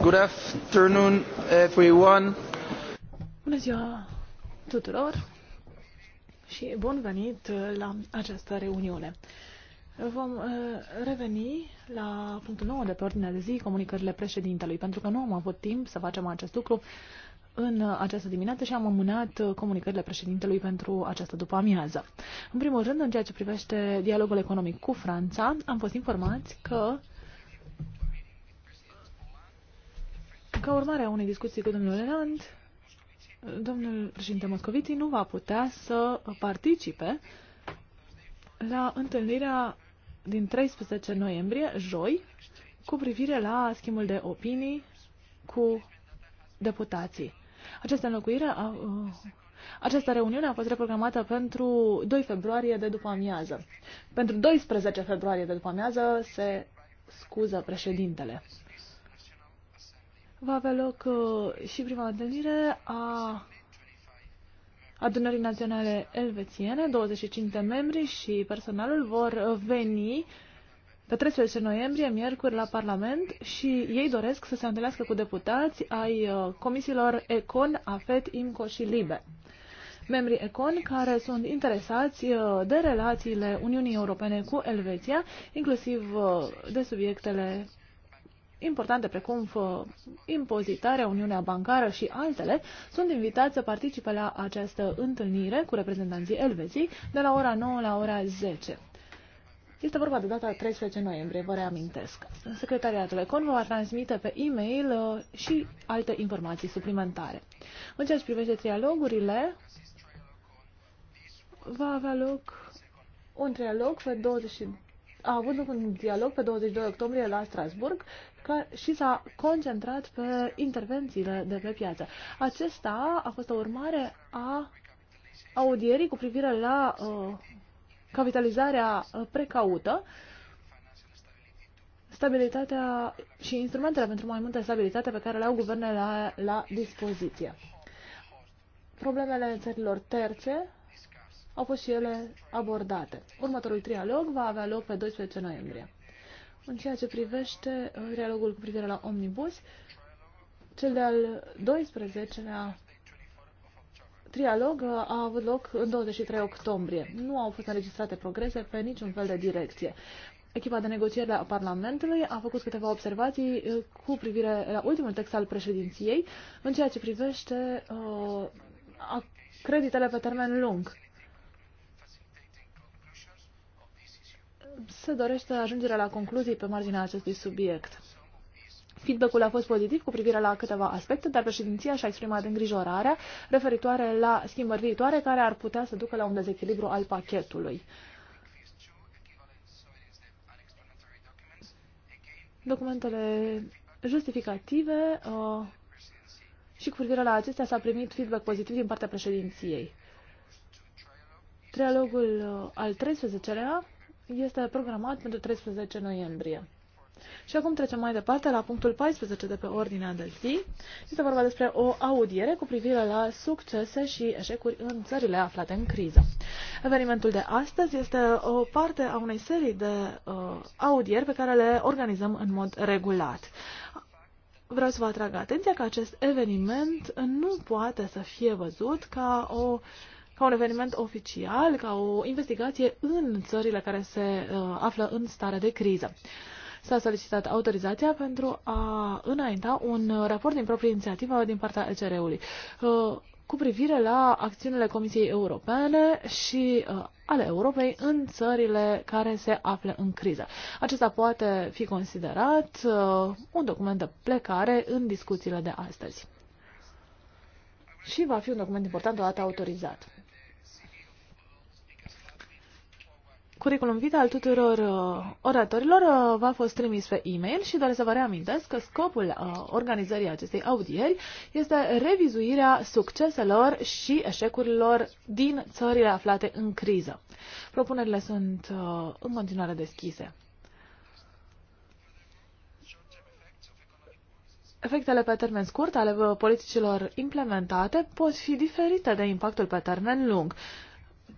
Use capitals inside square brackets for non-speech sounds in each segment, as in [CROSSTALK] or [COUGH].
Bună ziua tuturor și bun venit la această reuniune. Vom uh, reveni la punctul nou de pe ordinea de zi, comunicările președintelui, pentru că nu am avut timp să facem acest lucru în această dimineață și am amânat comunicările președintelui pentru această după-amiază. În primul rând, în ceea ce privește dialogul economic cu Franța, am fost informați că Ca urmare a unei discuții cu domnul Leland, domnul președinte Moscovici nu va putea să participe la întâlnirea din 13 noiembrie, joi, cu privire la schimbul de opinii cu deputații. Această înlocuire a, uh, această reuniune a fost reprogramată pentru 2 februarie de după amiază. Pentru 12 februarie de după amiază se scuză președintele va avea loc uh, și prima întâlnire a Adunării Naționale Elvețiene. 25 de membri și personalul vor veni pe 13 noiembrie, miercuri, la Parlament și ei doresc să se întâlnească cu deputați ai uh, comisiilor ECON, AFET, IMCO și LIBE. Membrii ECON care sunt interesați uh, de relațiile Uniunii Europene cu Elveția, inclusiv de subiectele importante precum uh, impozitarea, Uniunea Bancară și altele, sunt invitați să participe la această întâlnire cu reprezentanții Elveții de la ora 9 la ora 10. Este vorba de data 13 noiembrie, vă reamintesc. Secretariatul Econ vă va transmite pe e-mail uh, și alte informații suplimentare. În ceea ce privește trialogurile, va avea loc un trialog pe 20 a avut loc un dialog pe 22 octombrie la Strasburg că și s-a concentrat pe intervențiile de pe piață. Acesta a fost o urmare a audierii cu privire la uh, capitalizarea uh, precaută, stabilitatea și instrumentele pentru mai multă stabilitate pe care le au guvernele la, la dispoziție. Problemele țărilor terțe au fost și ele abordate. Următorul trialog va avea loc pe 12 noiembrie în ceea ce privește uh, dialogul cu privire la omnibus, cel de-al 12-lea trialog uh, a avut loc în 23 octombrie. Nu au fost înregistrate progrese pe niciun fel de direcție. Echipa de negociere a Parlamentului a făcut câteva observații uh, cu privire la ultimul text al președinției în ceea ce privește uh, creditele pe termen lung. se dorește ajungerea la concluzii pe marginea acestui subiect. Feedback-ul a fost pozitiv cu privire la câteva aspecte, dar președinția și-a exprimat îngrijorarea referitoare la schimbări viitoare care ar putea să ducă la un dezechilibru al pachetului. Documentele justificative uh, și cu privire la acestea s-a primit feedback pozitiv din partea președinției. Trialogul uh, al 13-lea este programat pentru 13 noiembrie. Și acum trecem mai departe la punctul 14 de pe ordinea de zi. Este vorba despre o audiere cu privire la succese și eșecuri în țările aflate în criză. Evenimentul de astăzi este o parte a unei serii de uh, audieri pe care le organizăm în mod regulat. Vreau să vă atrag atenția că acest eveniment nu poate să fie văzut ca o uh, ca un eveniment oficial, ca o investigație în țările care se uh, află în stare de criză. S-a solicitat autorizația pentru a înainta un raport din proprie inițiativă din partea ECR-ului uh, cu privire la acțiunile Comisiei Europene și uh, ale Europei în țările care se află în criză. Acesta poate fi considerat uh, un document de plecare în discuțiile de astăzi. Și va fi un document important odată autorizat. Curriculum vita al tuturor uh, oratorilor uh, v-a fost trimis pe e-mail și doar să vă reamintesc că scopul uh, organizării acestei audieri este revizuirea succeselor și eșecurilor din țările aflate în criză. Propunerile sunt uh, în continuare deschise. Efectele pe termen scurt ale uh, politicilor implementate pot fi diferite de impactul pe termen lung. Uh,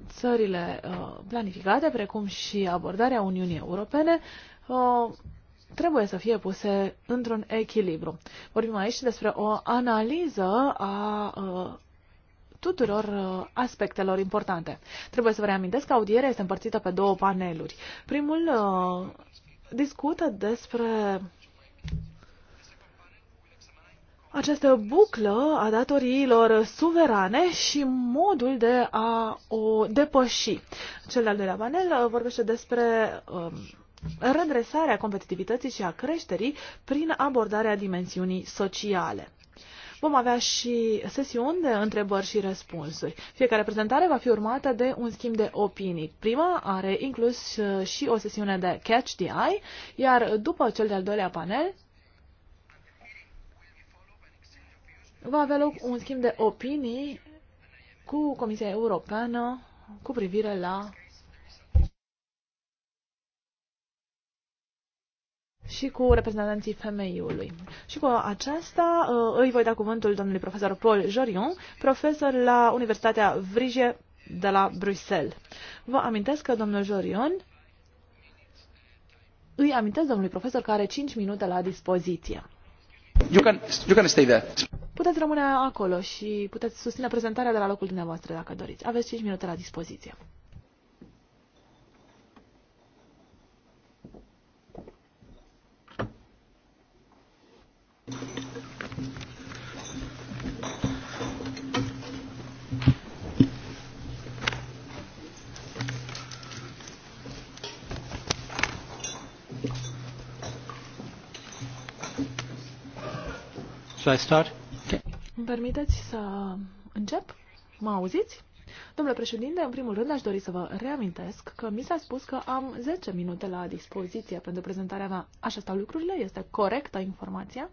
țările uh, planificate, precum și abordarea Uniunii Europene, uh, trebuie să fie puse într-un echilibru. Vorbim aici despre o analiză a uh, tuturor aspectelor importante. Trebuie să vă reamintesc că audierea este împărțită pe două paneluri. Primul discută despre această buclă a datoriilor suverane și modul de a o depăși. Cel de-al doilea panel uh, vorbește despre um, redresarea competitivității și a creșterii prin abordarea dimensiunii sociale. Vom avea și sesiuni de întrebări și răspunsuri. Fiecare prezentare va fi urmată de un schimb de opinii. Prima are inclus uh, și o sesiune de Catch the Eye, iar după cel de-al doilea panel va avea loc un schimb de opinii cu Comisia Europeană cu privire la și cu reprezentanții femeiului. Și cu aceasta uh, îi voi da cuvântul domnului profesor Paul Jorion, profesor la Universitatea Vrije de la Bruxelles. Vă amintesc că domnul Jorion îi amintesc domnului profesor că are 5 minute la dispoziție. You can, you can stay there. Puteți rămâne acolo și puteți susține prezentarea de la locul dumneavoastră dacă doriți. Aveți 5 minute la dispoziție. Should I start? Îmi permiteți să încep? Mă auziți? Domnule președinte, în primul rând aș dori să vă reamintesc că mi s-a spus că am 10 minute la dispoziție pentru prezentarea mea. Așa stau lucrurile? Este corectă informația?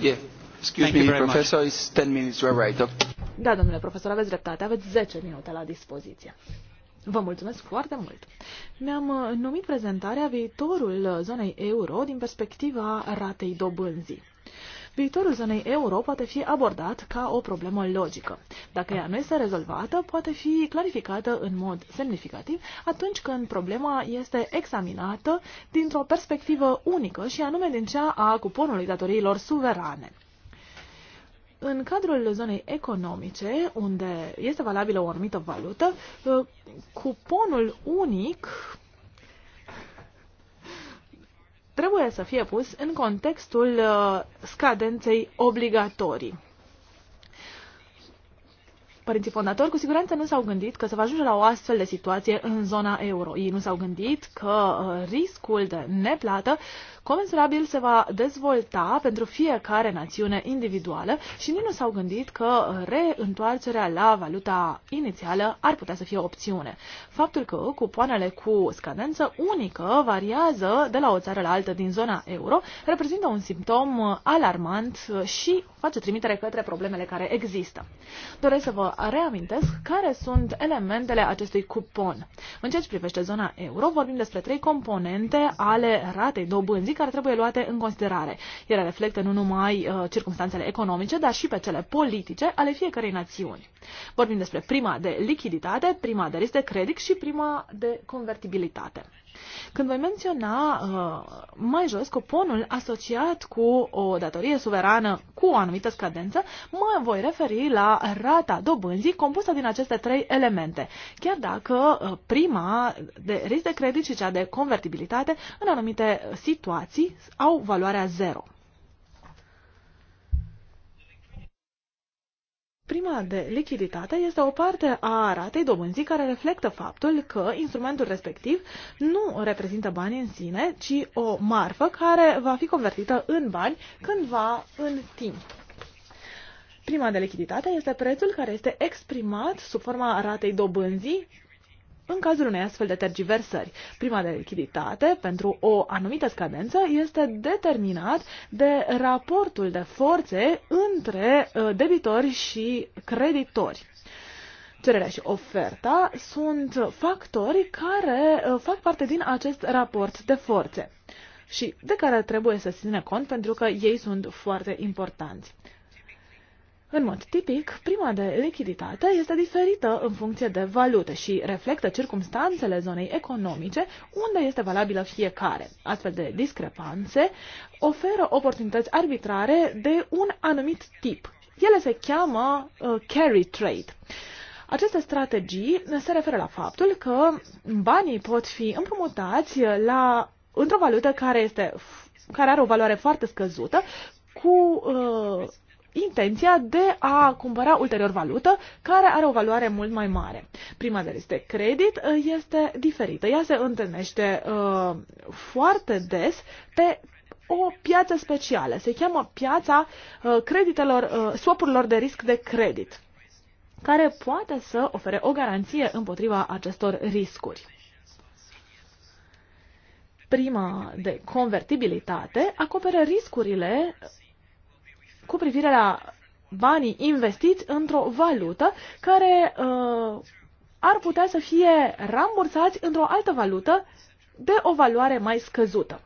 Yeah. Excuse me, professor, it's minutes, right. Da, domnule profesor, aveți dreptate, aveți 10 minute la dispoziție. Vă mulțumesc foarte mult! Mi-am uh, numit prezentarea viitorul uh, zonei euro din perspectiva ratei dobânzii. Viitorul zonei euro poate fi abordat ca o problemă logică. Dacă ea nu este rezolvată, poate fi clarificată în mod semnificativ atunci când problema este examinată dintr-o perspectivă unică și anume din cea a cuponului datoriilor suverane. În cadrul zonei economice, unde este valabilă o anumită valută, cuponul unic trebuie să fie pus în contextul uh, scadenței obligatorii. Părinții fondatori cu siguranță nu s-au gândit că se va ajunge la o astfel de situație în zona euro. Ei nu s-au gândit că uh, riscul de neplată uh, comensurabil se va dezvolta pentru fiecare națiune individuală și nici nu s-au gândit că reîntoarcerea la valuta inițială ar putea să fie o opțiune. Faptul că cupoanele cu scadență unică variază de la o țară la altă din zona euro reprezintă un simptom alarmant și face trimitere către problemele care există. Doresc să vă reamintesc care sunt elementele acestui cupon. În ceea ce privește zona euro, vorbim despre trei componente ale ratei dobânzii care trebuie luate în considerare. Ele reflectă nu numai uh, circumstanțele economice, dar și pe cele politice ale fiecărei națiuni. Vorbim despre prima de lichiditate, prima de risc de credit și prima de convertibilitate. Când voi menționa uh, mai jos coponul asociat cu o datorie suverană cu o anumită scadență, mă voi referi la rata dobânzii compusă din aceste trei elemente, chiar dacă uh, prima de risc de credit și cea de convertibilitate în anumite situații au valoarea zero. prima de lichiditate este o parte a ratei dobânzii care reflectă faptul că instrumentul respectiv nu reprezintă bani în sine, ci o marfă care va fi convertită în bani cândva în timp. Prima de lichiditate este prețul care este exprimat sub forma ratei dobânzii în cazul unei astfel de tergiversări. Prima de lichiditate pentru o anumită scadență este determinat de raportul de forțe între uh, debitori și creditori. Cererea și oferta sunt factori care uh, fac parte din acest raport de forțe și de care trebuie să se ține cont pentru că ei sunt foarte importanți. În mod tipic, prima de lichiditate este diferită în funcție de valută și reflectă circumstanțele zonei economice unde este valabilă fiecare. Astfel de discrepanțe oferă oportunități arbitrare de un anumit tip. Ele se cheamă uh, carry trade. Aceste strategii se referă la faptul că banii pot fi împrumutați la, într-o valută care, este, care are o valoare foarte scăzută cu uh, intenția de a cumpăra ulterior valută care are o valoare mult mai mare. Prima de este credit este diferită. Ea se întâlnește uh, foarte des pe o piață specială. Se cheamă piața uh, creditelor, uh, swapurilor de risc de credit, care poate să ofere o garanție împotriva acestor riscuri prima de convertibilitate acoperă riscurile cu privire la banii investiți într-o valută care uh, ar putea să fie rambursați într-o altă valută de o valoare mai scăzută.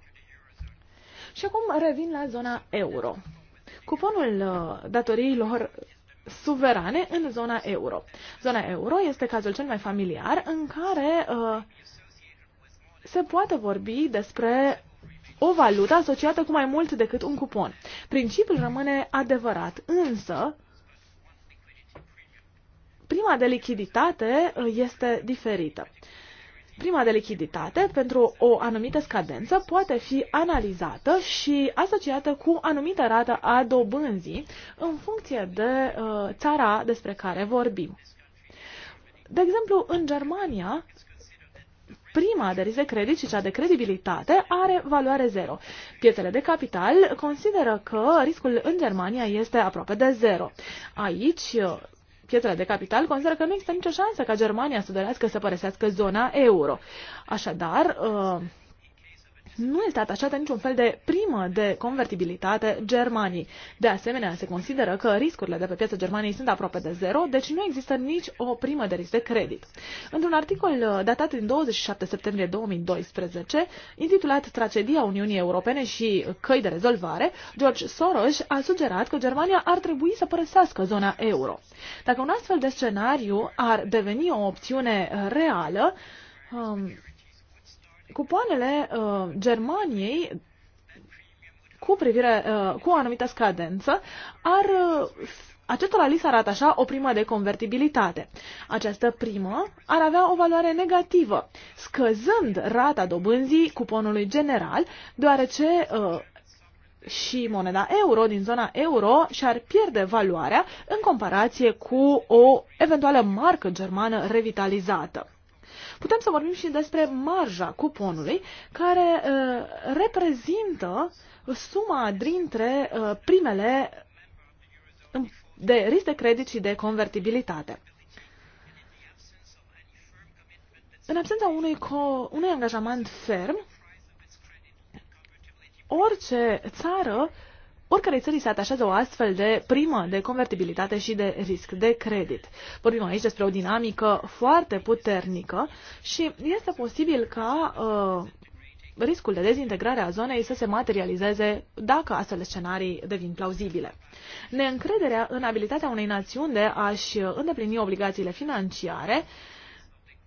Și acum revin la zona euro. Cuponul uh, datoriilor suverane în zona euro. Zona euro este cazul cel mai familiar în care uh, se poate vorbi despre o valută asociată cu mai mult decât un cupon. Principiul rămâne adevărat, însă prima de lichiditate uh, este diferită. Prima de lichiditate pentru o anumită scadență poate fi analizată și asociată cu anumită rată a dobânzii în funcție de uh, țara despre care vorbim. De exemplu, în Germania, prima de risc de credit și cea de credibilitate are valoare zero. Piețele de capital consideră că riscul în Germania este aproape de zero. Aici piețele de capital consideră că nu există nicio șansă ca Germania să dorească să părăsească zona euro. Așadar, uh, nu este atașată niciun fel de primă de convertibilitate Germanii. De asemenea, se consideră că riscurile de pe piața Germaniei sunt aproape de zero, deci nu există nici o primă de risc de credit. Într-un articol uh, datat din 27 septembrie 2012, intitulat Tragedia Uniunii Europene și căi de rezolvare, George Soros a sugerat că Germania ar trebui să părăsească zona euro. Dacă un astfel de scenariu ar deveni o opțiune uh, reală, um, cupoanele uh, Germaniei cu privire uh, cu o anumită scadență ar uh, acesta li s-ar atașa o primă de convertibilitate. Această primă ar avea o valoare negativă, scăzând rata dobânzii cuponului general, deoarece uh, și moneda euro din zona euro și-ar pierde valoarea în comparație cu o eventuală marcă germană revitalizată putem să vorbim și despre marja cuponului, care uh, reprezintă suma dintre uh, primele um, de risc de credit și de convertibilitate. În absența unui, co- unui angajament ferm, orice țară oricărei țări se atașează o astfel de primă de convertibilitate și de risc de credit. Vorbim aici despre o dinamică foarte puternică și este posibil ca uh, riscul de dezintegrare a zonei să se materializeze dacă astfel de scenarii devin plauzibile. Neîncrederea în abilitatea unei națiuni de a-și îndeplini obligațiile financiare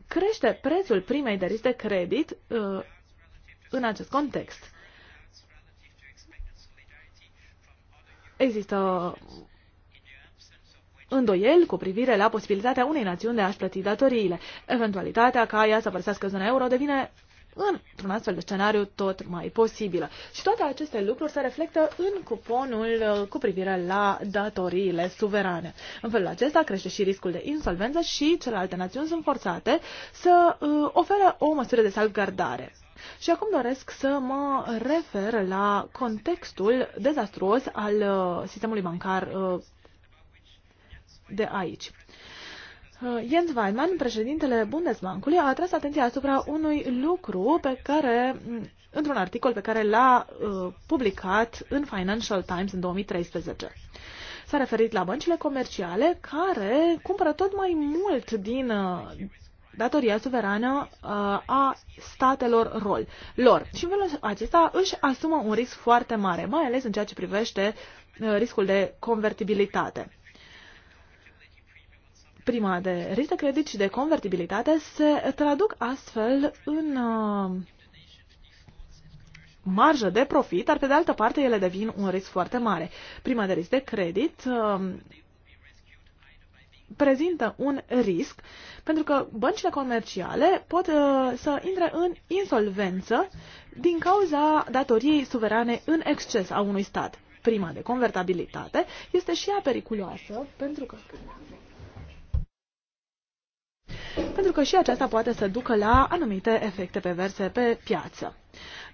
crește prețul primei de risc de credit uh, în acest context. există îndoieli cu privire la posibilitatea unei națiuni de a-și plăti datoriile. Eventualitatea ca ea să părăsească zona euro devine într-un astfel de scenariu tot mai posibilă. Și toate aceste lucruri se reflectă în cuponul uh, cu privire la datoriile suverane. În felul acesta crește și riscul de insolvență și celelalte națiuni sunt forțate să uh, ofere o măsură de salvgardare. Și acum doresc să mă refer la contextul dezastruos al uh, sistemului bancar uh, de aici. Uh, Jens Weidmann, președintele Bundesbankului, a atras atenția asupra unui lucru pe care, mm, într-un articol pe care l-a publicat în Financial Times în 2013. S-a referit la băncile comerciale care cumpără tot mai mult din datoria suverană uh, a statelor rol, lor. Și în felul acesta își asumă un risc foarte mare, mai ales în ceea ce privește uh, riscul de convertibilitate. Prima de risc de credit și de convertibilitate se traduc astfel în uh, marjă de profit, dar pe de altă parte ele devin un risc foarte mare. Prima de risc de credit prezintă un risc, pentru că băncile comerciale pot uh, să intre în insolvență din cauza datoriei suverane în exces a unui stat. Prima de convertabilitate este și ea periculoasă, pentru că pentru că și aceasta poate să ducă la anumite efecte perverse pe piață.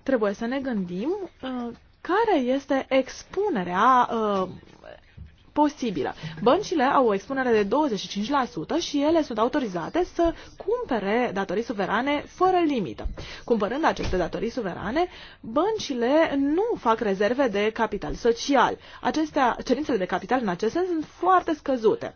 Trebuie să ne gândim uh, care este expunerea uh, posibilă. Băncile au o expunere de 25% și ele sunt autorizate să cumpere datorii suverane fără limită. Cumpărând aceste datorii suverane, băncile nu fac rezerve de capital social. Acestea, cerințele de capital în acest sens sunt foarte scăzute.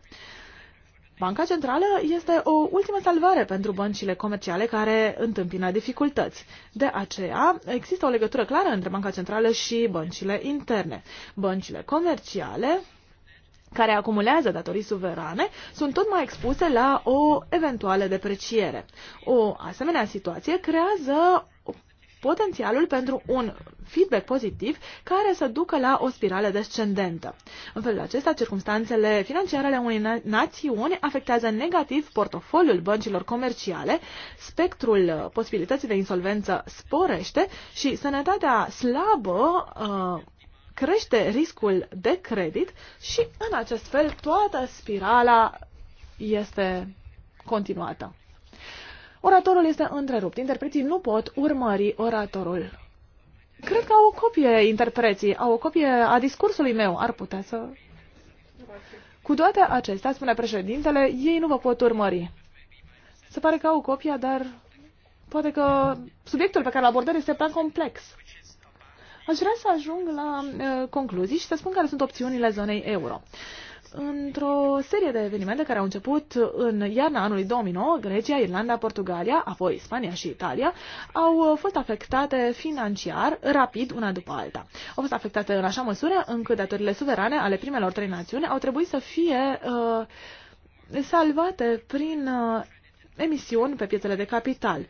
Banca Centrală este o ultimă salvare pentru băncile comerciale care întâmpină dificultăți. De aceea, există o legătură clară între Banca Centrală și băncile interne. Băncile comerciale care acumulează datorii suverane sunt tot mai expuse la o eventuală depreciere. O asemenea situație creează potențialul pentru un feedback pozitiv care să ducă la o spirală descendentă. În felul acesta, circumstanțele financiare ale unei națiuni afectează negativ portofoliul băncilor comerciale, spectrul uh, posibilității de insolvență sporește și sănătatea slabă uh, crește riscul de credit și în acest fel toată spirala este continuată. Oratorul este întrerupt. Interpreții nu pot urmări oratorul. Cred că au o copie interpreții, au o copie a discursului meu. Ar putea să... Cu toate acestea, spune președintele, ei nu vă pot urmări. Se pare că au copia, dar poate că subiectul pe care îl abordăm este prea complex. Aș vrea să ajung la uh, concluzii și să spun care sunt opțiunile zonei euro. Într-o serie de evenimente care au început în iarna anului 2009, Grecia, Irlanda, Portugalia, apoi Spania și Italia, au uh, fost afectate financiar rapid una după alta. Au fost afectate în așa măsură încât datorile suverane ale primelor trei națiuni au trebuit să fie uh, salvate prin uh, emisiuni pe piețele de capital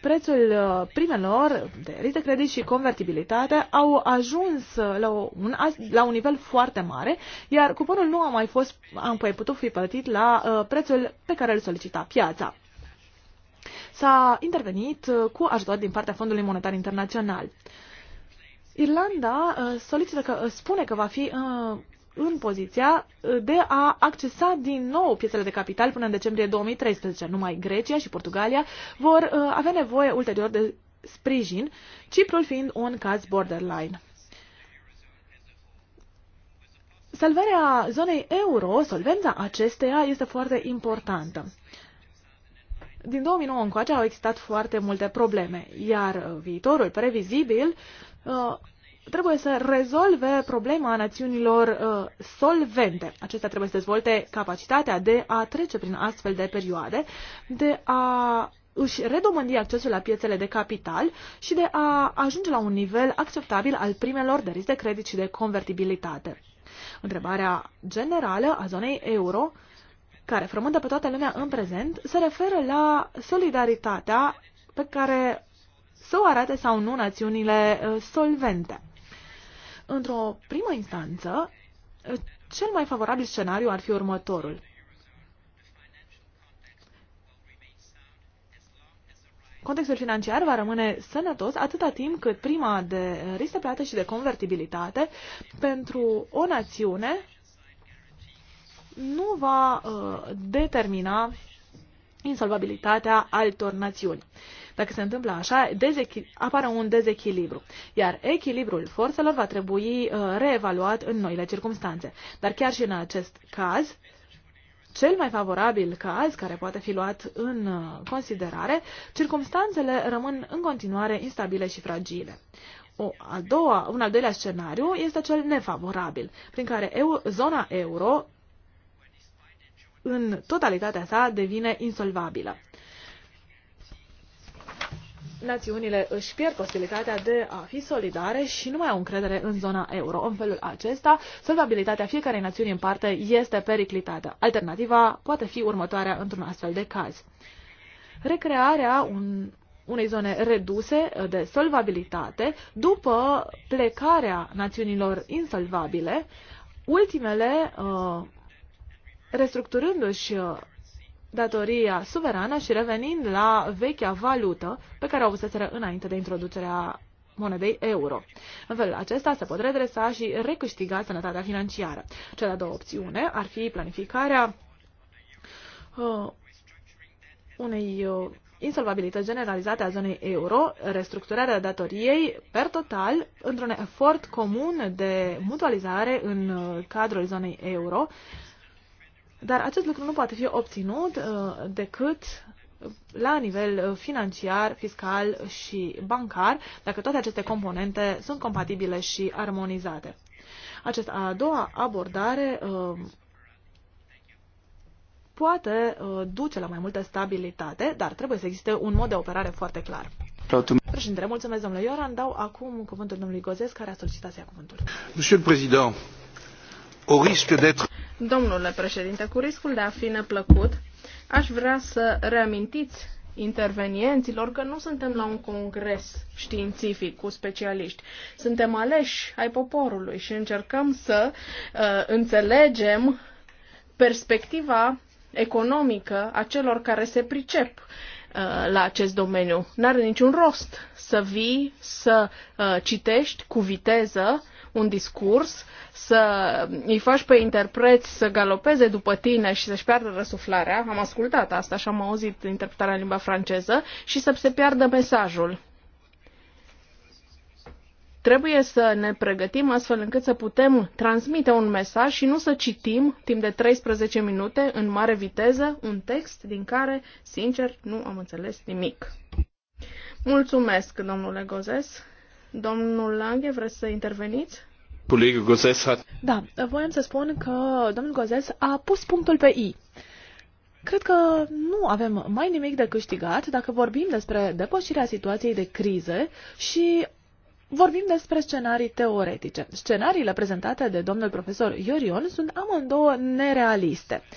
prețul uh, primelor de risc de credit și convertibilitate au ajuns uh, la, o, un, la un nivel foarte mare, iar cuponul nu a mai fost, a mai putut fi plătit la uh, prețul pe care îl solicita piața. S-a intervenit uh, cu ajutor din partea Fondului Monetar Internațional. Irlanda solicită că spune că va fi în poziția uh, de a accesa din nou piețele de capital până în decembrie 2013. Numai Grecia și Portugalia vor uh, avea nevoie ulterior de sprijin, Ciprul fiind un caz borderline. Salvarea zonei euro, solvența acesteia este foarte importantă. Din 2009 încoace au existat foarte multe probleme, iar uh, viitorul previzibil trebuie să rezolve problema națiunilor uh, solvente. Acestea trebuie să dezvolte capacitatea de a trece prin astfel de perioade, de a își redomândi accesul la piețele de capital și de a ajunge la un nivel acceptabil al primelor de risc de credit și de convertibilitate. Întrebarea generală a zonei euro, care frământă pe toată lumea în prezent, se referă la solidaritatea pe care să o arate sau nu națiunile uh, solvente. Într-o primă instanță, cel mai favorabil scenariu ar fi următorul. Contextul financiar va rămâne sănătos atâta timp cât prima de risc de plată și de convertibilitate pentru o națiune nu va uh, determina insolvabilitatea altor națiuni. Uh, dacă se întâmplă așa, apare un dezechilibru, iar echilibrul forțelor va trebui uh, reevaluat în noile circunstanțe. Dar chiar și în acest caz, cel mai favorabil caz care poate fi luat în uh, considerare, circumstanțele rămân în continuare instabile și fragile. O a doua, un al doilea scenariu este cel nefavorabil, prin care eu, zona euro în totalitatea sa devine insolvabilă națiunile își pierd posibilitatea de a fi solidare și nu mai au încredere în zona euro. În felul acesta, solvabilitatea fiecarei națiuni în parte este periclitată. Alternativa poate fi următoarea într-un astfel de caz. Recrearea un, unei zone reduse de solvabilitate după plecarea națiunilor insolvabile, ultimele uh, restructurându-și uh, datoria suverană și revenind la vechea valută pe care o avuseseră înainte de introducerea monedei euro. În felul acesta se pot redresa și recâștiga sănătatea financiară. Cea de-a doua opțiune ar fi planificarea uh, unei uh, insolvabilități generalizate a zonei euro, restructurarea datoriei per total într-un efort comun de mutualizare în uh, cadrul zonei euro, uh, dar acest lucru nu poate fi obținut uh, decât la nivel uh, financiar, fiscal și bancar, dacă toate aceste componente sunt compatibile și armonizate. Această a doua abordare uh, poate duce la mai multă stabilitate, dar trebuie să existe un mod de operare foarte clar. Președinte, mulțumesc, domnule Ioran. Dau acum cuvântul domnului Gozes, care a solicitat să ia cuvântul. Monsieur le Président, au risque d'être Domnule președinte, cu riscul de a fi neplăcut, aș vrea să reamintiți intervenienților că nu suntem la un congres științific cu specialiști. Suntem aleși ai poporului și încercăm să uh, înțelegem perspectiva economică a celor care se pricep uh, la acest domeniu. N-are niciun rost să vii, să uh, citești cu viteză uh, un discurs, să îi faci pe interpreți să galopeze după tine și să-și piardă răsuflarea, am ascultat asta și am auzit interpretarea în limba franceză, și să se piardă mesajul. Trebuie să ne pregătim astfel încât să putem transmite un mesaj și nu să citim timp de 13 minute în mare viteză un text din care, sincer, nu am înțeles nimic. Mulțumesc, domnule Gozes. Domnul Lange, vreți să interveniți? Colegul Gozes a... Da, voiam să spun că domnul Gozes a pus punctul pe I. Cred că nu avem mai nimic de câștigat dacă vorbim despre depășirea situației de crize și vorbim despre scenarii teoretice. Scenariile prezentate de domnul profesor Iorion sunt amândouă nerealiste. Uh,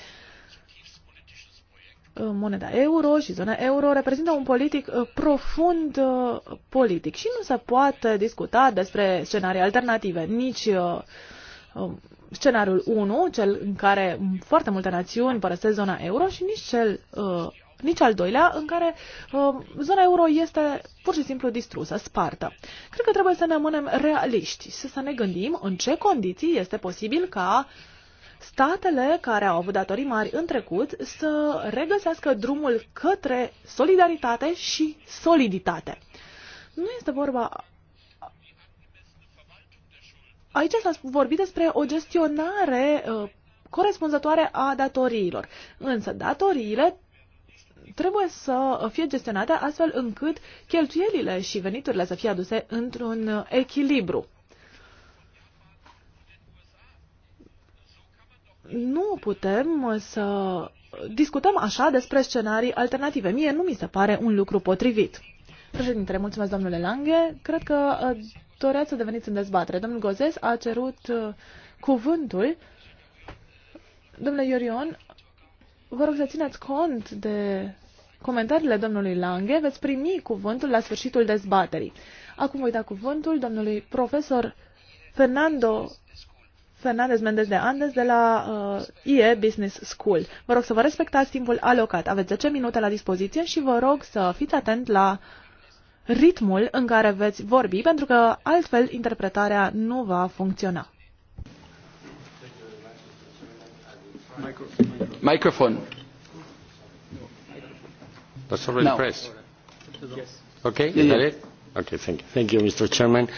Uh, moneda euro și zona euro reprezintă un politic uh, profund uh, politic și nu se poate discuta despre scenarii alternative, nici um, scenariul 1, cel în care foarte multe națiuni părăsesc zona euro și nici cel nici al doilea, în care uh, zona euro este pur și simplu distrusă, spartă. Cred că trebuie să ne rămânem realiști, să, să ne gândim în ce condiții este posibil ca uh, statele care au avut datorii mari în trecut să regăsească drumul către solidaritate și soliditate. Nu este vorba Aici s-a vorbit despre o gestionare uh, corespunzătoare a datoriilor. Însă datoriile trebuie să fie gestionate astfel încât cheltuielile și veniturile să fie aduse într-un uh, echilibru. nu putem uh, să discutăm așa despre scenarii alternative. Mie nu mi se pare un lucru potrivit. Președinte, mulțumesc domnule Lange. Cred că uh, doreați să deveniți în dezbatere. Domnul Gozes a cerut uh, cuvântul. Domnule Iorion, vă rog să țineți cont de comentariile domnului Lange. Veți primi cuvântul la sfârșitul dezbaterii. Acum voi da cuvântul domnului profesor Fernando Fernandez Mendez de Andes de la uh, IE Business School. Vă rog să vă respectați timpul alocat. Aveți 10 minute la dispoziție și vă rog să fiți atent la ritmul în care veți vorbi, pentru că altfel interpretarea nu va funcționa. Microfon. That's already no. pressed. Yes. Okay, yeah, yeah. Okay, thank you. Thank you, Mr. Chairman. Uh,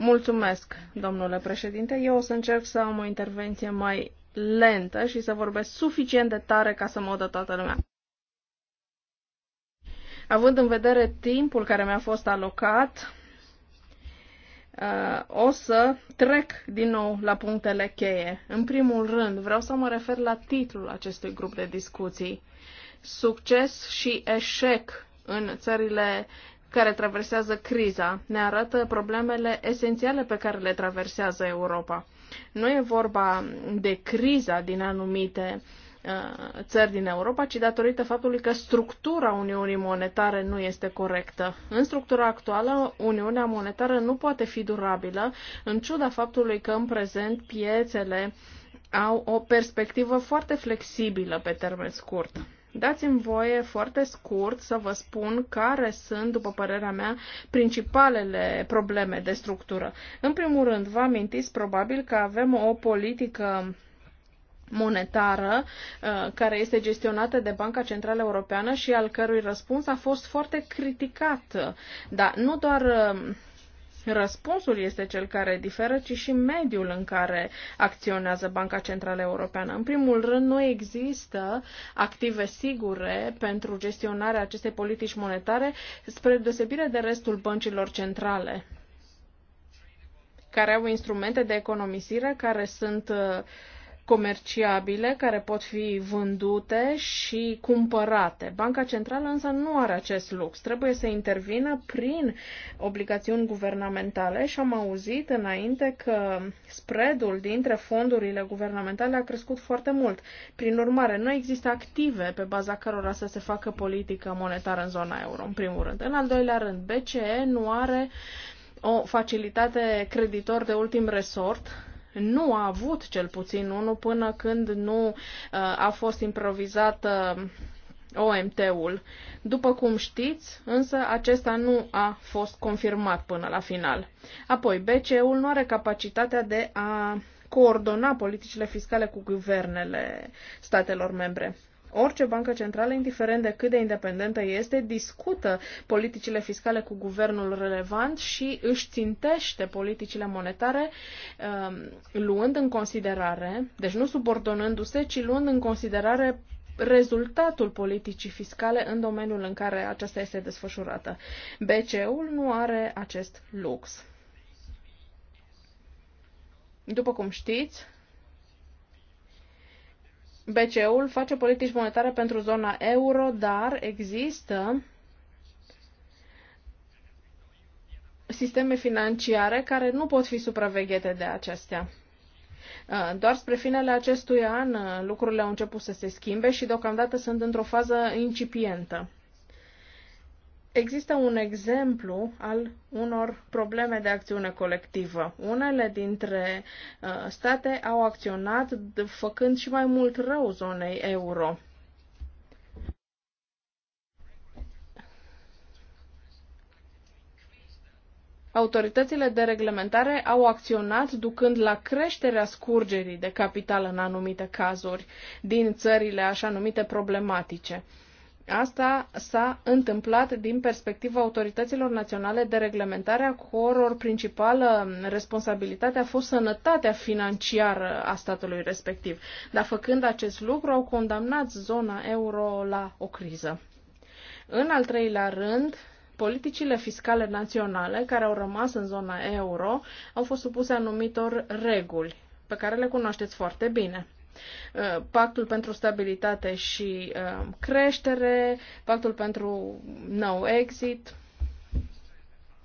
Mulțumesc, domnule președinte. Eu o să încerc să am o intervenție mai lentă și să vorbesc suficient de tare ca să mă odă toată lumea. Având în vedere timpul care mi-a fost alocat, uh, o să trec din nou la punctele cheie. În primul rând, vreau să mă refer la titlul acestui grup de discuții. Succes și eșec în țările care traversează criza, ne arată problemele esențiale pe care le traversează Europa. Nu e vorba de criza din anumite uh, țări din Europa, ci datorită faptului că structura Uniunii Monetare nu este corectă. În structura actuală, Uniunea Monetară nu poate fi durabilă, în ciuda faptului că în prezent piețele au o perspectivă foarte flexibilă pe termen scurt. Dați-mi voie foarte scurt să vă spun care sunt, după părerea mea, principalele probleme de structură. În primul rând, vă amintiți probabil că avem o politică monetară uh, care este gestionată de Banca Centrală Europeană și al cărui răspuns a fost foarte criticat. Dar nu doar uh, răspunsul este cel care diferă, ci și mediul în care acționează Banca Centrală Europeană. În primul rând, nu există active sigure pentru gestionarea acestei politici monetare, spre deosebire de restul băncilor centrale care au instrumente de economisire care sunt uh, comerciabile care pot fi vândute și cumpărate. Banca Centrală însă nu are acest lux. Trebuie să intervină prin obligațiuni guvernamentale și am auzit înainte că spreadul dintre fondurile guvernamentale a crescut foarte mult. Prin urmare, nu există active pe baza cărora să se facă politică monetară în zona euro, în primul rând. În al doilea rând, BCE nu are o facilitate creditor de ultim resort nu a avut cel puțin unul până când nu uh, a fost improvizată uh, OMT-ul. După cum știți, însă acesta nu a fost confirmat până la final. Apoi, BCE-ul nu are capacitatea de a coordona politicile fiscale cu guvernele statelor membre. Orice bancă centrală, indiferent de cât de independentă este, discută politicile fiscale cu guvernul relevant și își țintește politicile monetare um, luând în considerare, deci nu subordonându-se, ci luând în considerare rezultatul politicii fiscale în domeniul în care aceasta este desfășurată. BCE-ul nu are acest lux. După cum știți, BCE-ul face politici monetare pentru zona euro, dar există sisteme financiare care nu pot fi supraveghete de acestea. Uh, doar spre finele acestui an uh, lucrurile au început să se schimbe și deocamdată sunt într-o fază incipientă. Există un exemplu al unor probleme de acțiune colectivă. Unele dintre uh, state au acționat făcând și mai mult rău zonei euro. Autoritățile de reglementare au acționat ducând la creșterea scurgerii de capital în anumite cazuri din țările așa numite problematice. Asta s-a întâmplat din perspectiva autorităților naționale de reglementare, a căror principală responsabilitate a fost sănătatea financiară a statului respectiv. Dar făcând acest lucru, au condamnat zona euro la o criză. În al treilea rând, politicile fiscale naționale care au rămas în zona euro au fost supuse anumitor reguli pe care le cunoașteți foarte bine. Uh, pactul pentru stabilitate și uh, creștere, pactul pentru no exit.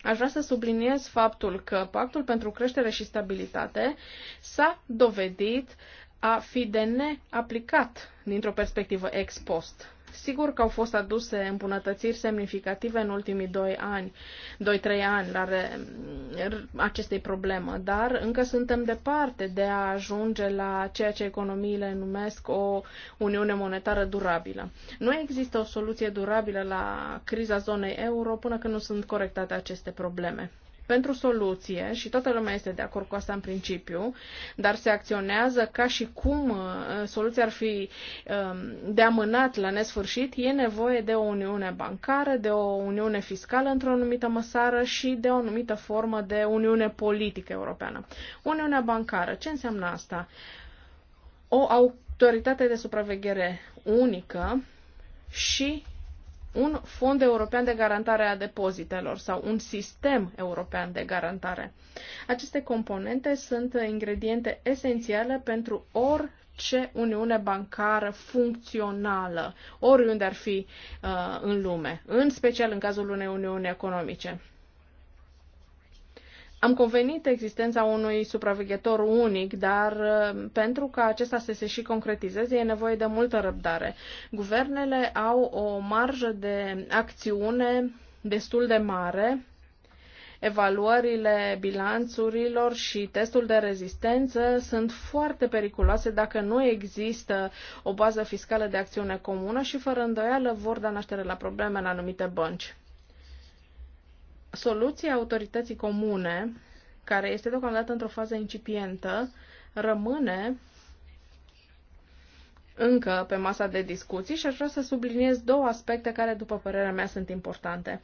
Aș vrea să subliniez faptul că pactul pentru creștere și stabilitate s-a dovedit a fi de neaplicat dintr-o perspectivă ex post. Sigur că au fost aduse îmbunătățiri semnificative în ultimii 2 ani, 2-3 ani la re, acestei probleme, dar încă suntem departe de a ajunge la ceea ce economiile numesc o uniune monetară durabilă. Nu există o soluție durabilă la criza zonei euro până când nu sunt corectate aceste probleme pentru soluție și toată lumea este de acord cu asta în principiu, dar se acționează ca și cum uh, soluția ar fi um, de amânat la nesfârșit, e nevoie de o uniune bancară, de o uniune fiscală într-o anumită măsară și de o anumită formă de uniune politică europeană. Uniunea bancară, ce înseamnă asta? O autoritate de supraveghere unică și un fond european de garantare a depozitelor sau un sistem european de garantare. Aceste componente sunt ingrediente esențiale pentru orice uniune bancară funcțională, oriunde ar fi uh, în lume, în special în cazul unei uniuni economice. Am convenit existența unui supraveghetor unic, dar uh, pentru ca acesta să se și concretizeze e nevoie de multă răbdare. Guvernele au o marjă de acțiune destul de mare evaluările bilanțurilor și testul de rezistență sunt foarte periculoase dacă nu există o bază fiscală de acțiune comună și fără îndoială vor da naștere la probleme în anumite bănci. Soluția autorității comune, care este deocamdată într-o fază incipientă, rămâne încă pe masa de discuții și aș vrea să subliniez două aspecte care, după părerea mea, sunt importante.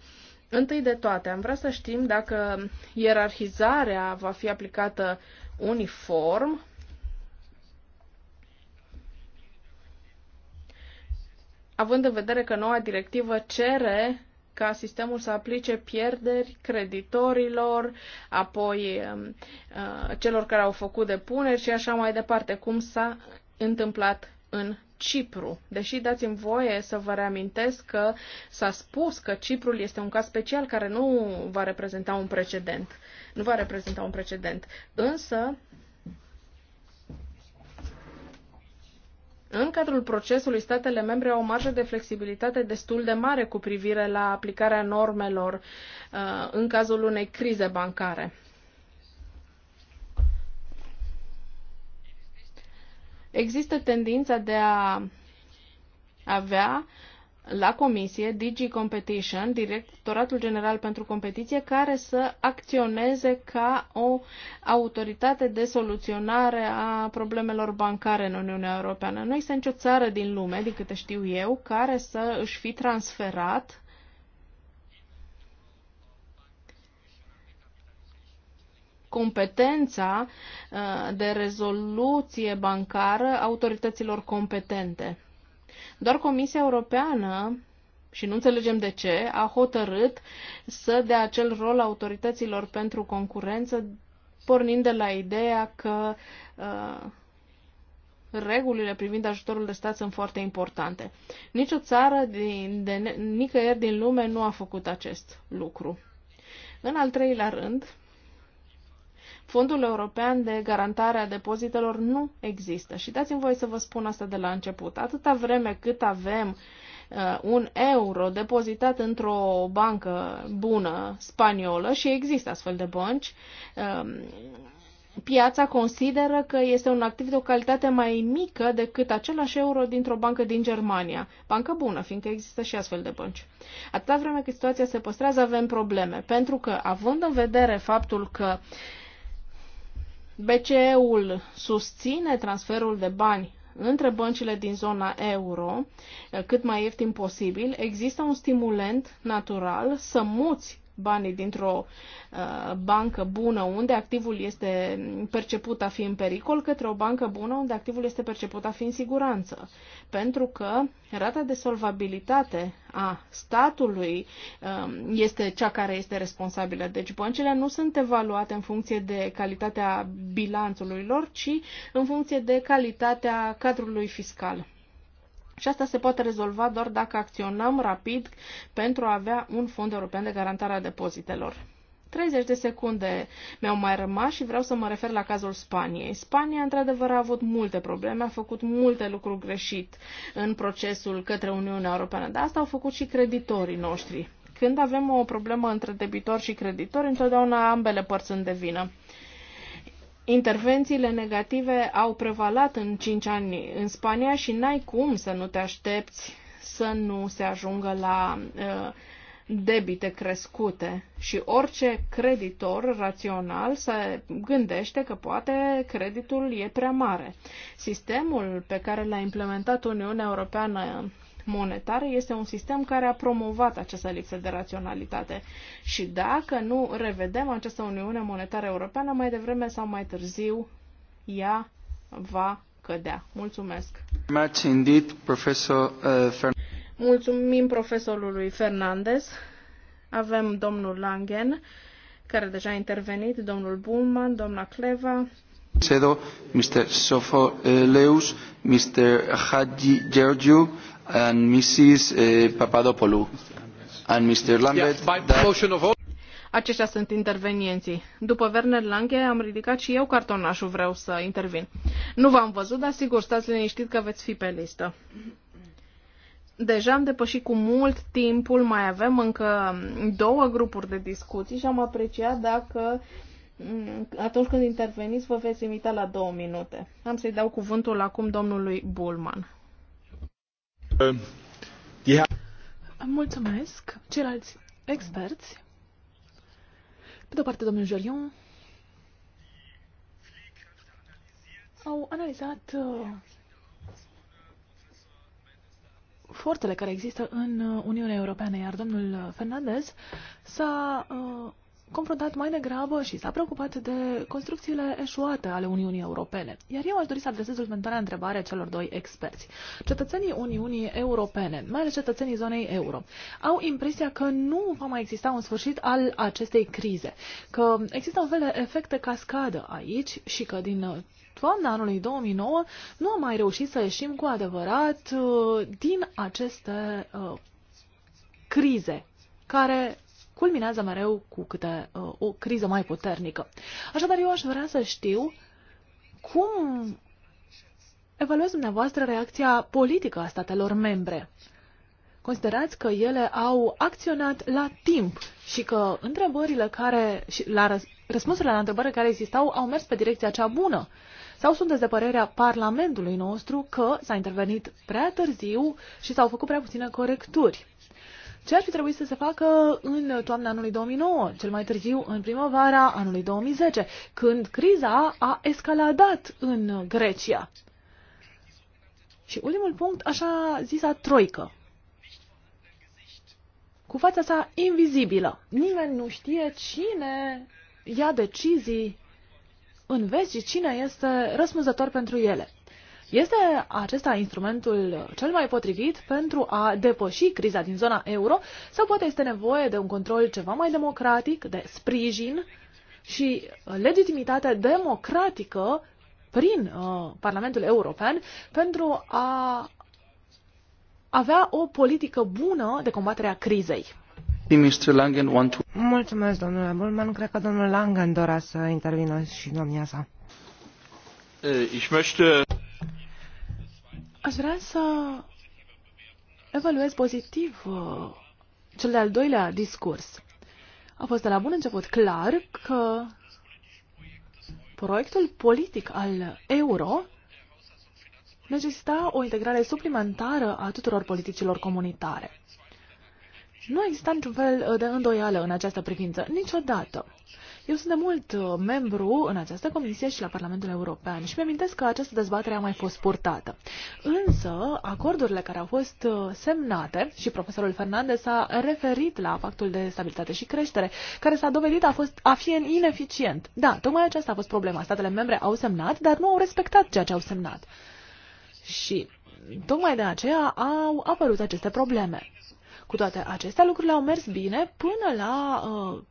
Întâi de toate, am vrea să știm dacă ierarhizarea va fi aplicată uniform având în vedere că noua directivă cere ca sistemul să aplice pierderi creditorilor, apoi um, uh, celor care au făcut depuneri și așa mai departe, cum s-a întâmplat în Cipru. Deși dați-mi voie să vă reamintesc că s-a spus că Ciprul este un caz special care nu va reprezenta un precedent. Nu va reprezenta un precedent. Însă, În cadrul procesului, statele membre au o marjă de flexibilitate destul de mare cu privire la aplicarea normelor uh, în cazul unei crize bancare. Există tendința de a avea la comisie, DG Competition, Directoratul General pentru Competiție, care să acționeze ca o autoritate de soluționare a problemelor bancare în Uniunea Europeană. Nu există nicio țară din lume, din câte știu eu, care să își fi transferat competența uh, de rezoluție bancară autorităților competente. Doar Comisia Europeană și nu înțelegem de ce, a hotărât să dea acel rol autorităților pentru concurență, pornind de la ideea că uh, regulile privind ajutorul de stat sunt foarte importante. Nici o țară din, de nicăieri din lume nu a făcut acest lucru. În al treilea rând, Fondul European de Garantare a Depozitelor nu există. Și dați-mi voie să vă spun asta de la început. Atâta vreme cât avem uh, un euro depozitat într-o bancă bună spaniolă și există astfel de bănci, uh, piața consideră că este un activ de o calitate mai mică decât același euro dintr-o bancă din Germania. Bancă bună, fiindcă există și astfel de bănci. Atâta vreme cât situația se păstrează, avem probleme, pentru că, având în vedere faptul că uh, BCE-ul susține transferul de bani între băncile din zona euro eh, cât mai ieftin posibil, există un stimulent natural să muți banii dintr-o uh, bancă bună unde activul este perceput a fi în pericol către o bancă bună unde activul este perceput a fi în siguranță. Pentru că rata de solvabilitate a statului um, este cea care este responsabilă. Deci băncile nu sunt evaluate în funcție de calitatea bilanțului lor, ci în funcție de calitatea cadrului fiscal. Și asta se poate rezolva doar dacă acționăm rapid pentru a avea un fond european de garantare a depozitelor. 30 de secunde mi-au mai rămas și vreau să mă refer la cazul Spaniei. Spania, într-adevăr, a avut multe probleme, a făcut multe lucruri greșit în procesul către Uniunea Europeană, dar asta au făcut și creditorii noștri. Când avem o problemă între debitor și creditor, întotdeauna ambele părți sunt de vină intervențiile negative au prevalat în cinci ani în Spania și n-ai cum să nu te aștepți să nu se ajungă la uh, debite crescute și orice creditor rațional se gândește că poate creditul e prea mare. Sistemul pe care l-a implementat Uniunea Europeană Monetar este un sistem care a promovat această lipsă de raționalitate. Și dacă nu revedem această Uniune Monetară Europeană, mai devreme sau mai târziu, ea va cădea. Mulțumesc! Mulțumim uh, profesorului Fernandez. Avem domnul Langen, care deja a intervenit, domnul Bulman, doamna Cleva, Cedo, Mr. Uh, Leus, Mr. Hadji Georgiou, and Mrs. Eh, Papadopoulou and Mr. Lambert. Aceștia sunt intervenienții. După Werner Lange am ridicat și eu cartonașul, vreau să intervin. Nu v-am văzut, dar sigur, stați liniștit că veți fi pe listă. Deja am depășit cu mult timpul, mai avem încă două grupuri de discuții și am apreciat dacă mm, atunci când interveniți vă veți limita la două minute. Am să-i dau cuvântul acum domnului Bulman. Mulțumesc. Ceilalți experți. Pe de-o parte, domnul Jorion au analizat uh, forțele care există în uh, Uniunea Europeană, iar domnul Fernandez s-a uh, confruntat mai degrabă și s-a preocupat de construcțiile eșuate ale Uniunii Europene. Iar eu aș dori să adresez următoarea întrebare celor doi experți. Cetățenii Uniunii Europene, mai ales cetățenii zonei euro, au impresia că nu va mai exista un sfârșit al acestei crize, că există un fel de efecte cascadă aici și că din toamna anului 2009 nu am mai reușit să ieșim cu adevărat uh, din aceste uh, crize care culminează mereu cu câte uh, o criză mai puternică. Așadar, eu aș vrea să știu cum evaluați dumneavoastră reacția politică a statelor membre. Considerați că ele au acționat la timp și că întrebările care, și la răs, răspunsurile la întrebările care existau au mers pe direcția cea bună. Sau sunteți de părerea Parlamentului nostru că s-a intervenit prea târziu și s-au făcut prea puține corecturi? ce ar fi trebuit să se facă în toamna anului 2009, cel mai târziu în primăvara anului 2010, când criza a escaladat în Grecia. Și ultimul punct, așa zisa troică. Cu fața sa invizibilă. Nimeni nu știe cine ia decizii în vest și cine este răspunzător pentru ele. Este acesta instrumentul cel mai potrivit pentru a depăși criza din zona euro sau poate este nevoie de un control ceva mai democratic, de sprijin și legitimitate democratică prin uh, Parlamentul European pentru a avea o politică bună de combatere a crizei. Mulțumesc, domnule Bullman. Cred că domnul Langen dorea să intervină și domnia sa. Eh, Aș vrea să evaluez pozitiv uh, cel de-al doilea discurs. A fost de la bun început clar că proiectul politic al euro necesita o integrare suplimentară a tuturor politicilor comunitare. Nu există niciun fel uh, de îndoială în această privință, niciodată. Eu sunt de mult uh, membru în această comisie și la Parlamentul European și mi-amintesc că această dezbatere a mai fost purtată. Însă, acordurile care au fost uh, semnate și profesorul Fernandez a referit la pactul de stabilitate și creștere, care s-a dovedit a, fost, a fi ineficient. Da, tocmai aceasta a fost problema. Statele membre au semnat, dar nu au respectat ceea ce au semnat. Și tocmai de aceea au apărut aceste probleme. Cu toate acestea, lucrurile au mers bine până la uh,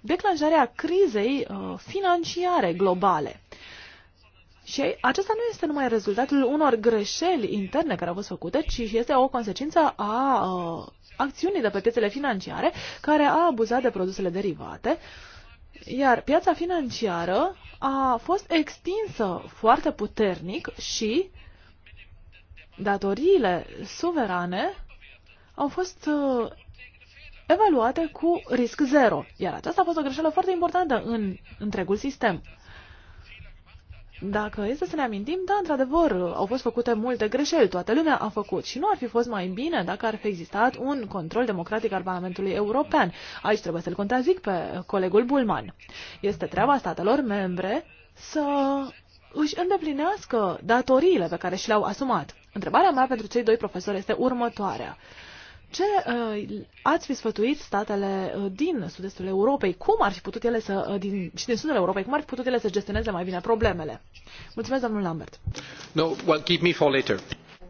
declanșarea crizei uh, financiare globale. Și acesta nu este numai rezultatul unor greșeli interne care au fost făcute, ci este o consecință a uh, acțiunii de pe piețele financiare care a abuzat de produsele derivate, iar piața financiară a fost extinsă foarte puternic și datoriile suverane au fost uh, evaluate cu risc zero. Iar aceasta a fost o greșeală foarte importantă în întregul sistem. Dacă este să ne amintim, da, într-adevăr, uh, au fost făcute multe greșeli, toată lumea a făcut și nu ar fi fost mai bine dacă ar fi existat un control democratic al Parlamentului European. Aici trebuie să-l contrazic pe colegul Bulman. Este treaba statelor membre să își îndeplinească datoriile pe care și le-au asumat. Întrebarea mea pentru cei doi profesori este următoarea. Ce uh, ați fi sfătuit statele uh, din sud-estul Europei? Cum ar fi putut ele să, uh, din, și din sudul Europei, cum ar fi putut ele să gestioneze mai bine problemele? Mulțumesc, domnul Lambert. No, well, keep me for later.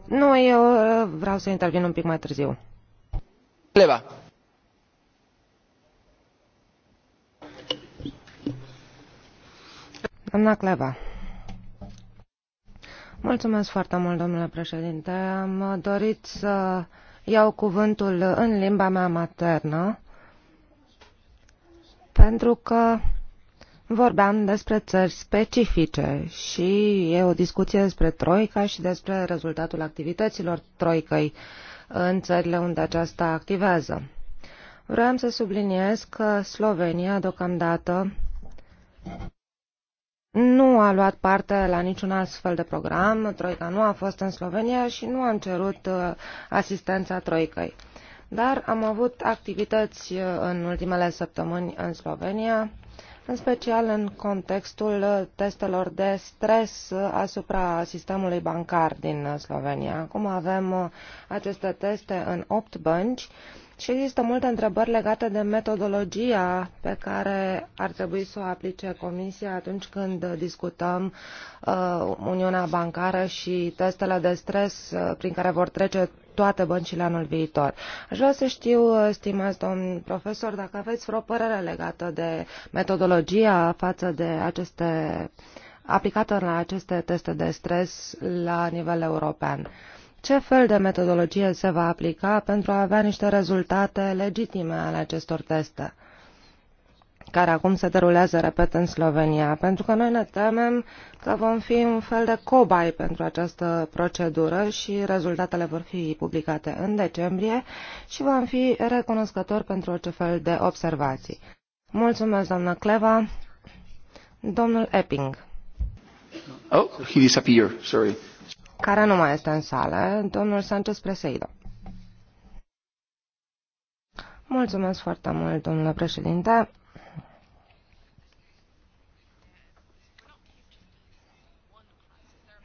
Nu, eu vreau să intervin un pic mai târziu. Pleva. Doamna Cleva. Mulțumesc foarte mult, domnule președinte. Am dorit să iau cuvântul în limba mea maternă, pentru că vorbeam despre țări specifice și e o discuție despre Troica și despre rezultatul activităților Troicăi în țările unde aceasta activează. Vreau să subliniez că Slovenia deocamdată nu a luat parte la niciun astfel de program, Troica nu a fost în Slovenia și nu am cerut uh, asistența Troicăi. Dar am avut activități uh, în ultimele săptămâni în Slovenia, în special în contextul uh, testelor de stres asupra sistemului bancar din Slovenia. Acum avem aceste teste în 8 bănci, și există multe întrebări legate de metodologia pe care ar trebui să o aplice Comisia atunci când discutăm uh, Uniunea Bancară și testele de stres uh, prin care vor trece toate băncile anul viitor. Aș vrea să știu, uh, stimați domn profesor, dacă aveți vreo părere legată de metodologia față de aceste aplicată la aceste teste de stres la nivel european. Uh, ce fel de metodologie se va aplica pentru a avea niște rezultate legitime ale acestor teste, care acum se derulează, repet, în Slovenia, pentru că noi ne temem că vom fi un fel de cobai pentru această procedură și rezultatele vor fi publicate în decembrie și vom fi recunoscători pentru orice fel de observații. Mulțumesc, doamnă Cleva. Domnul Epping. Oh, he disappeared, sorry care nu mai este în sală, domnul Sanchez Preseido. Mulțumesc foarte mult, domnule președinte.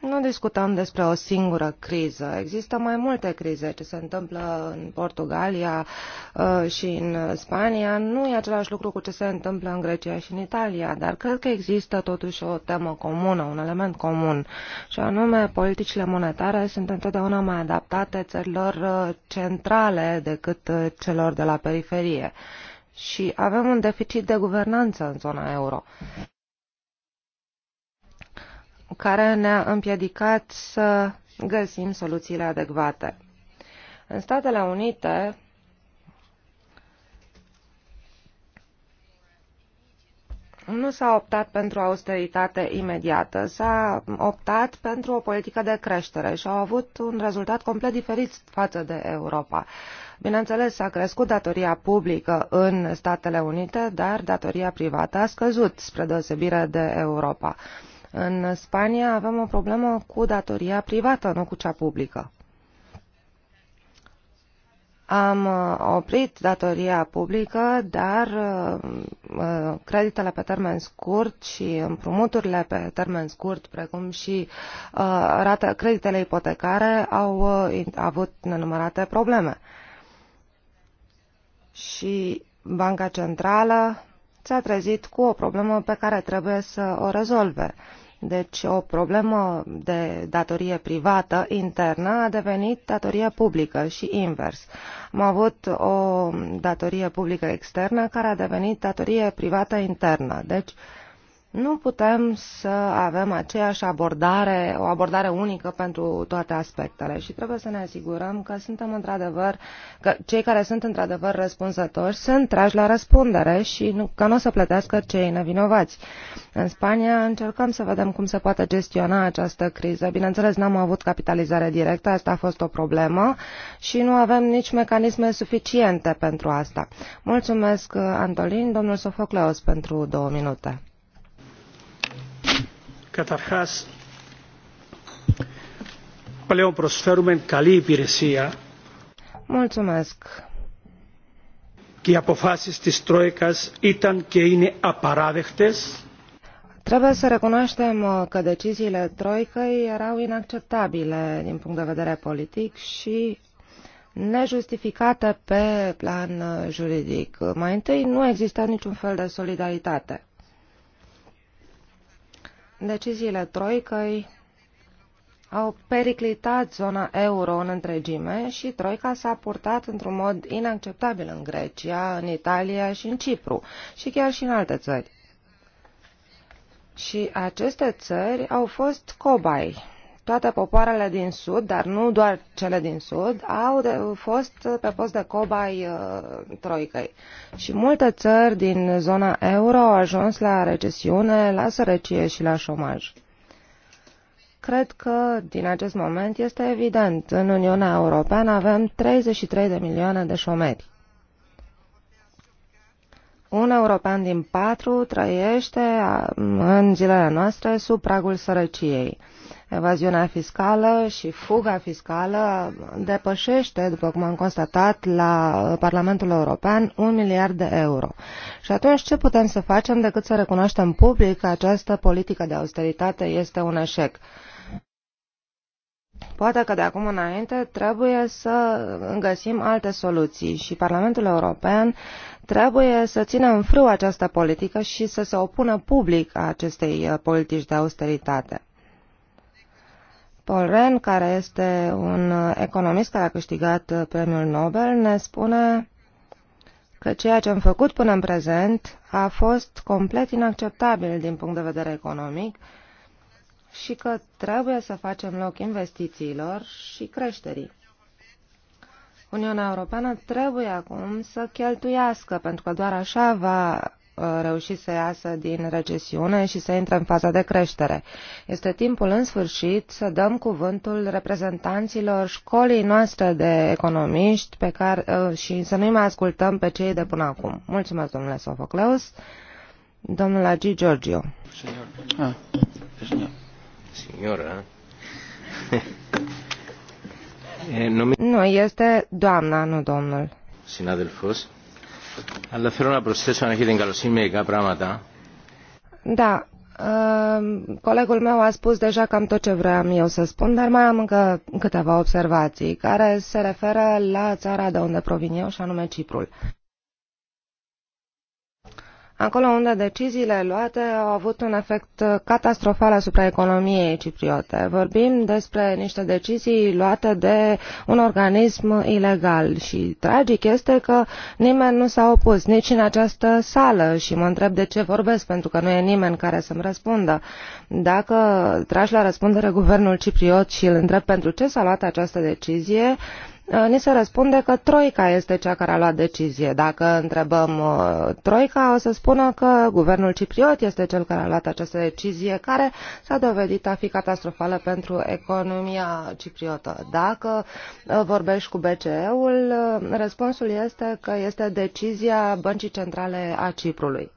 Nu discutăm despre o singură criză. Există mai multe crize. Ce se întâmplă în Portugalia uh, și în Spania nu e același lucru cu ce se întâmplă în Grecia și în Italia, dar cred că există totuși o temă comună, un element comun, și anume politicile monetare sunt întotdeauna mai adaptate țărilor uh, centrale decât uh, celor de la periferie. Și avem un deficit de guvernanță în zona euro care ne-a împiedicat să găsim soluțiile adecvate. În Statele Unite, nu s-a optat pentru austeritate imediată, s-a optat pentru o politică de creștere și au avut un rezultat complet diferit față de Europa. Bineînțeles, s-a crescut datoria publică în Statele Unite, dar datoria privată a scăzut spre deosebire de Europa. Uh, în Spania avem o problemă cu datoria privată, nu cu cea publică. Am uh, oprit datoria publică, dar uh, uh, creditele pe termen scurt și împrumuturile pe termen scurt, precum și rate, creditele ipotecare, au avut nenumărate probleme. Și Banca Centrală s-a trezit cu o problemă pe care trebuie să o rezolve. Deci o problemă de datorie privată internă a devenit datorie publică și invers. Am avut o datorie publică externă care a devenit datorie privată internă. Deci uh, nu putem să avem aceeași abordare, o abordare unică pentru toate aspectele și trebuie să ne asigurăm că suntem într-adevăr, că cei care sunt într-adevăr răspunzători sunt trași la răspundere și nu, că nu o să plătească cei nevinovați. În Spania încercăm să vedem cum se poate gestiona această criză. Bineînțeles, n-am avut capitalizare directă, asta a fost o problemă și nu avem nici mecanisme suficiente pentru asta. Mulțumesc, Antolin, domnul Sofocleos, pentru două minute. Καταρχάς, πλέον προσφέρουμε καλή υπηρεσία. Mulțumesc. Και οι αποφάσεις της Τρόικας ήταν και είναι απαράδεκτες. Trebuie să recunoaștem uh, că deciziile Troicăi erau inacceptabile din punct de vedere politic și nejustificate pe plan uh, juridic. Mai întâi, nu exista niciun fel de solidaritate deciziile Troicăi au periclitat zona euro în întregime și Troica s-a purtat într-un mod inacceptabil în Grecia, în Italia și în Cipru și chiar și în alte țări. Și aceste țări au fost cobai toate popoarele din Sud, dar nu doar cele din Sud, au de, fost pe post de cobai uh, troicăi. Și multe țări din zona euro au ajuns la recesiune, la sărăcie și la șomaj. Cred că, din acest moment, este evident, în Uniunea Europeană avem 33 de milioane de șomeri. Un european din patru trăiește în zilele noastre sub pragul sărăciei evaziunea fiscală și fuga fiscală depășește, după cum am constatat la Parlamentul European, un miliard de euro. Și atunci ce putem să facem decât să recunoaștem public că această politică de austeritate este un eșec? Poate că de acum înainte trebuie să găsim alte soluții și Parlamentul European trebuie să țină în frâu această politică și să se opună public a acestei uh, politici de austeritate. Paul Ren, care este un uh, economist care a câștigat uh, premiul Nobel, ne spune că ceea ce am făcut până în prezent a fost complet inacceptabil din punct de vedere economic și că trebuie să facem loc investițiilor și creșterii. Uniunea Europeană trebuie acum să cheltuiască, pentru că doar așa va Uh, reușit să iasă din recesiune și să intre în faza de creștere. Este timpul în sfârșit să dăm cuvântul reprezentanților școlii noastre de economiști pe care, uh, și să nu mai ascultăm pe cei de până acum. Mulțumesc, domnule Sofocleus. Domnul Agi Giorgio. Signor. Ah. Signora. [LAUGHS] Eh, nu, este doamna, nu domnul. Sina del Fos. Αλλά θέλω να προσθέσω αν έχετε εγκαλοσύνη μερικά πράγματα. Da, um, colegul meu a spus deja cam tot ce vreau eu să spun, dar mai am încă câteva observații care se referă la țara de unde provin eu, și anume Ciprul acolo unde deciziile luate au avut un efect catastrofal asupra economiei cipriote. Vorbim despre niște decizii luate de un organism ilegal și tragic este că nimeni nu s-a opus, nici în această sală și mă întreb de ce vorbesc, pentru că nu e nimeni care să-mi răspundă. Dacă tragi la răspundere guvernul cipriot și îl întreb pentru ce s-a luat această decizie, Uh, ni se răspunde că Troica este cea care a luat decizie. Dacă întrebăm uh, Troica, o să spună că guvernul cipriot este cel care a luat această decizie, care s-a dovedit a fi catastrofală pentru economia cipriotă. Dacă uh, vorbești cu BCE-ul, răspunsul este că este decizia Băncii Centrale a Ciprului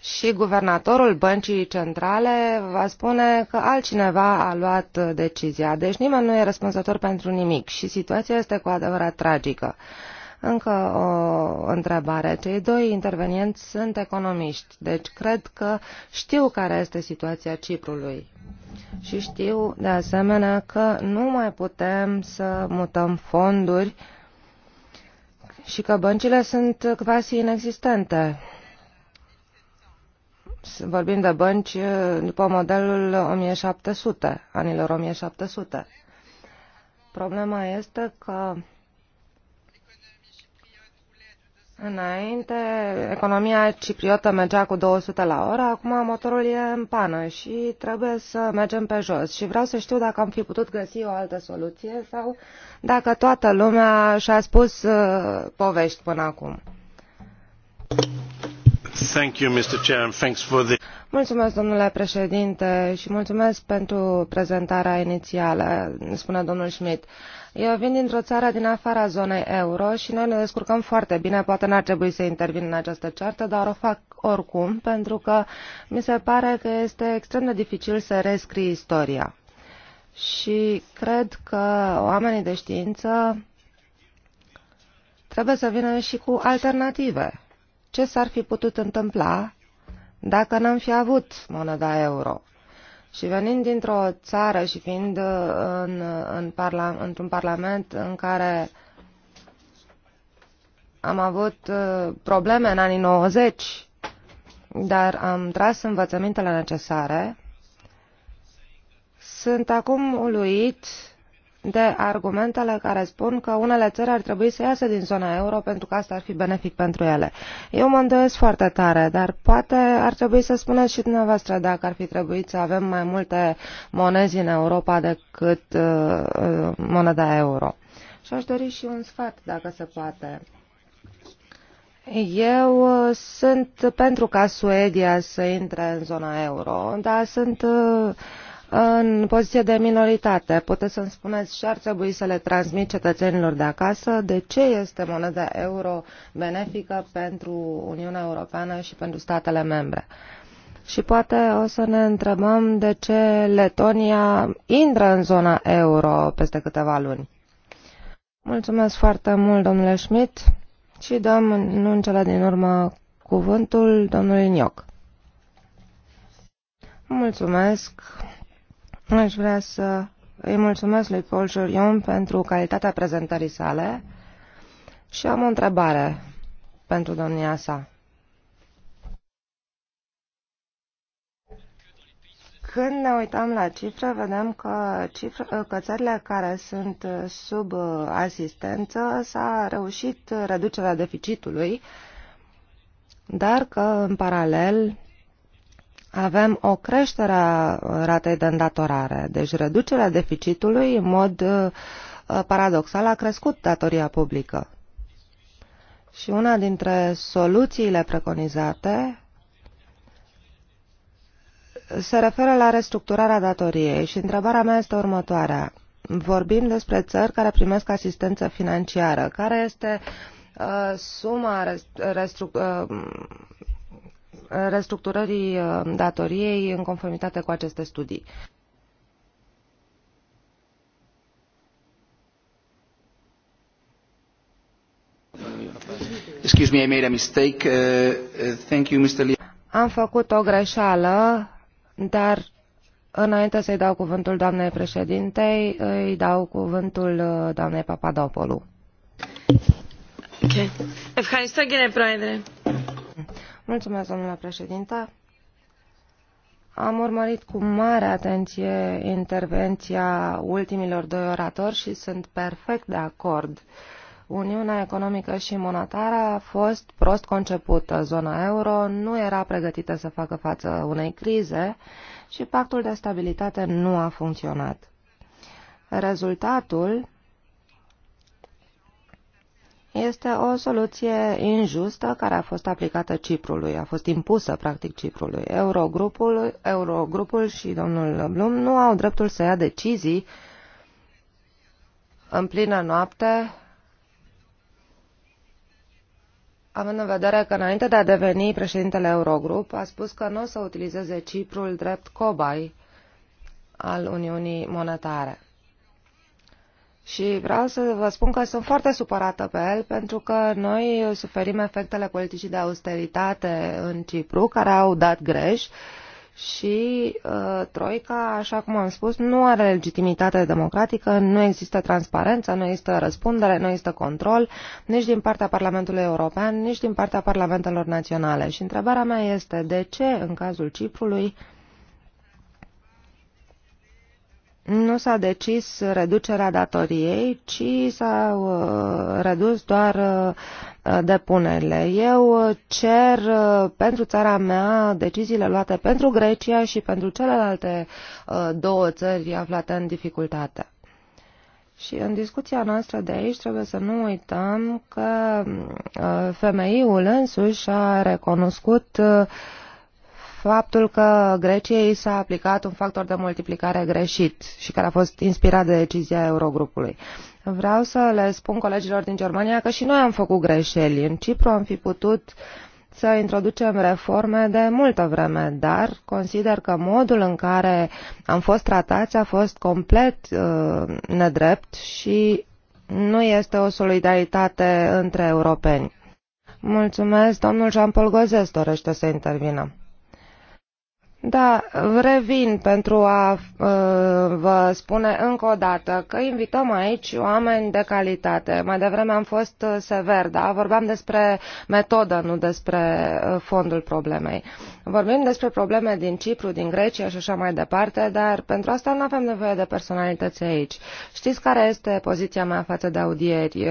și guvernatorul băncii centrale va spune că altcineva a luat decizia. Deci nimeni nu e răspunzător pentru nimic și situația este cu adevărat tragică. Încă o întrebare. Cei doi intervenienți sunt economiști, deci cred că știu care este situația Ciprului. Și știu, de asemenea, că nu mai putem să mutăm fonduri și că băncile sunt quasi inexistente vorbim de bănci după modelul 1700, anilor 1700. Problema este că Înainte, economia cipriotă mergea cu 200 la oră, acum motorul e în pană și trebuie să mergem pe jos. Și vreau să știu dacă am fi putut găsi o altă soluție sau dacă toată lumea și-a spus uh, povești până acum. Mulțumesc, domnule președinte, și mulțumesc pentru prezentarea inițială, spune domnul Schmidt. Eu vin dintr-o țară din afara zonei euro și noi ne descurcăm foarte bine, poate n-ar trebui să intervin în această ceartă, dar o fac oricum, pentru că mi se pare că este extrem de dificil să rescrii istoria. Și cred că oamenii de știință trebuie să vină și cu alternative ce s-ar fi putut întâmpla dacă n-am fi avut moneda euro. Și venind dintr-o țară și fiind uh, în, în parla, într-un parlament în care am avut uh, probleme în anii 90, dar am tras învățămintele necesare, sunt acum uluit de argumentele care spun că unele țări ar trebui să iasă din zona euro pentru că asta ar fi benefic pentru ele. Eu mă îndoiesc foarte tare, dar poate ar trebui să spuneți și dumneavoastră dacă ar fi trebuit să avem mai multe monezi în Europa decât uh, uh moneda euro. Și aș dori și un sfat, dacă se poate. Eu uh, sunt pentru ca Suedia să intre în zona euro, dar sunt uh, în poziție de minoritate. Puteți să-mi spuneți ce ar trebui să le transmit cetățenilor de acasă, de ce este moneda euro benefică pentru Uniunea Europeană și pentru statele membre. Și poate o să ne întrebăm de ce Letonia intră în zona euro peste câteva luni. Mulțumesc foarte mult, domnule Schmidt, și dăm nu în cele din urmă cuvântul domnului Nioc. Mulțumesc. Aș vrea să îi mulțumesc lui Paul Jurion pentru calitatea prezentării sale și am o întrebare pentru domnia sa. Când ne uităm la cifre, vedem că, cifre, că țările care sunt sub asistență s-a reușit reducerea deficitului, dar că, în paralel, avem o creștere a ratei de îndatorare. Deci reducerea deficitului, în mod uh, paradoxal, a crescut datoria publică. Și una dintre soluțiile preconizate se referă la restructurarea datoriei și întrebarea mea este următoarea. Vorbim despre țări care primesc asistență financiară. Care este uh, suma restru- uh, restructurării uh, datoriei în conformitate cu aceste studii. Excuse me, I made a mistake. Uh, uh, thank you, Mr. Lee. Am făcut o greșeală, dar înainte să-i dau cuvântul doamnei președintei, îi dau cuvântul uh, doamnei Papadopoulou. Okay. Afghanistan, gine, Πρόεδρε. Mulțumesc, domnule președinte. Am urmărit cu mare atenție intervenția ultimilor doi oratori și sunt perfect de acord. Uniunea economică și monetară a fost prost concepută. Zona euro nu era pregătită să facă față unei crize și pactul de stabilitate nu a funcționat. Rezultatul este o soluție injustă care a fost aplicată Ciprului, a fost impusă practic Ciprului. Eurogrupul, Eurogrupul și domnul Blum nu au dreptul să ia decizii în plină noapte, având în vedere că înainte de a deveni președintele Eurogrup, a spus că nu o să utilizeze Ciprul drept cobai al Uniunii Monetare. Și vreau să vă spun că sunt foarte supărată pe el pentru că noi suferim efectele politicii de austeritate în Cipru, care au dat greș și uh, Troica, așa cum am spus, nu are legitimitate democratică, nu există transparență, nu există răspundere, nu există control, nici din partea Parlamentului European, nici din partea Parlamentelor Naționale. Și întrebarea mea este de ce, în cazul Ciprului, nu s-a decis reducerea datoriei, ci s-au uh, redus doar uh, depunerile. Eu uh, cer pentru țara mea deciziile luate pentru Grecia și pentru celelalte două țări aflate în dificultate. Și în discuția noastră de aici trebuie să nu uităm că femeiul însuși a recunoscut uh, faptul că Greciei s-a aplicat un factor de multiplicare greșit și care a fost inspirat de decizia Eurogrupului. Vreau să le spun colegilor din Germania că și noi am făcut greșeli. În Cipru am fi putut să introducem reforme de multă vreme, dar consider că modul în care am fost tratați a fost complet uh, nedrept și nu este o solidaritate între europeni. Mulțumesc, domnul Jean-Paul Gozes dorește să intervină. Da, revin pentru a uh, vă spune încă o dată că invităm aici oameni de calitate. Mai devreme am fost ă, sever, da? Vorbeam despre metodă, nu despre ă, fondul problemei. Vorbim despre probleme din Cipru, din Grecia și așa mai departe, dar pentru asta nu avem nevoie de personalități aici. Știți care este poziția mea față de audieri?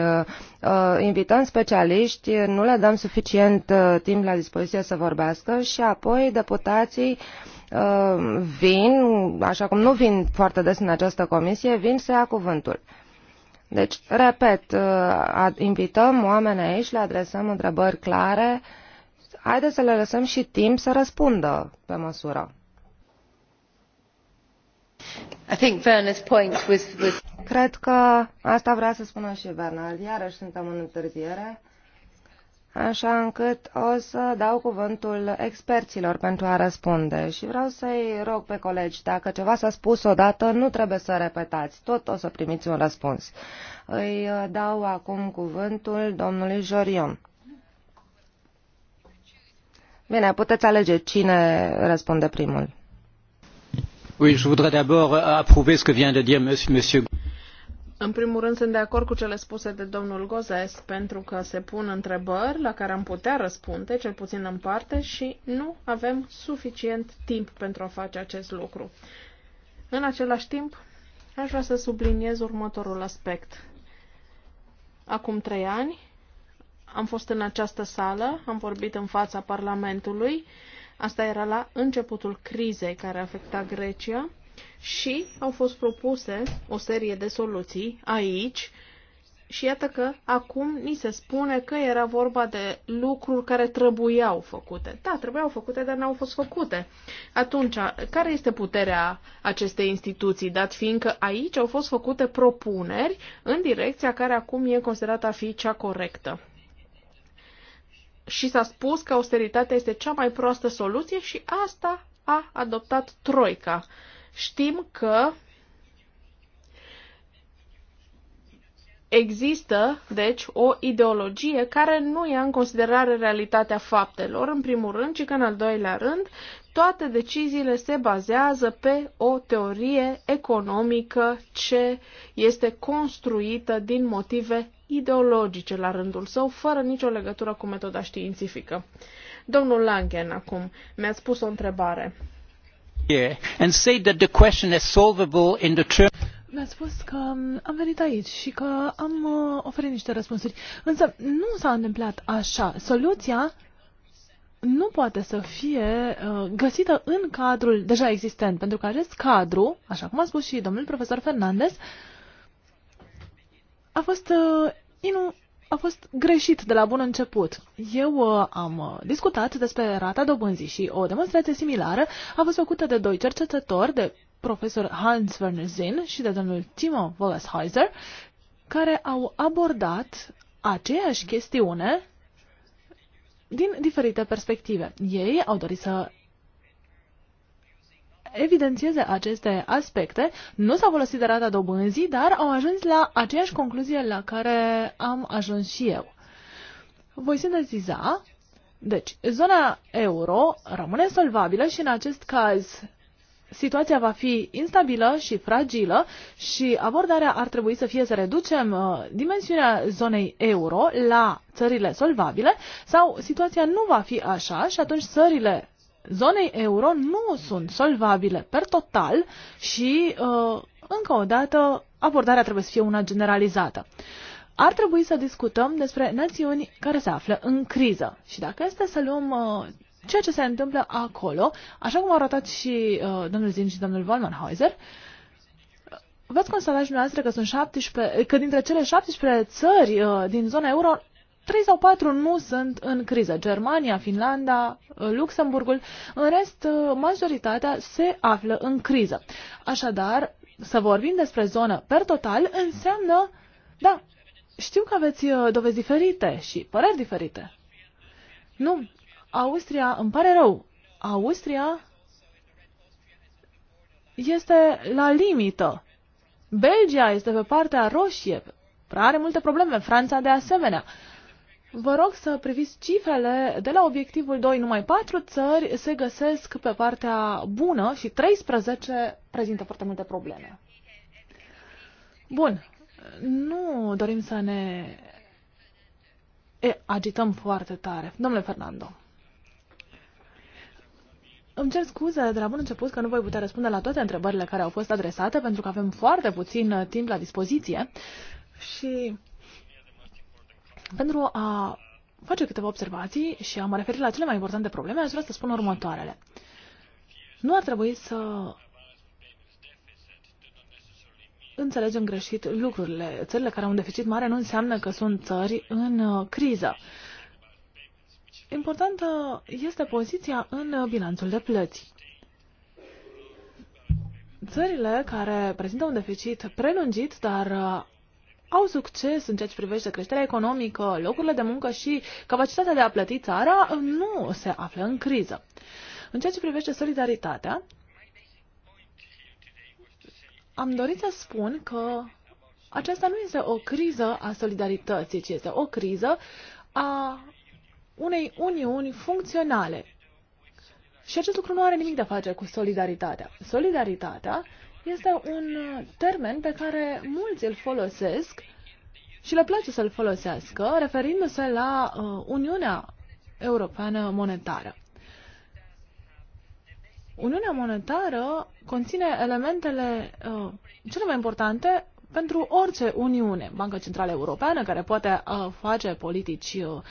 Uh, invităm specialiști, nu le dăm suficient uh, timp la dispoziție să vorbească și apoi deputații uh, vin, așa cum nu vin foarte des în această comisie, vin să ia cuvântul. Deci, repet, invităm oameni aici, le adresăm întrebări clare, haideți să le lăsăm și timp să răspundă pe măsură. Cred că asta vrea să spună și Bernard. Iarăși suntem în întârziere, așa încât o să dau cuvântul experților pentru a răspunde. Și vreau să-i rog pe colegi, dacă ceva s-a spus odată, nu trebuie să repetați. Tot o să primiți un răspuns. Îi uh, dau acum cuvântul domnului Jorion. Bine, puteți alege cine răspunde primul je voudrais d'abord euh, approuver ce que vient de dire monsieur. În primul rând sunt de acord cu cele spuse de domnul Gozes, pentru că se pun întrebări la care am putea răspunde, cel puțin în parte, și nu avem suficient timp pentru a face acest lucru. În același timp, aș vrea să subliniez următorul aspect. Acum trei ani am fost în această sală, am vorbit în fața Parlamentului Asta era la începutul crizei care afecta Grecia și au fost propuse o serie de soluții aici și iată că acum ni se spune că era vorba de lucruri care trebuiau făcute. Da, trebuiau făcute, dar n-au fost făcute. Atunci, care este puterea acestei instituții, dat fiindcă aici au fost făcute propuneri în direcția care acum e considerată a fi cea corectă? și s-a spus că austeritatea este cea mai proastă soluție și asta a adoptat Troica. Știm că Există, deci, o ideologie care nu ia în considerare realitatea faptelor, în primul rând, ci că, în al doilea rând, toate deciziile se bazează pe o teorie economică ce este construită din motive ideologice la rândul său, fără nicio legătură cu metoda științifică. Domnul Langen, acum, mi-a spus o întrebare. Yeah, mi-a spus că am venit aici și că am uh, oferit niște răspunsuri. Însă nu s-a întâmplat așa. Soluția nu poate să fie uh, găsită în cadrul deja existent, pentru că acest cadru, așa cum a spus și domnul profesor Fernandez, uh, a fost, uh, inu, a fost greșit de la bun început. Eu uh, am uh, discutat despre rata dobânzii și o demonstrație similară a fost făcută de doi cercetători, de profesor Hans Werner Zinn și de domnul Timo Wollesheiser, care au abordat aceeași chestiune din diferite perspective. Ei au dorit să evidențieze aceste aspecte. Nu s au folosit de rata dobânzii, dar au ajuns la aceeași concluzie la care am ajuns și eu. Voi sintetiza. Deci, zona euro rămâne solvabilă și în acest caz situația va fi instabilă și fragilă și abordarea ar trebui să fie să reducem uh, dimensiunea zonei euro la țările solvabile sau situația nu va fi așa și atunci țările zonei euro nu sunt solvabile per total și, uh, încă o dată, abordarea trebuie să fie una generalizată. Ar trebui să discutăm despre națiuni care se află în criză și dacă este să luăm uh, ceea ce se întâmplă acolo, așa cum au arătat și uh, domnul Zin și domnul Volmanhäuser, Veți constata și dumneavoastră că, sunt 17, că dintre cele 17 țări din zona euro, trei sau patru nu sunt în criză. Germania, Finlanda, Luxemburgul, în rest majoritatea se află în criză. Așadar, să vorbim despre zonă per total înseamnă, da, știu că aveți uh, dovezi diferite și păreri diferite. Nu, Austria, îmi pare rău, Austria este la limită. Belgia este pe partea roșie, are multe probleme, Franța de asemenea. Vă rog să priviți cifrele de la obiectivul 2, numai 4 țări se găsesc pe partea bună și 13 prezintă foarte multe probleme. Bun, nu dorim să ne e, agităm foarte tare. Domnule Fernando, îmi cer scuze de la bun început că nu voi putea răspunde la toate întrebările care au fost adresate pentru că avem foarte puțin uh, timp la dispoziție și pentru a face câteva observații și a mă referi la cele mai importante probleme, aș vrea să spun următoarele. Nu ar trebui să înțelegem greșit lucrurile. Țările care au un deficit mare nu înseamnă că sunt țări în uh, criză. Importantă este poziția în bilanțul de plăți. Țările care prezintă un deficit prelungit, dar uh, au succes în ceea ce privește creșterea economică, locurile de muncă și capacitatea de a plăti țara, nu se află în criză. În ceea ce privește solidaritatea, am dorit să spun că aceasta nu este o criză a solidarității, ci este o criză a unei uniuni funcționale. Și acest lucru nu are nimic de a face cu solidaritatea. Solidaritatea este un uh, termen pe care mulți îl folosesc și le place să-l folosească, referindu-se la uh, Uniunea Europeană Monetară. Uniunea monetară conține elementele uh, cele mai importante pentru orice Uniune. Banca Centrală Europeană, care poate uh, face politici uh,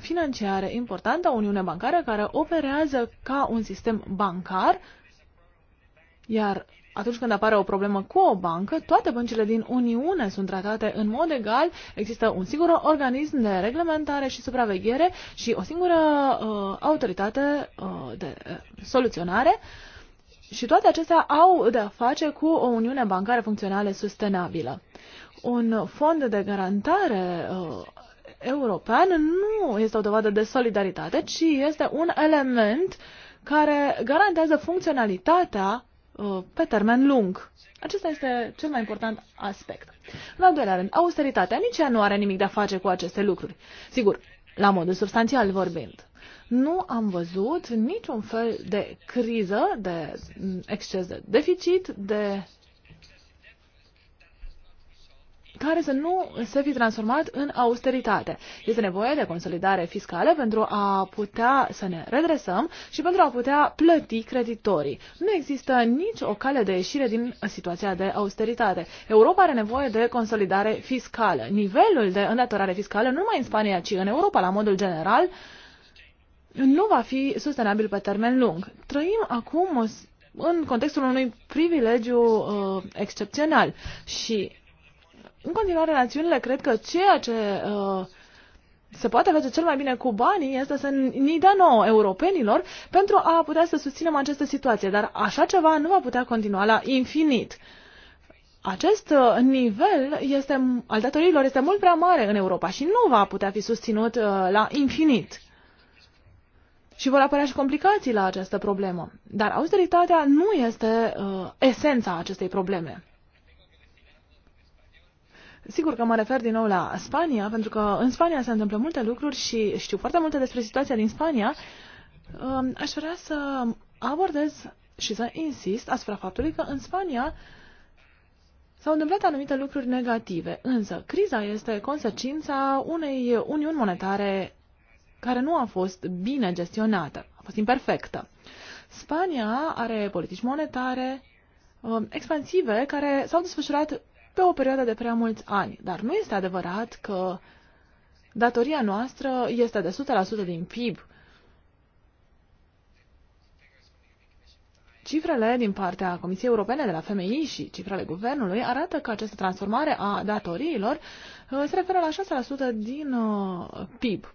financiare importante, Uniune Bancară, care operează ca un sistem bancar, iar atunci când apare o problemă cu o bancă, toate băncile din Uniune sunt tratate în mod egal, există un singur organism de reglementare și supraveghere și o singură uh, autoritate uh, de uh, soluționare și toate acestea au de-a face cu o uniune bancară funcțională sustenabilă. Un fond de garantare uh, european nu este o dovadă de solidaritate, ci este un element care garantează funcționalitatea Uh, pe termen lung. Acesta este cel mai important aspect. În al doilea rând, austeritatea nici ea nu are nimic de a face cu aceste lucruri. Sigur, la modul substanțial vorbind. Nu am văzut niciun fel de criză, de mm, exces de deficit, de care să nu se fi transformat în austeritate. Este nevoie de consolidare fiscală pentru a putea să ne redresăm și pentru a putea plăti creditorii. Nu există nici o cale de ieșire din situația de austeritate. Europa are nevoie de consolidare fiscală. Nivelul de îndatorare fiscală, nu numai în Spania, ci în Europa, la modul general, nu va fi sustenabil pe termen lung. Trăim acum în contextul unui privilegiu uh, excepțional și în continuare, națiunile cred că ceea ce uh, se poate face cel mai bine cu banii este să ni dea nouă europenilor pentru a putea să susținem această situație. Dar așa ceva nu va putea continua la infinit. Acest uh, nivel este, al datoriilor este mult prea mare în Europa și nu va putea fi susținut uh, la infinit. Și vor apărea și complicații la această problemă. Dar austeritatea nu este uh, esența acestei probleme. Sigur că mă refer din nou la Spania, pentru că în Spania se întâmplă multe lucruri și știu foarte multe despre situația din Spania. Um, aș vrea să abordez și să insist asupra faptului că în Spania S-au întâmplat anumite lucruri negative, însă criza este consecința unei uniuni monetare care nu a fost bine gestionată, a fost imperfectă. Spania are politici monetare um, expansive care s-au desfășurat pe o perioadă de prea mulți ani. Dar nu este adevărat că datoria noastră este de 100% din PIB. Cifrele din partea Comisiei Europene de la FMI și cifrele guvernului arată că această transformare a datoriilor uh, se referă la 6% din uh, PIB.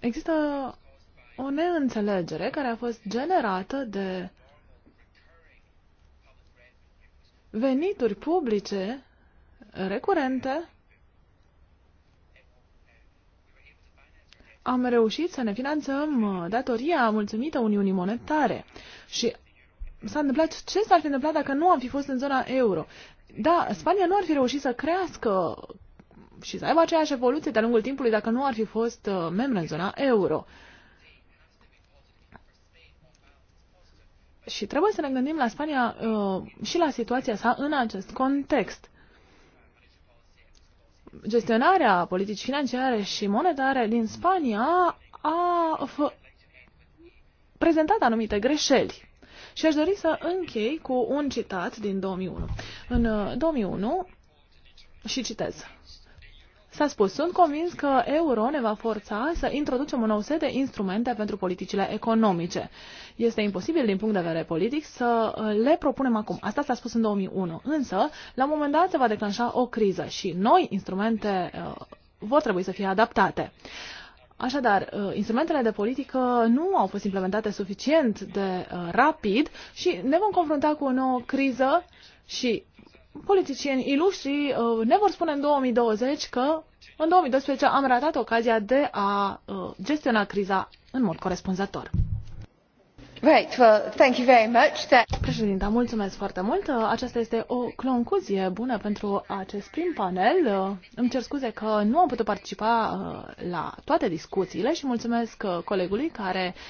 Există o neînțelegere care a fost generată de venituri publice recurente. Am reușit să ne finanțăm uh, datoria mulțumită Uniunii Monetare și s-a întâmplat ce s-ar fi întâmplat dacă nu am fi fost în zona euro. Da, Spania nu ar fi reușit să crească și să aibă aceeași evoluție de-a lungul timpului dacă nu ar fi fost uh, membră în zona euro. Și trebuie să ne gândim la Spania uh, și la situația sa în acest context. Gestionarea politici financiare și monetare din Spania a prezentat anumite greșeli. Și aș dori să închei cu un citat din 2001. În 2001, uh, și citez, S-a spus, sunt convins că euro ne va forța să introducem un nou set de instrumente pentru politicile economice. Este imposibil din punct de vedere politic să uh, le propunem acum. Asta s-a spus în 2001. Însă, la un moment dat se va declanșa o criză și noi instrumente uh, vor trebui să fie adaptate. Așadar, uh, instrumentele de politică nu au fost implementate suficient de rapid și ne vom confrunta cu o nouă criză și politicieni iluștri uh, ne vor spune în 2020 că în 2012 am ratat ocazia de a uh, gestiona criza în mod corespunzător. Right, well, thank you very much. That... Președinta, mulțumesc foarte mult. Aceasta este o concluzie bună pentru acest prim panel. Îmi cer scuze că nu am putut participa uh, la toate discuțiile și mulțumesc colegului care uh,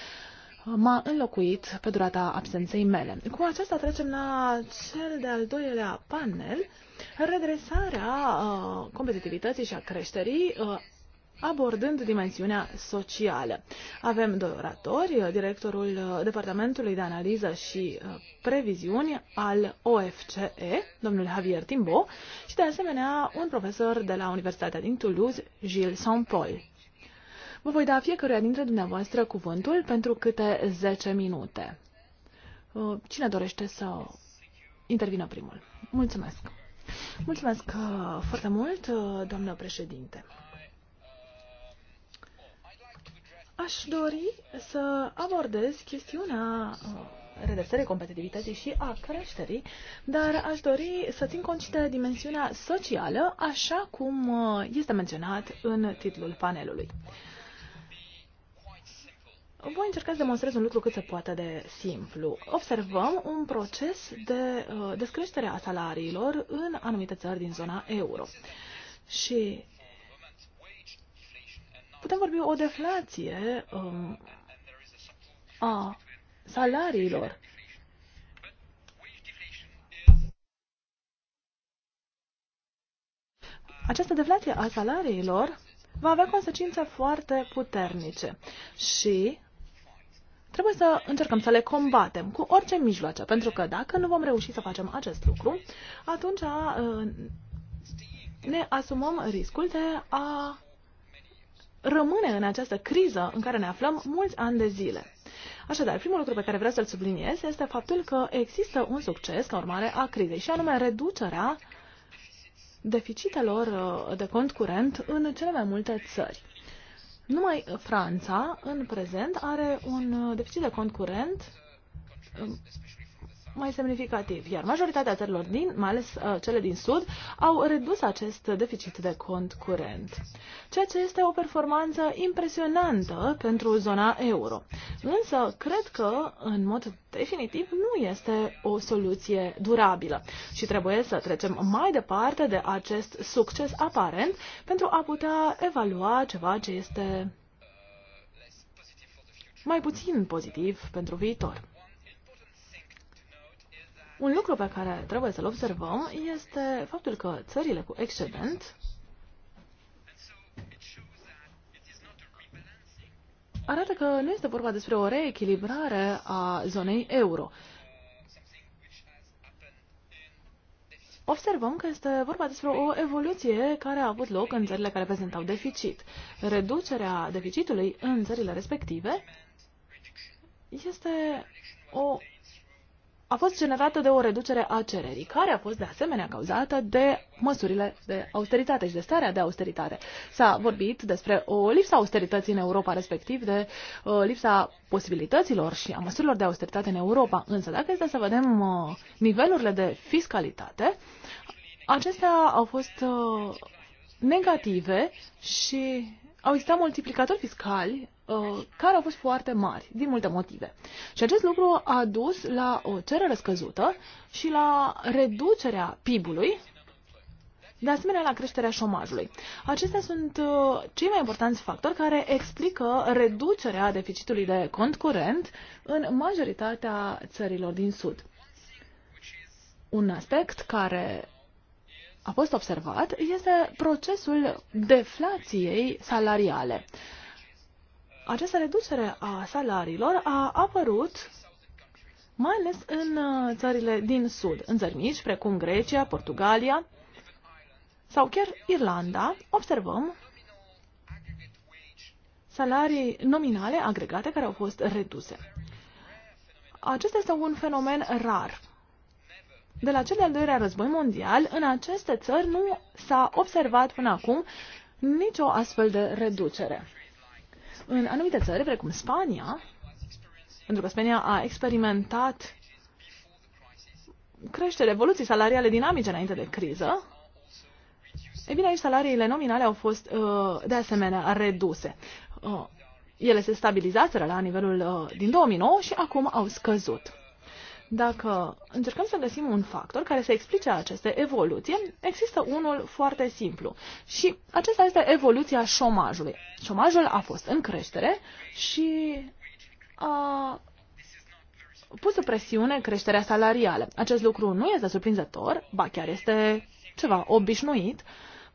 m-a înlocuit pe durata absenței mele. Cu aceasta trecem la cel de-al doilea panel, redresarea uh, competitivității și a creșterii uh, abordând dimensiunea socială. Avem doi oratori, uh, directorul uh, Departamentului de Analiză și uh, Previziuni al OFCE, domnul Javier Timbo, și de asemenea un profesor de la Universitatea din Toulouse, Gilles Saint-Paul. Vă voi da fiecăruia dintre dumneavoastră cuvântul pentru câte 10 minute. Uh, cine dorește să intervină primul? Mulțumesc! Mulțumesc uh, foarte mult, uh, doamnă președinte! Aș dori să abordez chestiunea redresării competitivității și a creșterii, dar aș dori să țin cont și de dimensiunea socială, așa cum este menționat în titlul panelului voi încerca să demonstrez un lucru cât se poate de simplu. Observăm un proces de uh, descreștere a salariilor în anumite țări din zona euro. Și putem vorbi o deflație um, a salariilor. Această deflație a salariilor va avea consecințe foarte puternice și trebuie să încercăm să le combatem cu orice mijloace, pentru că dacă nu vom reuși să facem acest lucru, atunci ne asumăm riscul de a rămâne în această criză în care ne aflăm mulți ani de zile. Așadar, primul lucru pe care vreau să-l subliniez este faptul că există un succes ca urmare a crizei și anume reducerea deficitelor uh, de cont curent în cele mai multe țări. Numai Franța, în prezent, are un uh, deficit de cont curent um, mai semnificativ, iar majoritatea țărilor din, mai ales uh, cele din Sud, au redus acest deficit de cont curent, ceea ce este o performanță impresionantă pentru zona euro. Însă, cred că, în mod definitiv, nu este o soluție durabilă și trebuie să trecem mai departe de acest succes aparent pentru a putea evalua ceva ce este mai puțin pozitiv pentru viitor. Un lucru pe care trebuie să-l observăm este faptul că țările cu excedent arată că nu este vorba despre o reechilibrare a zonei euro. Observăm că este vorba despre o evoluție care a avut loc în țările care prezentau deficit. Reducerea deficitului în țările respective este o a fost generată de o reducere a cererii, care a fost de asemenea cauzată de măsurile de austeritate și de starea de austeritate. S-a vorbit despre o lipsă austerității în Europa, respectiv de uh, lipsa posibilităților și a măsurilor de austeritate în Europa. Însă, dacă este să vedem uh, nivelurile de fiscalitate, acestea au fost uh, negative și au existat multiplicatori fiscali Uh, care au fost foarte mari, din multe motive. Și acest lucru a dus la o cerere scăzută și la reducerea PIB-ului, de asemenea la creșterea șomajului. Acestea sunt uh, cei mai importanți factori care explică reducerea deficitului de cont curent în majoritatea țărilor din Sud. Un aspect care a fost observat este procesul deflației salariale această reducere a salariilor a apărut mai ales în uh, țările din sud, în țări mici, precum Grecia, Portugalia sau chiar Irlanda, observăm salarii nominale agregate care au fost reduse. Acesta este un fenomen rar. De la cel de-al doilea război mondial, în aceste țări nu s-a observat până acum nicio astfel de reducere în anumite țări, precum Spania, pentru că Spania a experimentat creștere, evoluții salariale dinamice înainte de criză, e bine, aici salariile nominale au fost uh, de asemenea reduse. Uh, ele se stabilizaseră la nivelul uh, din 2009 și acum au scăzut. Dacă încercăm să găsim un factor care să explice aceste evoluții, există unul foarte simplu și acesta este evoluția șomajului. Șomajul a fost în creștere și a pus o presiune creșterea salarială. Acest lucru nu este surprinzător, ba chiar este ceva obișnuit,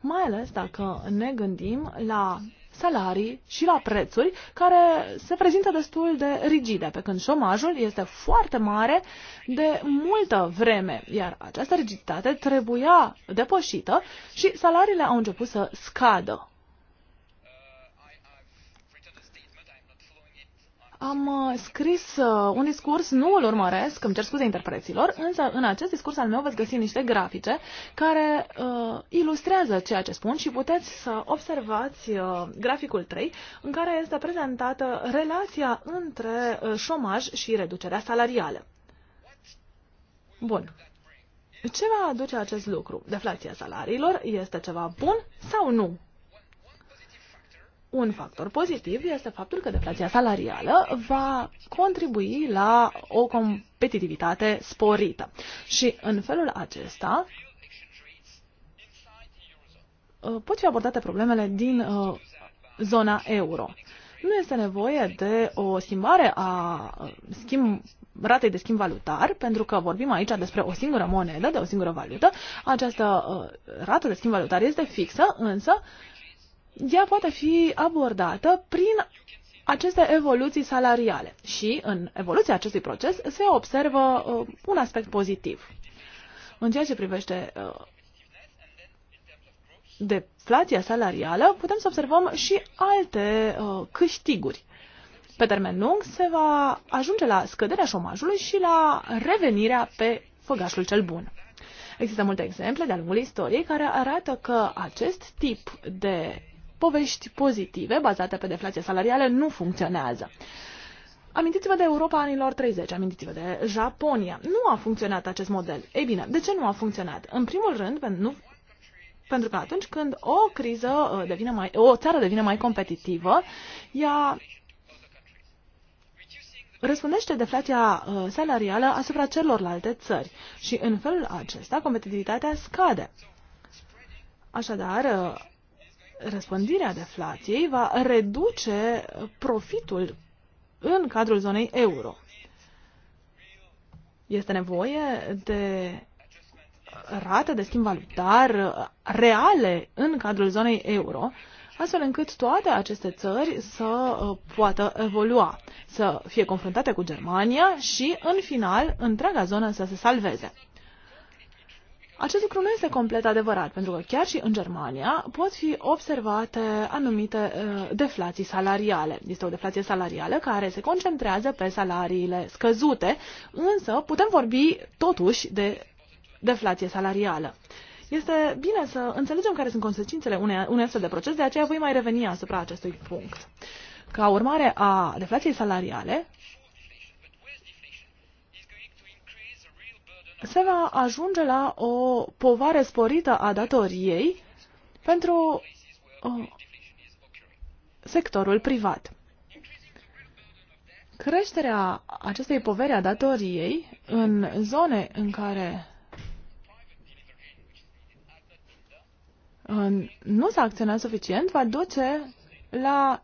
mai ales dacă ne gândim la salarii și la prețuri care se prezintă destul de rigide, pe când șomajul este foarte mare de multă vreme, iar această rigiditate trebuia depășită și salariile au început să scadă. Am uh, scris uh, un discurs, nu îl urmăresc, îmi cer scuze interpreților, însă în acest discurs al meu veți găsi niște grafice care uh, ilustrează ceea ce spun și puteți să observați uh, graficul 3 în care este prezentată relația între uh, șomaj și reducerea salarială. Bun. Ce va aduce acest lucru? Deflația salariilor este ceva bun sau nu? Un factor pozitiv este faptul că deflația salarială va contribui la o competitivitate sporită. Și în felul acesta uh, pot fi abordate problemele din uh, zona euro. Nu este nevoie de o schimbare a uh, schimb, ratei de schimb valutar, pentru că vorbim aici despre o singură monedă, de o singură valută. Această rată de schimb valutar este fixă, însă uh, ea poate fi abordată prin aceste evoluții salariale. Și în evoluția acestui proces se observă uh, un aspect pozitiv. În ceea ce privește uh, deflația salarială, putem să observăm și alte uh, câștiguri. Pe termen lung se va ajunge la scăderea șomajului și la revenirea pe făgașul cel bun. Există multe exemple de-a lungul istoriei care arată că acest tip de povești pozitive bazate pe deflație salarială nu funcționează. Amintiți-vă de Europa anilor 30, amintiți-vă de Japonia. Nu a funcționat acest model. Ei bine, de ce nu a funcționat? În primul rând, pentru, nu, pentru că atunci când o criză uh, devine mai, o țară devine mai competitivă, ea răspundește deflația uh, salarială asupra celorlalte țări și în felul acesta competitivitatea scade. Așadar, uh, răspândirea deflației va reduce profitul în cadrul zonei euro. Este nevoie de rate de schimb valutar reale în cadrul zonei euro, astfel încât toate aceste țări să uh, poată evolua, să fie confruntate cu Germania și, în final, întreaga zonă să se salveze. Acest lucru nu este complet adevărat, pentru că chiar și în Germania pot fi observate anumite uh, deflații salariale. Este o deflație salarială care se concentrează pe salariile scăzute, însă putem vorbi totuși de deflație salarială. Este bine să înțelegem care sunt consecințele unei, unei astfel de proces, de aceea voi mai reveni asupra acestui punct. Ca urmare a deflației salariale, se va ajunge la o povară sporită a datoriei pentru sectorul privat. Creșterea acestei poveri a datoriei în zone în care nu s-a acționat suficient va duce la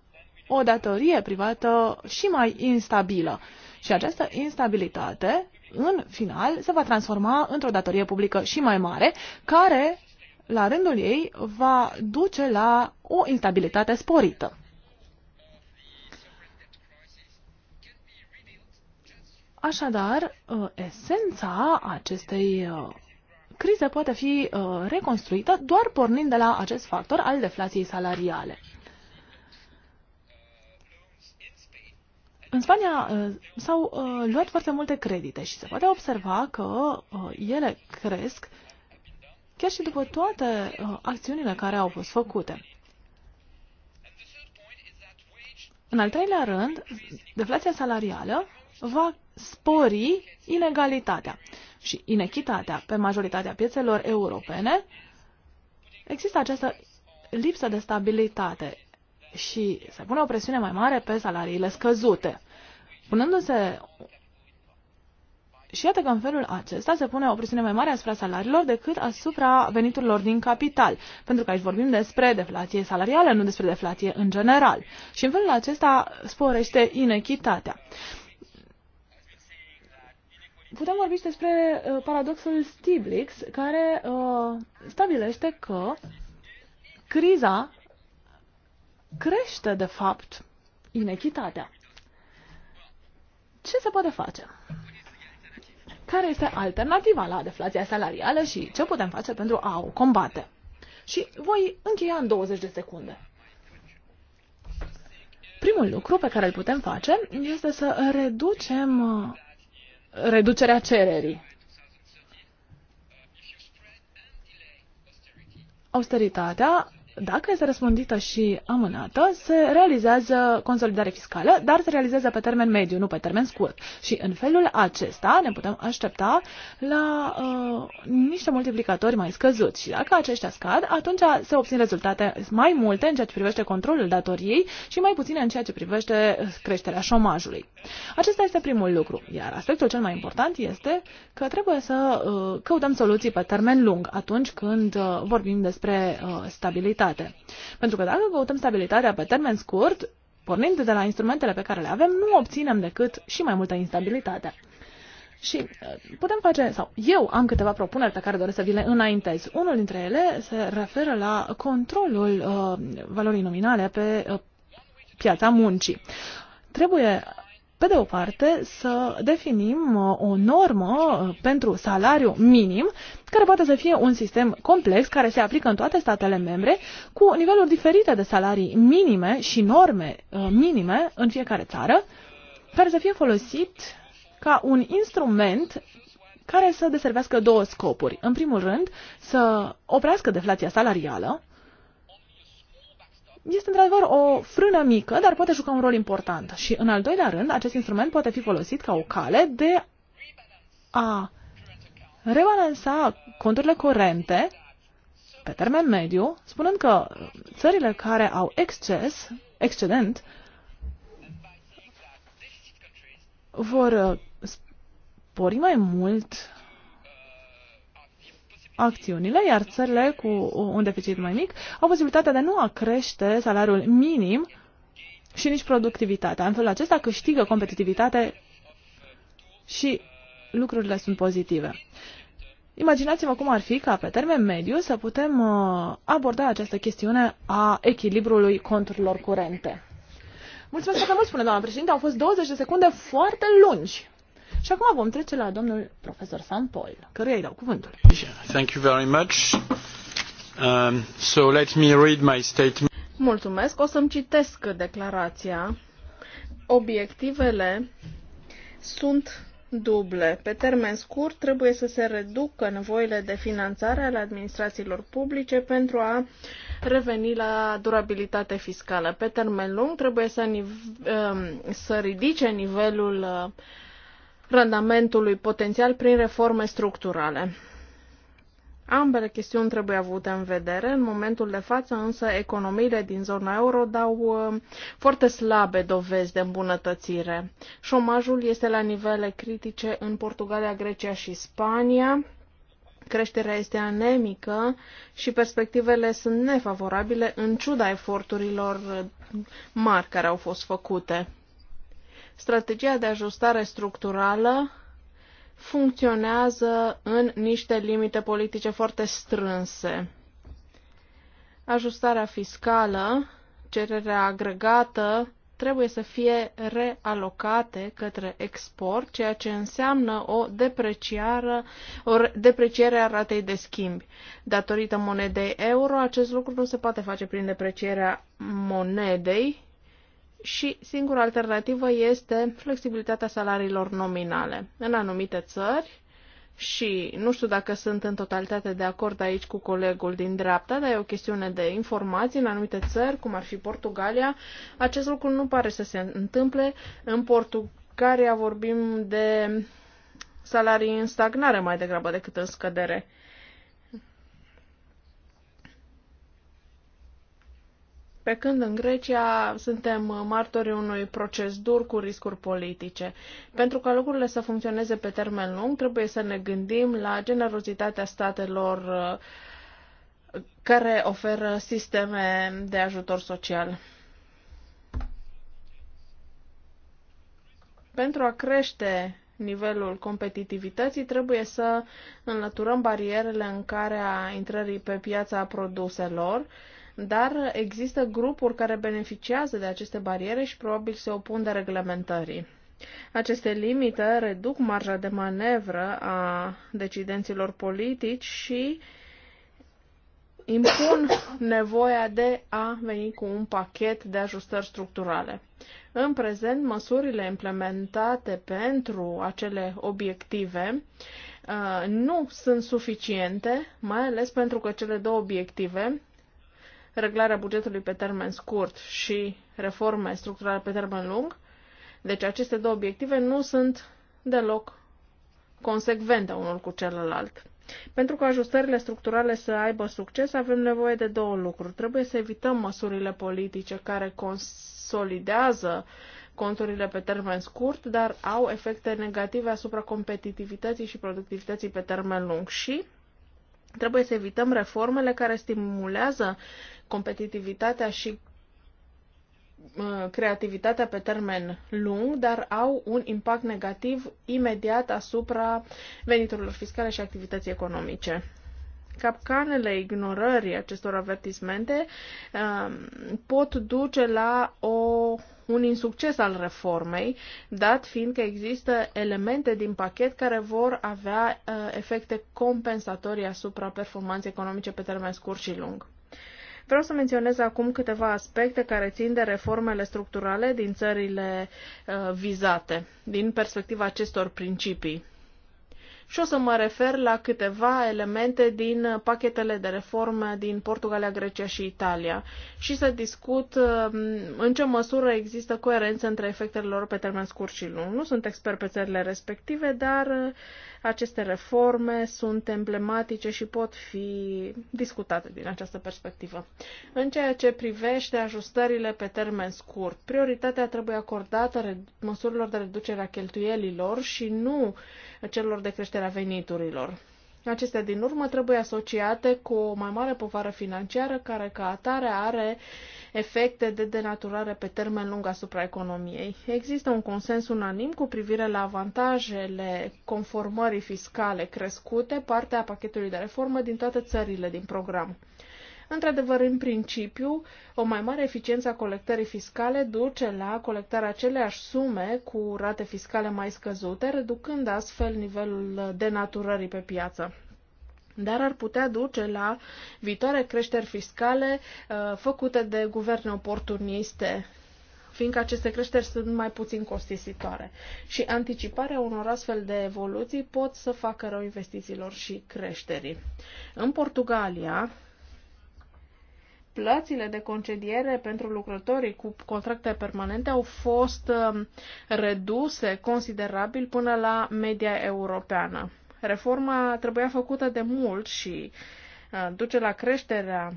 o datorie privată și mai instabilă. Și această instabilitate în final se va transforma într-o datorie publică și mai mare, care, la rândul ei, va duce la o instabilitate sporită. Așadar, uh, esența acestei uh, crize poate fi uh, reconstruită doar pornind de la acest factor al deflației salariale. În Spania uh, s-au uh, luat foarte multe credite și se poate observa că uh, ele cresc chiar și după toate acțiunile care au fost făcute. În al treilea rând, deflația salarială va spori inegalitatea și inechitatea pe majoritatea piețelor europene. Există această lipsă de stabilitate și să pună o presiune mai mare pe salariile scăzute. Punându-se și iată că în felul acesta se pune o presiune mai mare asupra salariilor decât asupra veniturilor din capital, pentru că aici vorbim despre deflație salarială, nu despre deflație în general. Și în felul acesta sporește inechitatea. Putem vorbi și despre uh, paradoxul Stiglitz, care uh, stabilește că criza crește, de fapt, inechitatea. Ce se poate face? Care este alternativa la deflația salarială și ce putem face pentru a o combate? Și voi încheia în 20 de secunde. Primul lucru pe care îl putem face este să reducem uh, reducerea cererii. Austeritatea dacă este răspândită și amânată, se realizează consolidare fiscală, dar se realizează pe termen mediu, nu pe termen scurt. Și în felul acesta ne putem aștepta la uh, niște multiplicatori mai scăzuți. Și dacă aceștia scad, atunci se obțin rezultate mai multe în ceea ce privește controlul datoriei și mai puține în ceea ce privește creșterea șomajului. Acesta este primul lucru. Iar aspectul cel mai important este că trebuie să uh, căutăm soluții pe termen lung atunci când uh, vorbim despre uh, stabilitate stabilitate. Pentru că dacă căutăm stabilitatea pe termen scurt, pornind de la instrumentele pe care le avem, nu obținem decât și mai multă instabilitate. Și uh, putem face, sau eu am câteva propuneri pe care doresc să vi le înaintez. Unul dintre ele se referă la controlul uh, valorii nominale pe uh, piața muncii. Trebuie pe de o parte, să definim uh, o normă uh, pentru salariu minim, care poate să fie un sistem complex care se aplică în toate statele membre, cu niveluri diferite de salarii minime și norme uh, minime în fiecare țară, care să fie folosit ca un instrument care să deservească două scopuri. În primul rând, să oprească deflația salarială, este într-adevăr o frână mică, dar poate juca un rol important. Și în al doilea rând, acest instrument poate fi folosit ca o cale de a rebalansa conturile corente pe termen mediu, spunând că țările care au exces, excedent, vor spori mai mult acțiunile, iar țările cu un deficit mai mic au posibilitatea de nu a crește salariul minim și nici productivitatea. În felul acesta câștigă competitivitate și lucrurile sunt pozitive. Imaginați-vă cum ar fi ca pe termen mediu să putem uh, aborda această chestiune a echilibrului conturilor curente. Mulțumesc foarte mult, spune doamna președinte. Au fost 20 de secunde foarte lungi. Și acum vom trece la domnul profesor San Paul, căruia îi dau cuvântul. Thank you very much. Um, so let me read my statement. Mulțumesc. O să-mi citesc declarația. Obiectivele sunt duble. Pe termen scurt, trebuie să se reducă nevoile de finanțare ale administrațiilor publice pentru a reveni la durabilitate fiscală. Pe termen lung, trebuie să, um, să ridice nivelul uh, randamentului potențial prin reforme structurale. Ambele chestiuni trebuie avute în vedere. În momentul de față, însă, economiile din zona euro dau uh, foarte slabe dovezi de îmbunătățire. Șomajul este la nivele critice în Portugalia, Grecia și Spania. Creșterea este anemică și perspectivele sunt nefavorabile în ciuda eforturilor mari care au fost făcute strategia de ajustare structurală funcționează în niște limite politice foarte strânse. Ajustarea fiscală, cererea agregată, trebuie să fie realocate către export, ceea ce înseamnă o o depreciere a ratei de schimb. Datorită monedei euro, acest lucru nu se poate face prin deprecierea monedei, și singura alternativă este flexibilitatea salariilor nominale. În anumite țări, și nu știu dacă sunt în totalitate de acord aici cu colegul din dreapta, dar e o chestiune de informații în anumite țări, cum ar fi Portugalia. Acest lucru nu pare să se întâmple. În Portugalia vorbim de salarii în stagnare mai degrabă decât în scădere. Pe când în Grecia suntem martorii unui proces dur cu riscuri politice. Pentru ca lucrurile să funcționeze pe termen lung, trebuie să ne gândim la generozitatea statelor uh, care oferă sisteme de ajutor social. Pentru a crește nivelul competitivității, trebuie să înlăturăm barierele în care a intrării pe piața produselor, dar există grupuri care beneficiază de aceste bariere și probabil se opun de reglementării. Aceste limite reduc marja de manevră a decidenților politici și impun nevoia de a veni cu un pachet de ajustări structurale. În prezent, măsurile implementate pentru acele obiective uh, nu sunt suficiente, mai ales pentru că cele două obiective reglarea bugetului pe termen scurt și reforme structurale pe termen lung. Deci aceste două obiective nu sunt deloc consecvente unul cu celălalt. Pentru că ajustările structurale să aibă succes, avem nevoie de două lucruri. Trebuie să evităm măsurile politice care consolidează conturile pe termen scurt, dar au efecte negative asupra competitivității și productivității pe termen lung și trebuie să evităm reformele care stimulează competitivitatea și uh, creativitatea pe termen lung, dar au un impact negativ imediat asupra veniturilor fiscale și activității economice. Capcanele ignorării acestor avertismente um, pot duce la o, un insucces al reformei, dat fiind că există elemente din pachet care vor avea uh, efecte compensatorii asupra performanței economice pe termen scurt și lung. Vreau să menționez acum câteva aspecte care țin de reformele structurale din țările uh, vizate, din perspectiva acestor principii. Și o să mă refer la câteva elemente din uh, pachetele de reforme din Portugalia, Grecia și Italia și să discut um, în ce măsură există coerență între efectele lor pe termen scurt și lung. Nu sunt expert pe țările respective, dar uh, aceste reforme sunt emblematice și pot fi discutate din această perspectivă. În ceea ce privește ajustările pe termen scurt, prioritatea trebuie acordată măsurilor de reducere a cheltuielilor și nu celor de creștere a veniturilor. Acestea din urmă trebuie asociate cu o mai mare povară financiară care ca atare are efecte de denaturare pe termen lung asupra economiei. Există un consens unanim cu privire la avantajele conformării fiscale crescute, parte a pachetului de reformă din toate țările din program. Într-adevăr, în principiu, o mai mare eficiență a colectării fiscale duce la colectarea aceleași sume cu rate fiscale mai scăzute, reducând astfel nivelul denaturării pe piață dar ar putea duce la viitoare creșteri fiscale uh, făcute de guverne oportuniste fiindcă aceste creșteri sunt mai puțin costisitoare. Și anticiparea unor astfel de evoluții pot să facă rău investițiilor și creșterii. În Portugalia, plățile de concediere pentru lucrătorii cu contracte permanente au fost um, reduse considerabil până la media europeană. Reforma trebuia făcută de mult și uh, duce la creșterea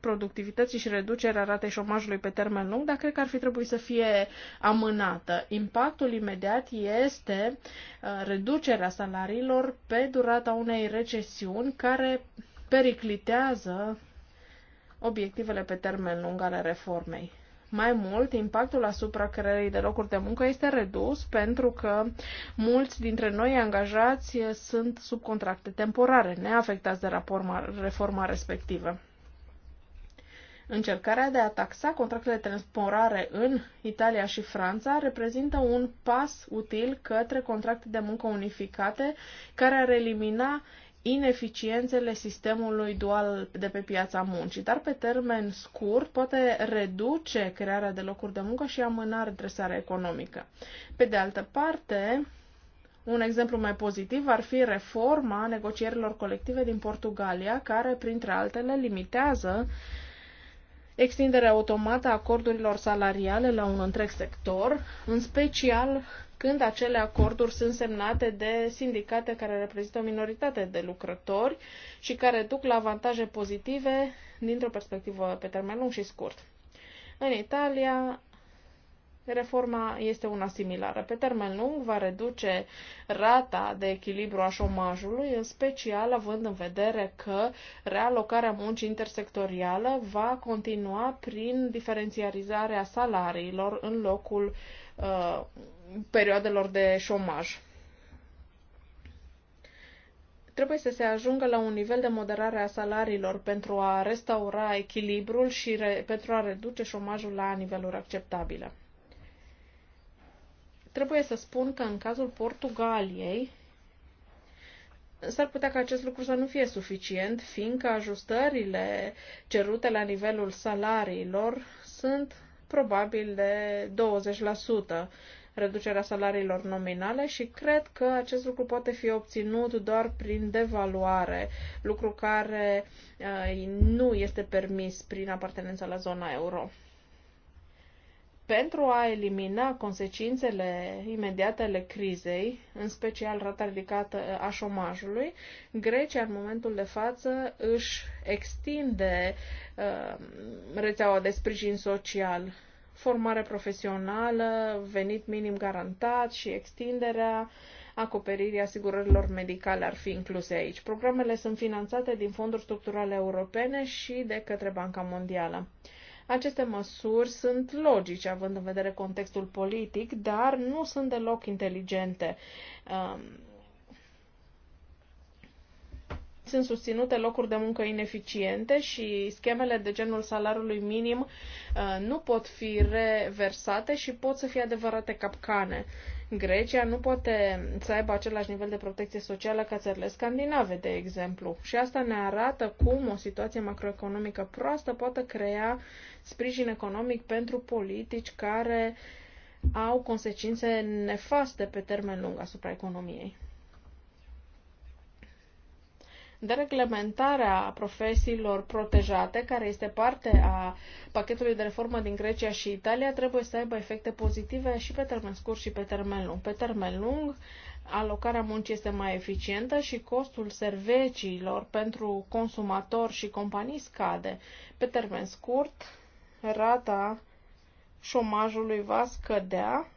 productivității și reducerea ratei șomajului pe termen lung, dar cred că ar fi trebuit să fie amânată. Impactul imediat este uh, reducerea salariilor pe durata unei recesiuni care periclitează obiectivele pe termen lung ale reformei. Mai mult, impactul asupra creării de locuri de muncă este redus pentru că mulți dintre noi angajați sunt sub contracte temporare, neafectați de reforma respectivă. Încercarea de a taxa contractele temporare în Italia și Franța reprezintă un pas util către contracte de muncă unificate care ar elimina ineficiențele sistemului dual de pe piața muncii, dar pe termen scurt poate reduce crearea de locuri de muncă și amâna redresarea economică. Pe de altă parte, un exemplu mai pozitiv ar fi reforma negocierilor colective din Portugalia, care, printre altele, limitează extinderea automată a acordurilor salariale la un întreg sector, în special când acele acorduri sunt semnate de sindicate care reprezintă o minoritate de lucrători și care duc la avantaje pozitive dintr-o perspectivă pe termen lung și scurt. În Italia, reforma este una similară. Pe termen lung va reduce rata de echilibru a șomajului, în special având în vedere că realocarea muncii intersectorială va continua prin diferențiarizarea salariilor în locul uh, perioadelor de șomaj. Trebuie să se ajungă la un nivel de moderare a salariilor pentru a restaura echilibrul și re- pentru a reduce șomajul la niveluri acceptabile. Trebuie să spun că în cazul Portugaliei s-ar putea ca acest lucru să nu fie suficient, fiindcă ajustările cerute la nivelul salariilor sunt probabil de 20%, reducerea salariilor nominale și cred că acest lucru poate fi obținut doar prin devaluare, lucru care uh, nu este permis prin apartenența la zona euro pentru a elimina consecințele imediate ale crizei, în special rata ridicată uh, a șomajului, Grecia în momentul de față își extinde uh, rețeaua de sprijin social formare profesională, venit minim garantat și extinderea acoperirii asigurărilor medicale ar fi incluse aici. Programele sunt finanțate din fonduri structurale europene și de către Banca Mondială. Aceste măsuri sunt logice, având în vedere contextul politic, dar nu sunt deloc inteligente. Um, sunt susținute locuri de muncă ineficiente și schemele de genul salariului minim uh, nu pot fi reversate și pot să fie adevărate capcane. Grecia nu poate să aibă același nivel de protecție socială ca țările scandinave, de exemplu. Și asta ne arată cum o situație macroeconomică proastă poate crea sprijin economic pentru politici care au consecințe nefaste pe termen lung asupra economiei de reglementarea profesiilor protejate, care este parte a pachetului de reformă din Grecia și Italia, trebuie să aibă efecte pozitive și pe termen scurt și pe termen lung. Pe termen lung, alocarea muncii este mai eficientă și costul serviciilor pentru consumator și companii scade. Pe termen scurt, rata șomajului va scădea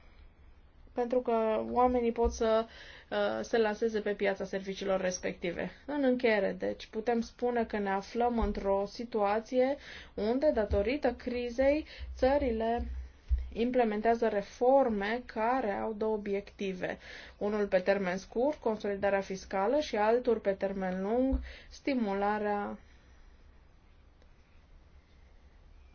pentru că oamenii pot să uh, Uh, se lanseze pe piața serviciilor respective. În încheiere, deci, putem spune că ne aflăm într-o situație unde, datorită crizei, țările implementează reforme care au două obiective. Unul pe termen scurt, consolidarea fiscală și altul pe termen lung, stimularea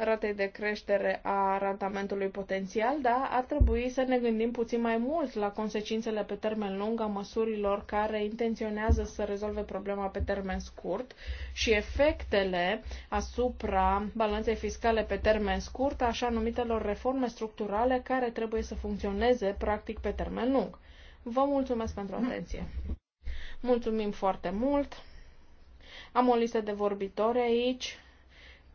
ratei de creștere a randamentului potențial, dar ar trebui să ne gândim puțin mai mult la consecințele pe termen lung a măsurilor care intenționează să rezolve problema pe termen scurt și efectele asupra balanței fiscale pe termen scurt a așa numitelor reforme structurale care trebuie să funcționeze practic pe termen lung. Vă mulțumesc pentru mm. atenție. Mulțumim foarte mult. Am o listă de vorbitori aici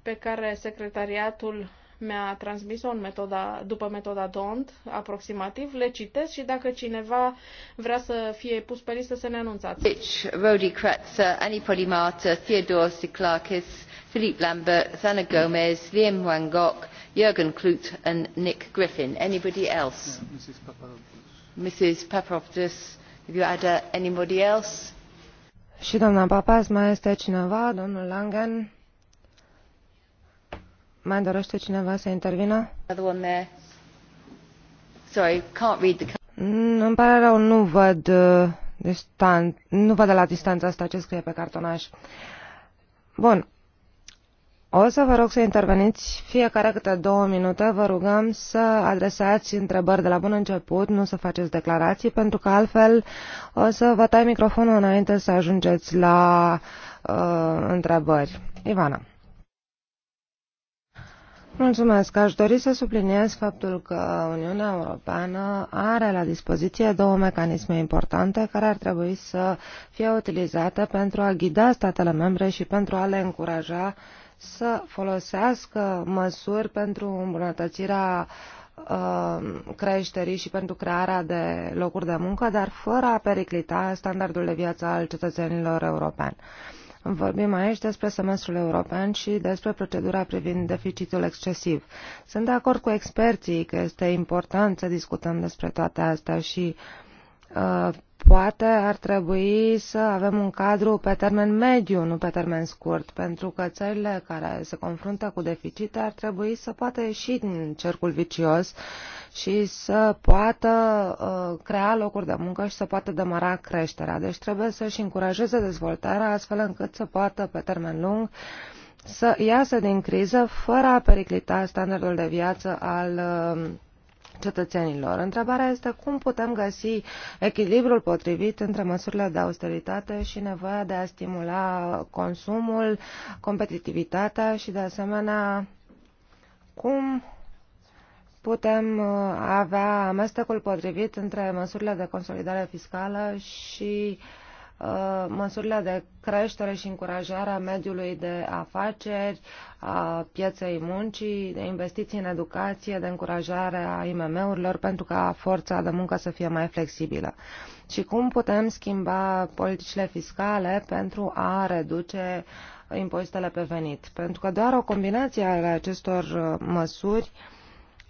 pe care secretariatul mi-a transmis-o în metoda, după metoda DONT, aproximativ, le citesc și dacă cineva vrea să fie pus pe listă să ne anunțați. Rich, Rodi Kratzer, Annie Polimata, Theodore Siklakis, Philippe Lambert, Zana Gomez, Liam Wangok, Jürgen Klut and Nick Griffin. Anybody else? Yeah, Mrs. Papadopoulos. Mrs. Papadopoulos, if you add uh, anybody else? Și doamna Papas, mai este cineva, domnul Langen? Mai dorește cineva să intervină? Sorry, can't read the... îmi pare rău, nu văd, uh, distan... nu văd de la distanța asta ce scrie pe cartonaș. Bun. O să vă rog să interveniți fiecare câte două minute. Vă rugăm să adresați întrebări de la bun început, nu să faceți declarații, pentru că altfel o să vă tai microfonul înainte să ajungeți la uh, întrebări. Ivana. Mulțumesc. Aș dori să subliniez faptul că Uniunea Europeană are la dispoziție două mecanisme importante care ar trebui să fie utilizate pentru a ghida statele membre și pentru a le încuraja să folosească măsuri pentru îmbunătățirea uh, creșterii și pentru crearea de locuri de muncă, dar fără a periclita standardul de viață al cetățenilor europeni. Vorbim aici despre semestrul european și despre procedura privind deficitul excesiv. Sunt de acord cu experții că este important să discutăm despre toate astea și uh, poate ar trebui să avem un cadru pe termen mediu, nu pe termen scurt, pentru că țările care se confruntă cu deficite ar trebui să poată ieși din cercul vicios uh, și să poată uh, crea locuri de muncă și să poată demara creșterea. Deci trebuie să-și încurajeze dezvoltarea astfel încât să poată pe termen lung să iasă din criză fără a periclita standardul de viață al uh, cetățenilor. Întrebarea este cum putem găsi echilibrul potrivit între măsurile de austeritate și nevoia de a stimula consumul, competitivitatea și, de asemenea, cum putem uh, avea amestecul potrivit între măsurile de consolidare fiscală și uh, măsurile de creștere și încurajare a mediului de afaceri, a pieței muncii, de investiții în educație, de încurajare a IMM-urilor pentru ca forța de muncă să fie mai flexibilă. Și cum putem schimba politicile fiscale pentru a reduce impozitele pe venit. Pentru că doar o combinație ale acestor uh, măsuri uh,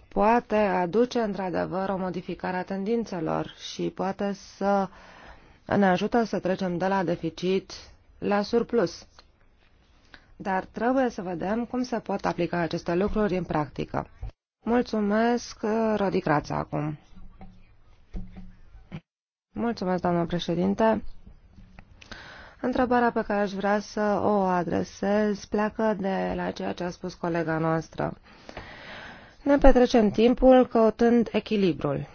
poate aduce într-adevăr o modificare a tendințelor și poate să ne ajută să trecem de la deficit la surplus. Dar trebuie să vedem cum se pot aplica aceste lucruri în practică. Mulțumesc, Rodi Crața, acum. Mulțumesc, doamnă președinte. Întrebarea pe care aș vrea să o adresez pleacă de la ceea ce a spus colega noastră. Uh, ne petrecem timpul căutând echilibrul.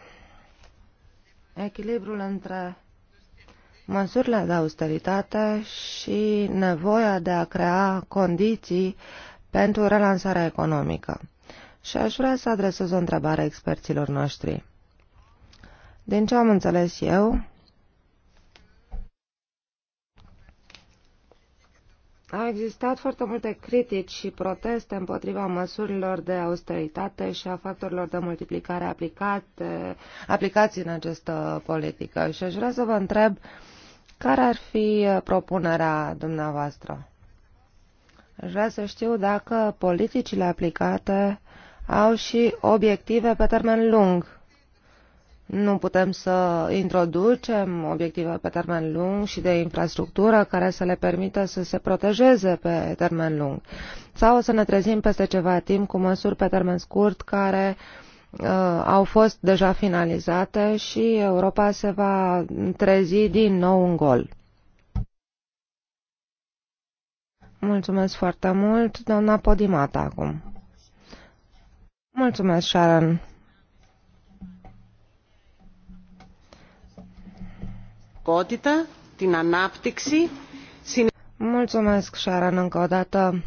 Echilibrul între măsurile de austeritate și nevoia de a crea condiții pentru relansarea economică. Și aș vrea să adresez o întrebare experților noștri. Din ce am înțeles eu, Au existat foarte multe critici și proteste împotriva măsurilor de austeritate și a factorilor de multiplicare aplicate, aplicați în această politică și aș vrea să vă întreb care ar fi propunerea dumneavoastră. Aș vrea să știu dacă politicile aplicate au și obiective pe termen lung nu putem să introducem obiective pe termen lung și de infrastructură care să le permită să se protejeze pe termen lung. Sau să ne trezim peste ceva timp cu măsuri pe termen scurt care uh, au fost deja finalizate și Europa se va trezi din nou în gol. Mulțumesc foarte mult, doamna Podimata, acum. Mulțumesc, Sharon. παραγωγικότητα, την ανάπτυξη. Mulțumesc, Sharon, încă o dată.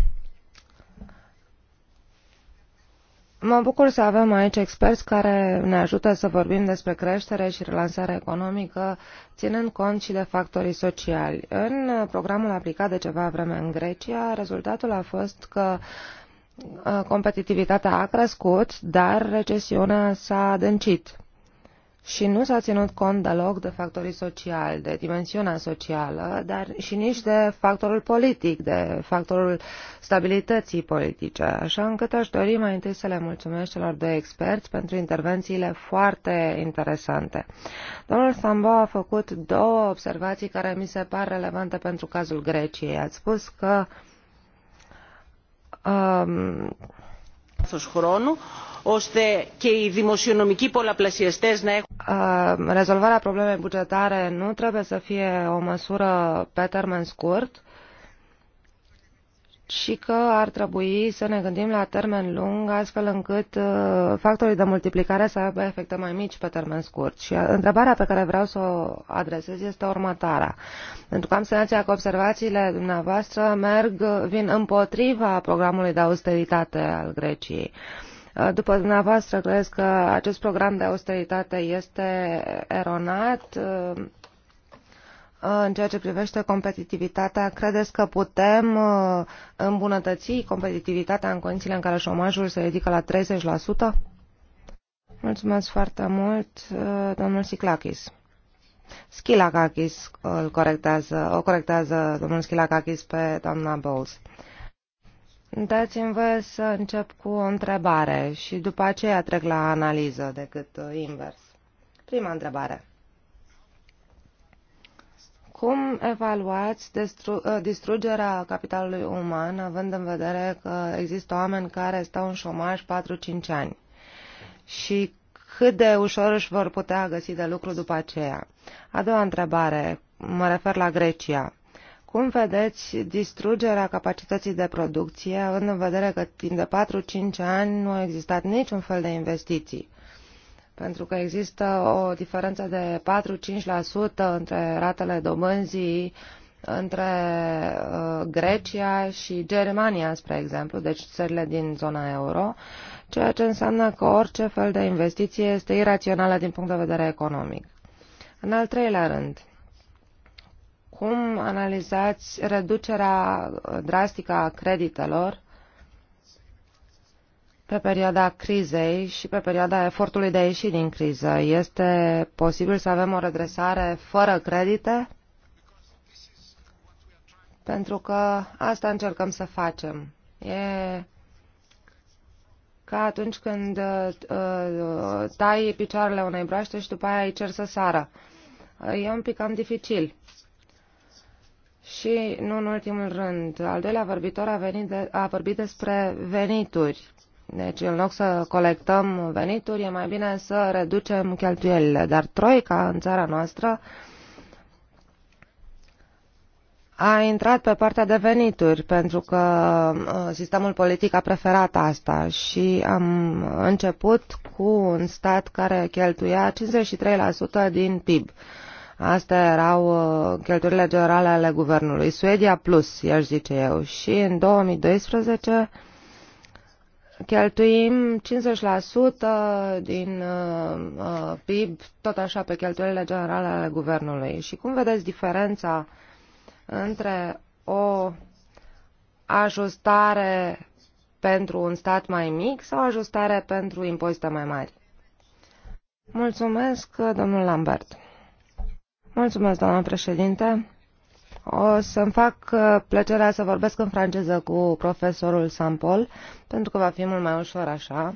Mă bucur să avem aici experți care ne ajută să vorbim despre creștere și relansare economică, ținând cont și de factorii sociali. În programul aplicat de ceva vreme în Grecia, rezultatul a fost că uh, competitivitatea a crescut, dar recesiunea s-a adâncit și nu s-a ținut cont deloc de factorii sociali, de dimensiunea socială, dar și nici de factorul politic, de factorul stabilității politice. Așa încât aș dori mai întâi să le mulțumesc celor doi experți pentru intervențiile foarte interesante. Domnul Sambo a făcut două observații care mi se par relevante pentru cazul Greciei. Ați spus că um, χρόνου ώστε και οι δημοσιονομικοί πολλαπλασιαστές να έχουν... Rezolvarea problemei bugetare nu trebuie să fie o măsură pe termen scurt, și că ar trebui să ne gândim la termen lung, astfel încât uh, factorii de multiplicare să aibă efecte mai mici pe termen scurt. Și uh, întrebarea pe care vreau să o adresez este următoarea. Pentru că am senzația că observațiile dumneavoastră merg, uh, vin împotriva programului de austeritate al Greciei. După dumneavoastră, crezi că acest program de austeritate este eronat? în ceea ce privește competitivitatea, credeți că putem uh, îmbunătăți competitivitatea în condițiile în care șomajul se ridică la 30%? Mulțumesc foarte mult, uh, domnul Siclachis. Schilakakis uh, îl corectează, o corectează domnul Schilakakis pe doamna Bowles. Dați-mi voie să încep cu o întrebare și după aceea trec la analiză decât invers. Prima întrebare. Cum evaluați uh, distrugerea capitalului uman, având în vedere că există oameni care stau în șomaj 4-5 ani? Și cât de ușor își vor putea găsi de lucru după aceea? A doua întrebare, mă refer la Grecia. Cum vedeți distrugerea capacității de producție, având în vedere că timp de 4-5 ani nu a existat niciun fel de investiții? pentru că există o diferență de 4-5% între ratele dobânzii între uh, Grecia și Germania, spre exemplu, deci țările din zona euro, ceea ce înseamnă că orice fel de investiție este irațională din punct de vedere economic. În al treilea rând, cum analizați reducerea drastică a creditelor pe perioada crizei și pe perioada efortului de a ieși din criză. Este posibil să avem o redresare fără credite? Pentru că asta încercăm să facem. E ca atunci când uh, uh, tai picioarele unei broaște și după aia îi cer să sară. E un pic cam dificil. Și, nu în ultimul rând, al doilea vorbitor a, venit de, a vorbit despre venituri deci, în loc să colectăm venituri, e mai bine să reducem cheltuielile. Dar Troica, în țara noastră, a intrat pe partea de venituri, pentru că uh, sistemul politic a preferat asta și am început cu un stat care cheltuia 53% din PIB. Astea erau uh, cheltuielile generale ale guvernului. Suedia plus, i-aș zice eu. Și în 2012 cheltuim 50% din uh, uh PIB tot așa pe cheltuielile generale ale guvernului. Și cum vedeți diferența între o ajustare pentru un stat mai mic sau ajustare pentru impozite mai mari? Mulțumesc, domnul Lambert. Mulțumesc, doamna președinte. O să-mi fac uh, plăcerea să vorbesc în franceză cu profesorul Sampol, pentru că va fi mult mai ușor așa.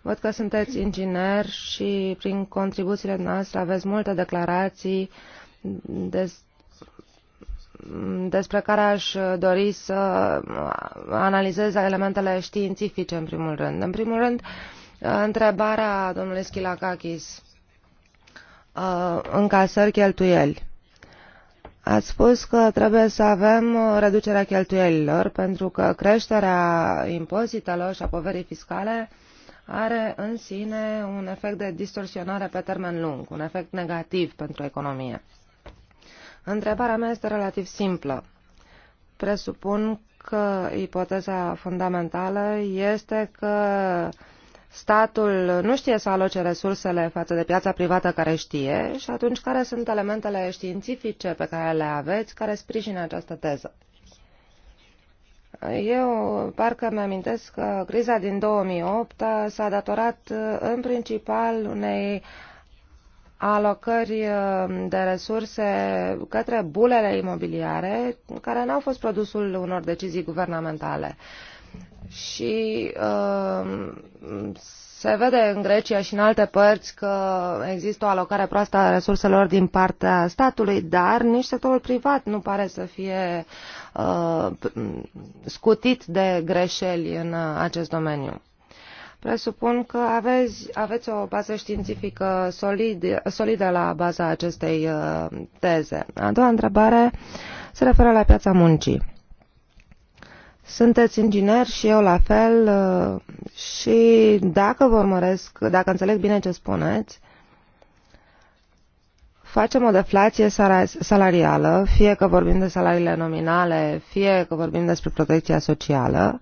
Văd că sunteți inginer și prin contribuțiile noastre aveți multe declarații des despre care aș dori să uh, analizez elementele științifice în primul rând. În primul rând, întrebarea domnului Schilakakis, uh, încasări cheltuieli. Ați spus că trebuie să avem uh, reducerea cheltuielilor, pentru că creșterea impozitelor și a poverii fiscale are în sine un efect de distorsionare pe termen lung, un efect negativ pentru economie. Întrebarea mea este relativ simplă. Presupun că ipoteza fundamentală este că uh, statul nu știe să aloce resursele față de piața privată care știe și atunci care sunt elementele științifice pe care le aveți care sprijină această teză? Eu parcă mi-amintesc că criza din 2008 s-a datorat în principal unei alocări uh, de resurse către bulele imobiliare, care n-au fost produsul unor decizii guvernamentale și uh, se vede în Grecia și în alte părți că există o alocare proastă a resurselor din partea statului, dar nici sectorul privat nu pare să fie uh, scutit de greșeli în uh, acest domeniu. Presupun că aveți, aveți o bază științifică solid, solidă la baza acestei teze. A doua întrebare se referă la piața muncii. Sunteți inginer și eu la fel uh, și dacă vă urmăresc, dacă înțeleg bine ce spuneți, facem o deflație salarială, fie că vorbim de salariile nominale, fie că vorbim despre protecția socială,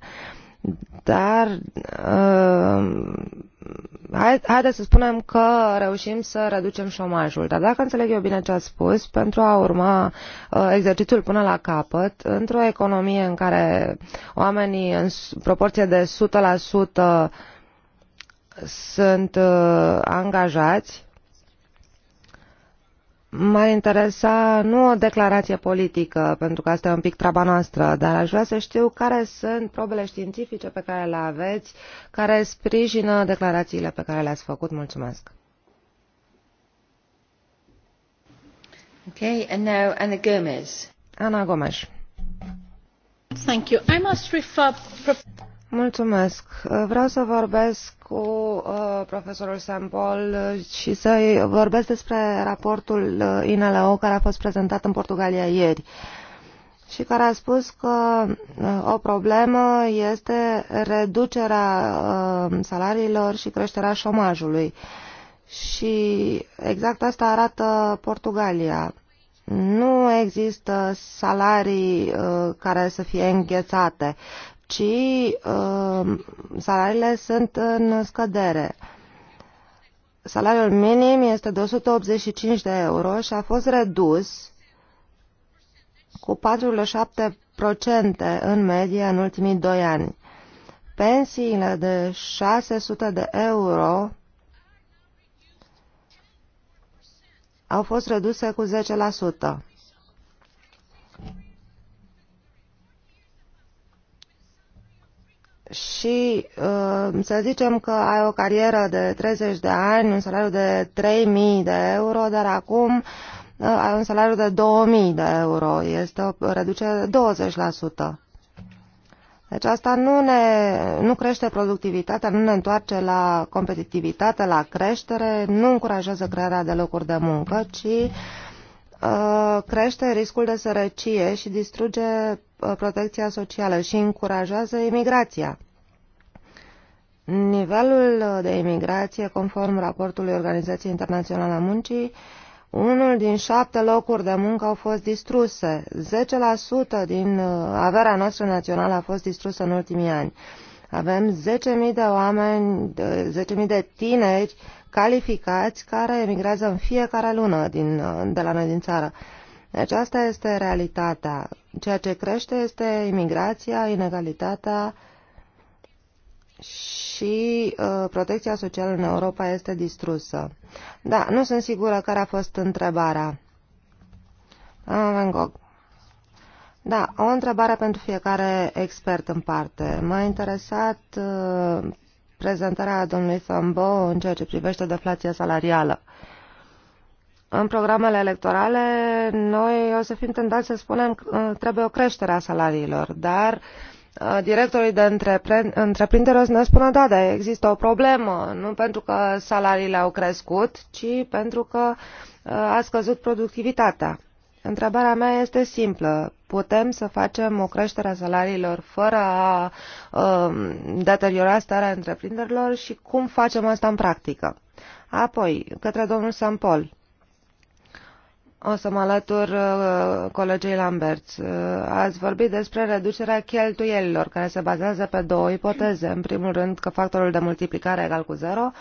dar uh, haideți să spunem că reușim să reducem șomajul. Dar dacă înțeleg eu bine ce ați spus, pentru a urma uh, exercițiul până la capăt, într-o economie în care oamenii în proporție de 100% sunt uh, angajați, M-ar interesa nu o declarație politică, pentru că asta e un pic treaba noastră, dar aș vrea să știu care sunt probele științifice pe care le aveți, care sprijină declarațiile pe care le-ați făcut. Mulțumesc. Okay, and now Ana Gomez. Ana Gomez. Thank you. I must refer Mulțumesc. Vreau să vorbesc cu uh, profesorul Sampol și să vorbesc despre raportul uh, INLO care a fost prezentat în Portugalia ieri și care a spus că uh, o problemă este reducerea uh, salariilor și creșterea șomajului. Și exact asta arată Portugalia. Nu există salarii uh, care să fie înghețate ci uh, salariile sunt în scădere. Salariul minim este 285 de euro și a fost redus cu 4,7% în medie în ultimii doi ani. Pensiile de 600 de euro au fost reduse cu și uh, să zicem că ai o carieră de 30 de ani, un salariu de 3.000 de euro, dar acum uh, ai un salariu de 2.000 de euro. Este o reducere de 20%. Deci asta nu, ne, nu crește productivitatea, nu ne întoarce la competitivitate, la creștere, nu încurajează crearea de locuri de muncă, ci uh, Uh, crește riscul de sărăcie și distruge uh, protecția socială și încurajează imigrația. Nivelul de imigrație, conform raportului Organizației Internaționale a Muncii, unul din șapte locuri de muncă au fost distruse. 10% din uh, averea noastră națională a fost distrusă în ultimii ani. Avem 10.000 de oameni, 10.000 de tineri calificați care emigrează în fiecare lună din, uh, de la noi din țară. Deci asta este realitatea. Ceea ce crește este imigrația, inegalitatea și uh, protecția socială în Europa este distrusă. Da, nu sunt sigură care a fost întrebarea. Doamna Van Gogh. Da, o întrebare pentru fiecare expert în parte. M-a interesat uh, prezentarea domnului Sambo în ceea ce privește deflația salarială. În programele electorale, noi o să fim tentați să spunem că uh, trebuie o creștere a salariilor, dar uh, directorii de întreprindere o să ne spună, da, dar există o problemă, nu pentru că salariile au crescut, ci pentru că uh, a scăzut productivitatea. Întrebarea mea este simplă. Putem să facem o creștere a salariilor fără a uh, deteriora starea întreprinderilor și cum facem asta în practică? Apoi, către domnul Sampol. O să mă alătur uh, colegii Lambert. Uh, ați vorbit despre reducerea cheltuielilor, care se bazează pe două ipoteze. În primul rând că factorul de multiplicare egal cu zero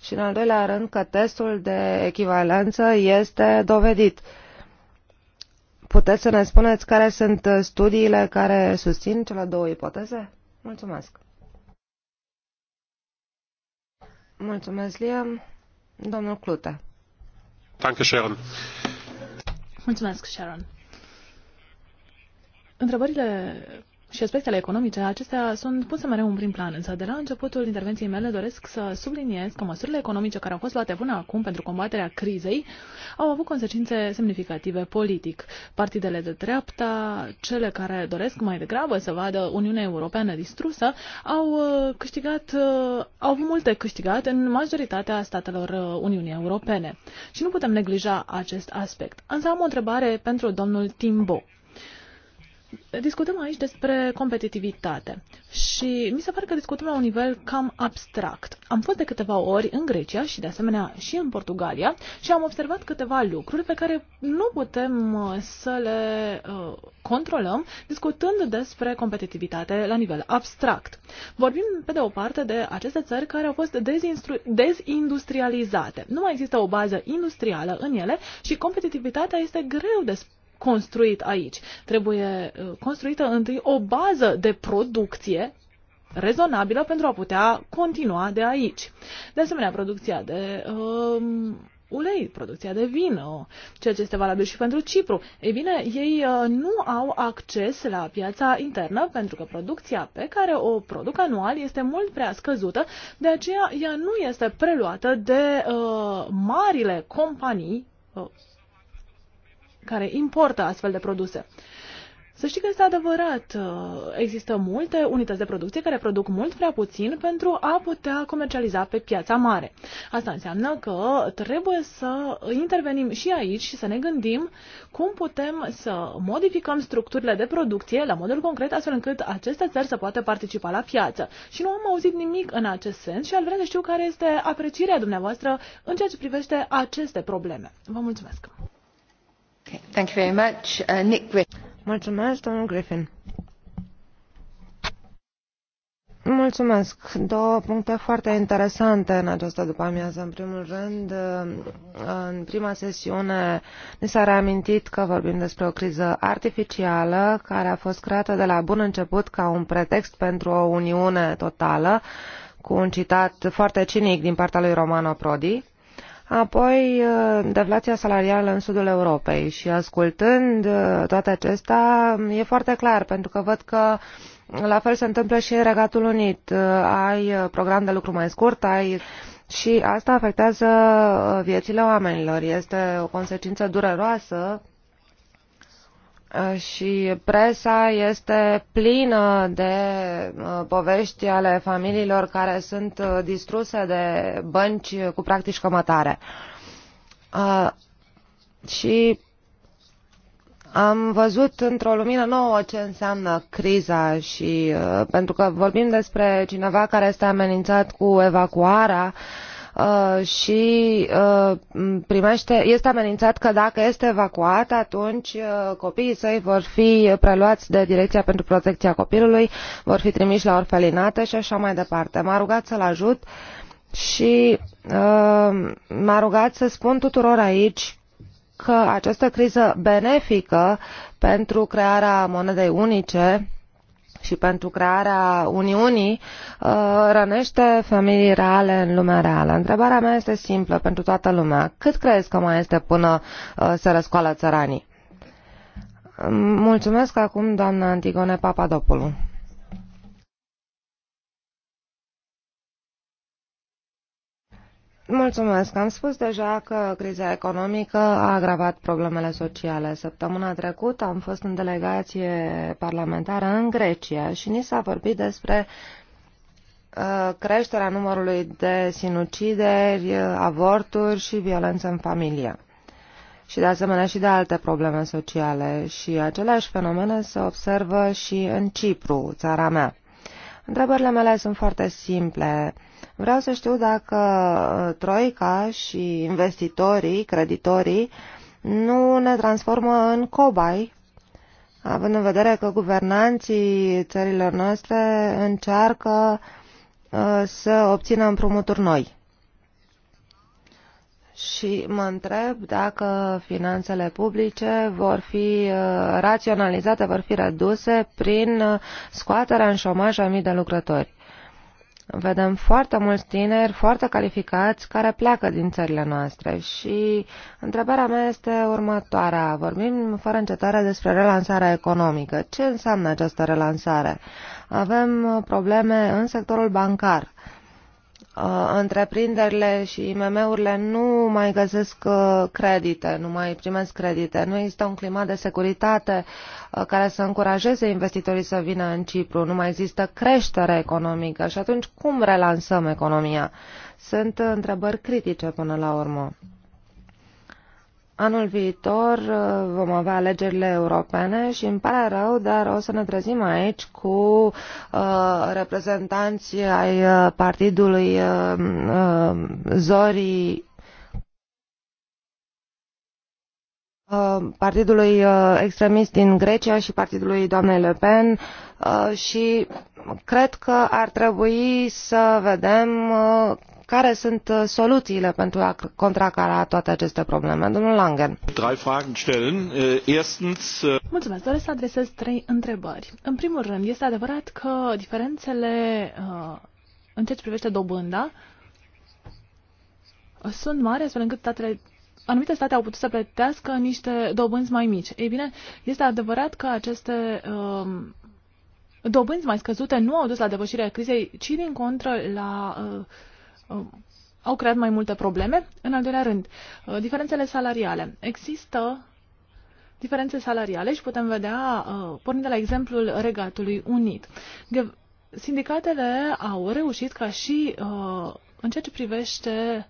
și în al doilea rând că testul de echivalență este dovedit. Uh, Puteți să ne spuneți care sunt uh, studiile care susțin cele două ipoteze? Mulțumesc. Mulțumesc, Liam. Domnul Clute. Danke, Sharon. Mulțumesc, Sharon. Întrebările și aspectele economice, acestea sunt puse mereu în prim plan, însă de la începutul intervenției mele doresc să subliniez că măsurile economice care au fost luate până acum pentru combaterea crizei au avut consecințe semnificative politic. Partidele de dreapta, cele care doresc mai degrabă să vadă Uniunea Europeană distrusă, au uh, câștigat, uh, au avut multe câștigat în majoritatea statelor uh, Uniunii Europene. Și nu putem neglija acest aspect. Însă am o întrebare pentru domnul Timbo discutăm aici despre competitivitate și mi se pare că discutăm la un nivel cam abstract. Am fost de câteva ori în Grecia și de asemenea și în Portugalia și am observat câteva lucruri pe care nu putem uh, să le uh, controlăm discutând despre competitivitate la nivel abstract. Vorbim pe de o parte de aceste țări care au fost dezindustrializate. Nu mai există o bază industrială în ele și competitivitatea este greu de construit aici. Trebuie uh, construită întâi o bază de producție rezonabilă pentru a putea continua de aici. De asemenea, producția de uh, ulei, producția de vin, ceea ce este valabil și pentru Cipru. Ei bine, ei uh, nu au acces la piața internă pentru că producția pe care o produc anual este mult prea scăzută, de aceea ea nu este preluată de uh, marile companii uh, care importă astfel de produse. Să știi că este adevărat, uh, există multe unități de producție care produc mult prea puțin pentru a putea comercializa pe piața mare. Asta înseamnă că trebuie să intervenim și aici și să ne gândim cum putem să modificăm structurile de producție la modul concret astfel încât aceste țări să poată participa la piață. Și nu am auzit nimic în acest sens și al vrea să știu care este aprecierea dumneavoastră în ceea ce privește aceste probleme. Vă mulțumesc! Uh, Mulțumesc, Griffin. Mulțumesc. Două puncte foarte interesante în această după-amiază. În primul rând, uh, în prima sesiune ni s-a reamintit că vorbim despre o criză artificială care a fost creată de la bun început ca un pretext pentru o uniune totală, cu un citat foarte cinic din partea lui Romano Prodi Apoi, uh, deflația salarială în sudul Europei și ascultând uh, toate acestea, mm, e foarte clar, pentru că văd că la fel se întâmplă și în Regatul Unit. Uh, ai program de lucru mai scurt, ai și asta afectează viețile oamenilor. Este o consecință dureroasă Uh, și presa este plină de uh, povești ale familiilor care sunt uh, distruse de bănci cu practici cămătare. Și am văzut într-o lumină nouă ce înseamnă criza și pentru că vorbim despre cineva care este amenințat cu evacuarea, uh, Uh, și uh, primește, este amenințat că dacă este evacuat, atunci uh, copiii săi vor fi preluați de Direcția pentru Protecția Copilului, vor fi trimiși la orfelinate și așa mai departe. M-a rugat să-l ajut și m-a rugat să spun tuturor aici că această criză benefică pentru crearea monedei unice și pentru crearea Uniunii uh, rănește familii reale în lumea reală. Întrebarea mea este simplă pentru toată lumea. Cât crezi că mai este până uh, se răscoală țăranii? Mulțumesc acum, doamna Antigone Papadopoulou. Mulțumesc. Am spus deja că criza economică a agravat problemele sociale. Săptămâna trecută am fost în delegație parlamentară în Grecia și ni s-a vorbit despre uh, creșterea numărului de sinucideri, uh, avorturi și violență în familie. Și de asemenea și de alte probleme sociale. Și aceleași fenomene se observă și în Cipru, țara mea. Întrebările mele sunt foarte simple. Vreau să știu dacă uh, Troica și investitorii, creditorii, nu ne transformă în cobai, având în vedere că guvernanții țărilor noastre încearcă uh, să obțină împrumuturi noi. Și mă întreb dacă finanțele publice vor fi uh, raționalizate, vor fi reduse prin scoaterea în șomaj a mii de lucrători. Vedem foarte mulți tineri foarte calificați care pleacă din țările noastre și întrebarea mea este următoarea. Vorbim fără încetare despre relansarea economică. Ce înseamnă această relansare? Avem probleme în sectorul bancar Uh, întreprinderile și IMM-urile nu mai găsesc uh, credite, nu mai primesc credite. Nu există un climat de securitate uh, care să încurajeze investitorii să vină în Cipru. Nu mai există creștere economică și atunci cum relansăm economia? Sunt întrebări critice până la urmă. Anul viitor uh, vom avea alegerile europene și îmi pare rău, dar o să ne trezim aici cu uh, reprezentanți ai uh, partidului uh, uh, Zorii uh, partidului extremist din Grecia și partidului doamnei Le Pen și cred că ar trebui să vedem care sunt uh, soluțiile pentru a contracara toate aceste probleme. Domnul Langen. Äh, äh, Mulțumesc. Doresc să adresez trei întrebări. În primul rând, este adevărat că diferențele uh, în ceea ce privește dobânda sunt mari, astfel încât statele anumite state au putut să plătească niște dobânzi mai mici. Ei bine, este adevărat că aceste um, dobânzi mai scăzute nu au dus la depășirea crizei, ci din contră la uh, Uh, au creat mai multe probleme. În al doilea rând, uh, diferențele salariale. Există diferențe salariale și putem vedea, uh, pornind de la exemplul Regatului Unit. Sindicatele au reușit ca și în ceea ce privește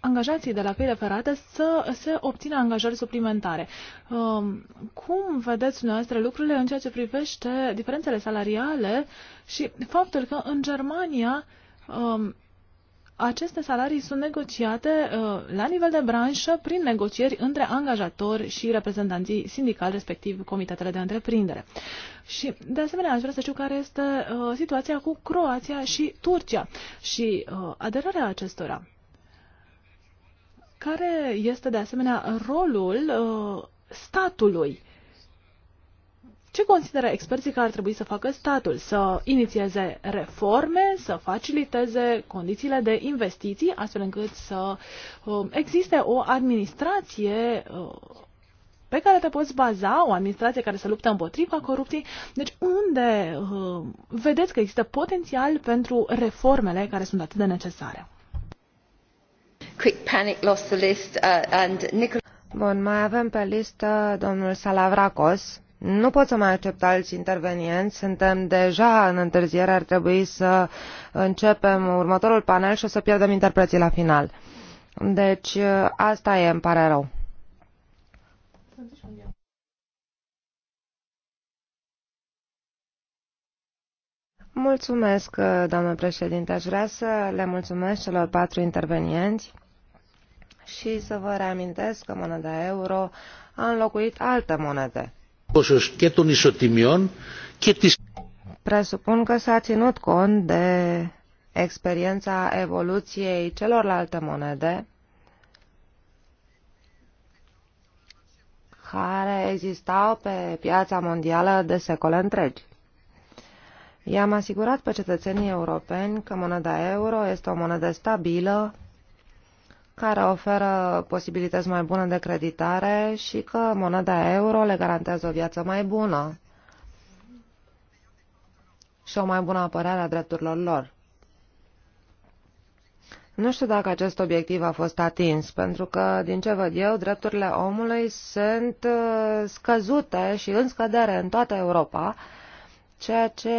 angajații de la căile ferate să se obțină angajări suplimentare. Um, cum vedeți dumneavoastră lucrurile în ceea ce privește diferențele salariale și faptul că în Germania um, aceste salarii sunt negociate uh, la nivel de branșă prin negocieri între angajatori și reprezentanții sindicali, respectiv comitetele de întreprindere. Și, de asemenea, aș vrea să știu care este uh, situația cu Croația și Turcia și uh, aderarea acestora care este de asemenea rolul uh, statului. Ce consideră experții că ar trebui să facă statul? Să inițieze reforme, să faciliteze condițiile de investiții, astfel încât să uh, existe o administrație uh, pe care te poți baza, o administrație care să luptă împotriva corupției. Deci unde uh, vedeți că există potențial pentru reformele care sunt atât de necesare? Quick Panic lost the list uh, and Nicola... Bun, mai avem pe listă domnul Salavracos. Nu pot să mai accept alți intervenienți, suntem deja în întârziere, ar trebui să începem următorul panel și o să pierdem interpreții la final. Deci uh, asta e, îmi pare rău. Mulțumesc, uh, doamnă președinte. Aș vrea să le mulțumesc celor patru intervenienți și să vă reamintesc că moneda euro a înlocuit alte monede. Presupun că s-a ținut cont de experiența evoluției celorlalte monede care existau pe piața mondială de secole întregi. I-am asigurat pe cetățenii europeni că moneda euro este o monedă stabilă, care oferă posibilități mai bune de creditare și că moneda euro le garantează o viață mai bună și o mai bună apărare a drepturilor lor. Nu știu dacă acest obiectiv a fost atins, pentru că, din ce văd eu, drepturile omului sunt uh, scăzute și în scădere în toată Europa ceea ce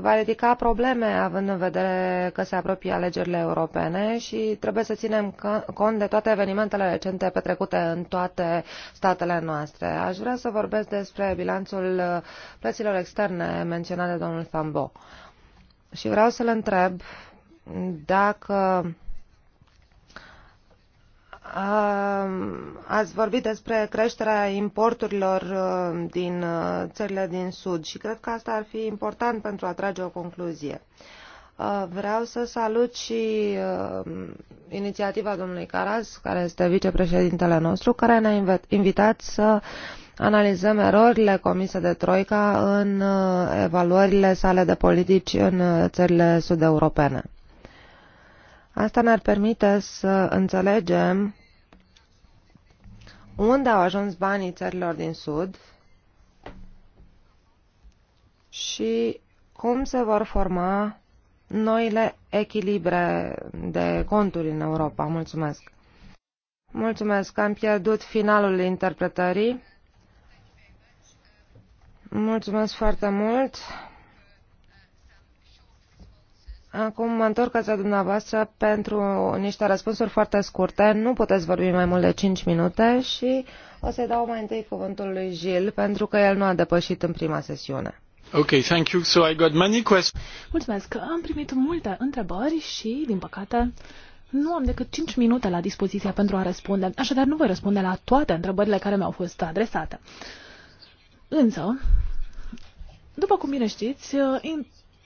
va ridica probleme având în vedere că se apropie alegerile europene și trebuie să ținem cont de toate evenimentele recente petrecute în toate statele noastre. Aș vrea să vorbesc despre bilanțul uh, plăților externe menționat de domnul Sambo. Și vreau să-l întreb dacă Ați vorbit despre creșterea importurilor uh, din uh, țările din Sud și cred că asta ar fi important pentru a trage o concluzie. Uh, vreau să salut și inițiativa domnului Caraz, care este vicepreședintele nostru, care ne-a invitat să analizăm erorile comise de Troica în evaluările sale de politici în țările sud-europene. Asta ne-ar permite să înțelegem unde au ajuns banii țărilor din Sud și cum se vor forma noile echilibre de conturi în Europa. Mulțumesc! Mulțumesc am pierdut finalul interpretării. Mulțumesc foarte mult! Acum mă întorc către dumneavoastră pentru niște răspunsuri foarte scurte. Nu puteți vorbi mai mult de 5 minute și o să-i dau mai întâi cuvântul lui Gil pentru că el nu a depășit în prima sesiune. Okay, thank you. So I got many questions. Mulțumesc. Am primit multe întrebări și, din păcate, nu am decât 5 minute la dispoziție pentru a răspunde, așadar nu voi răspunde la toate întrebările care mi-au fost adresate. Însă, după cum bine știți,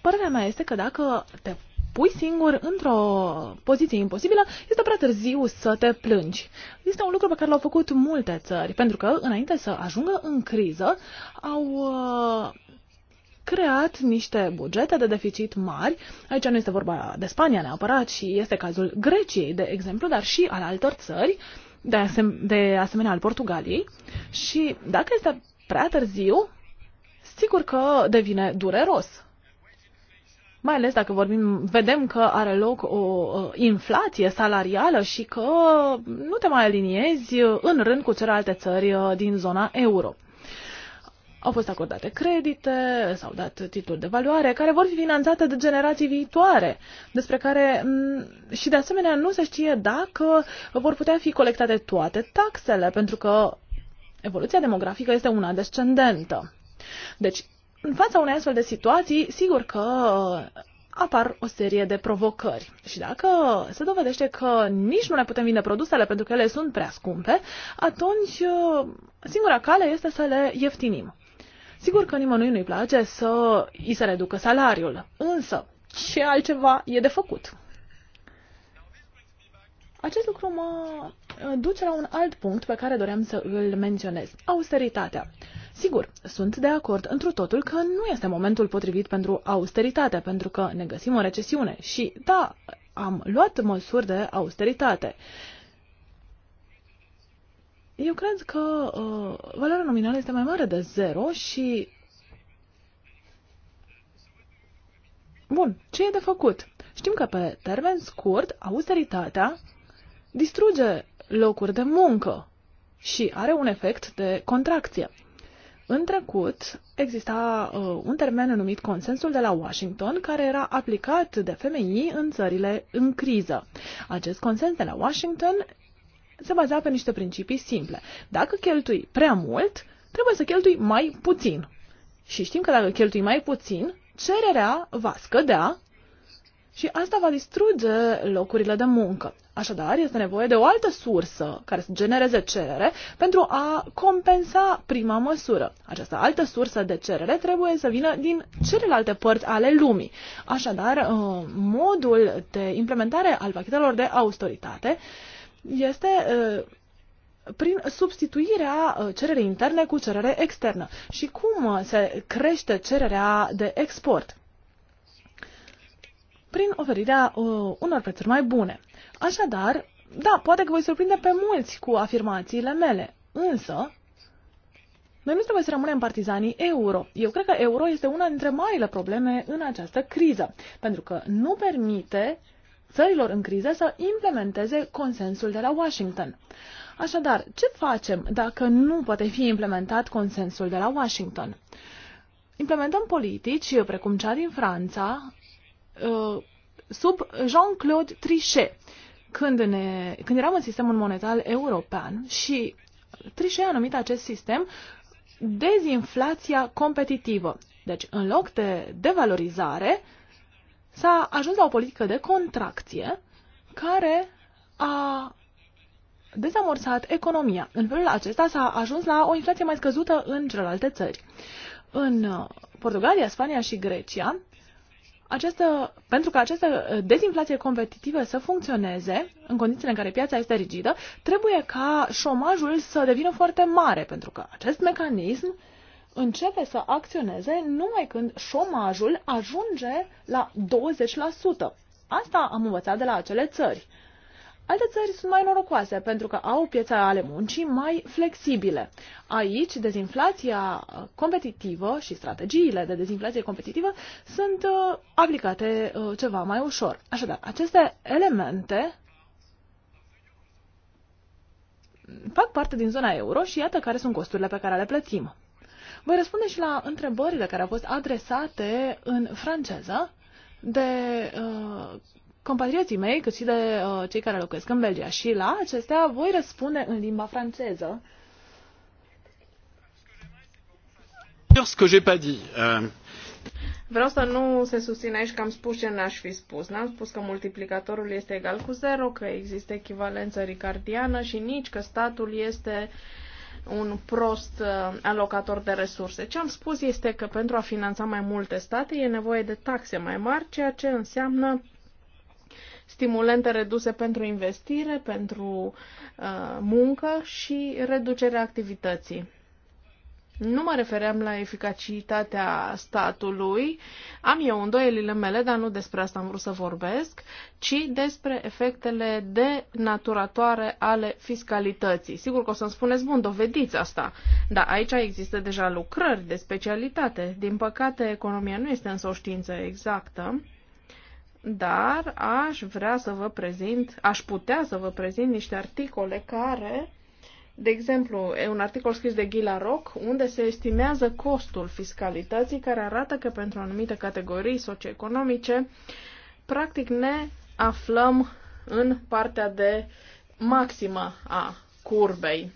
Părerea mea este că dacă te pui singur într-o poziție imposibilă, este prea târziu să te plângi. Este un lucru pe care l-au făcut multe țări, pentru că înainte să ajungă în criză, au uh, creat niște bugete de deficit mari. Aici nu este vorba de Spania neapărat și este cazul Greciei, de exemplu, dar și al altor țări, de, asem- de asemenea al Portugaliei. Și dacă este prea târziu, sigur că devine dureros mai ales dacă vorbim, vedem că are loc o inflație salarială și că nu te mai aliniezi în rând cu celelalte țări uh, din zona euro. Au fost acordate credite, s-au dat titluri de valoare, care vor fi finanțate de generații viitoare, despre care mm, și de asemenea nu se știe dacă vor putea fi colectate toate taxele, pentru că evoluția demografică este una descendentă. Deci, în fața unei astfel de situații, sigur că uh, apar o serie de provocări. Și dacă se dovedește că nici nu ne putem vinde produsele pentru că ele sunt prea scumpe, atunci uh, singura cale este să le ieftinim. Sigur că nimănui nu-i place să îi se reducă salariul, însă ce altceva e de făcut. Acest lucru mă uh, duce la un alt punct pe care doream să îl menționez, austeritatea. Sigur, sunt de acord întru totul că nu este momentul potrivit pentru austeritate, pentru că ne găsim o recesiune și, da, am luat măsuri de austeritate. Eu cred că uh, valoarea nominală este mai mare de zero și... Bun, ce e de făcut? Știm că pe termen scurt, austeritatea distruge locuri de muncă și are un efect de contracție. În trecut exista uh, un termen numit consensul de la Washington, care era aplicat de femei în țările în criză. Acest consens de la Washington se baza pe niște principii simple. Dacă cheltui prea mult, trebuie să cheltui mai puțin. Și știm că dacă cheltui mai puțin, cererea va scădea și asta va distruge locurile de muncă. Așadar, este nevoie de o altă sursă care să genereze cerere pentru a compensa prima măsură. Această altă sursă de cerere trebuie să vină din celelalte părți ale lumii. Așadar, uh, modul de implementare al pachetelor de austeritate este uh, prin substituirea uh, cererii interne cu cerere externă. Și cum se crește cererea de export? prin oferirea uh, unor prețuri mai bune. Așadar, da, poate că voi surprinde pe mulți cu afirmațiile mele, însă noi nu trebuie să rămânem partizanii euro. Eu cred că euro este una dintre marile probleme în această criză, pentru că nu permite țărilor în criză să implementeze consensul de la Washington. Așadar, ce facem dacă nu poate fi implementat consensul de la Washington? Implementăm politici, precum cea din Franța, Uh, sub Jean-Claude Trichet. Când, ne, când eram în sistemul monetar european și Trichet a numit acest sistem dezinflația competitivă. Deci, în loc de devalorizare, s-a ajuns la o politică de contracție care a dezamorsat economia. În felul acesta s-a ajuns la o inflație mai scăzută în celelalte țări. În uh, Portugalia, Spania și Grecia, această, pentru ca această uh, dezinflație competitivă să funcționeze, în condițiile în care piața este rigidă, trebuie ca șomajul să devină foarte mare, pentru că acest mecanism începe să acționeze numai când șomajul ajunge la 20%. Asta am învățat de la acele țări. Alte țări sunt mai norocoase pentru că au piețe ale muncii mai flexibile. Aici, dezinflația competitivă și strategiile de dezinflație competitivă sunt uh, aplicate uh, ceva mai ușor. Așadar, aceste elemente fac parte din zona euro și iată care sunt costurile pe care le plătim. Voi răspunde și la întrebările care au fost adresate în franceză de uh, compatrioții mei, cât și de uh, cei care locuiesc în Belgia. Și la acestea voi răspunde în limba franceză. Ce euh, Vreau să nu se susțin aici că am spus ce n-aș fi spus. N-am spus că multiplicatorul este egal cu zero, că există echivalență ricardiană și nici că statul este un prost uh, alocator de resurse. Ce am spus este că pentru a finanța mai multe state e nevoie de taxe mai mari, ceea ce înseamnă stimulente reduse pentru investire, pentru uh, muncă și reducerea activității. Nu mă refeream la eficacitatea statului, am eu îndoielile mele, dar nu despre asta am vrut să vorbesc, ci despre efectele denaturatoare ale fiscalității. Sigur că o să-mi spuneți, bun, dovediți asta, dar aici există deja lucrări de specialitate. Din păcate, economia nu este însă o știință exactă dar aș vrea să vă prezint, aș putea să vă prezint niște articole care, de exemplu, e un articol scris de Ghila Rock, unde se estimează costul fiscalității, care arată că pentru anumite categorii socioeconomice, practic ne aflăm în partea de maximă a curbei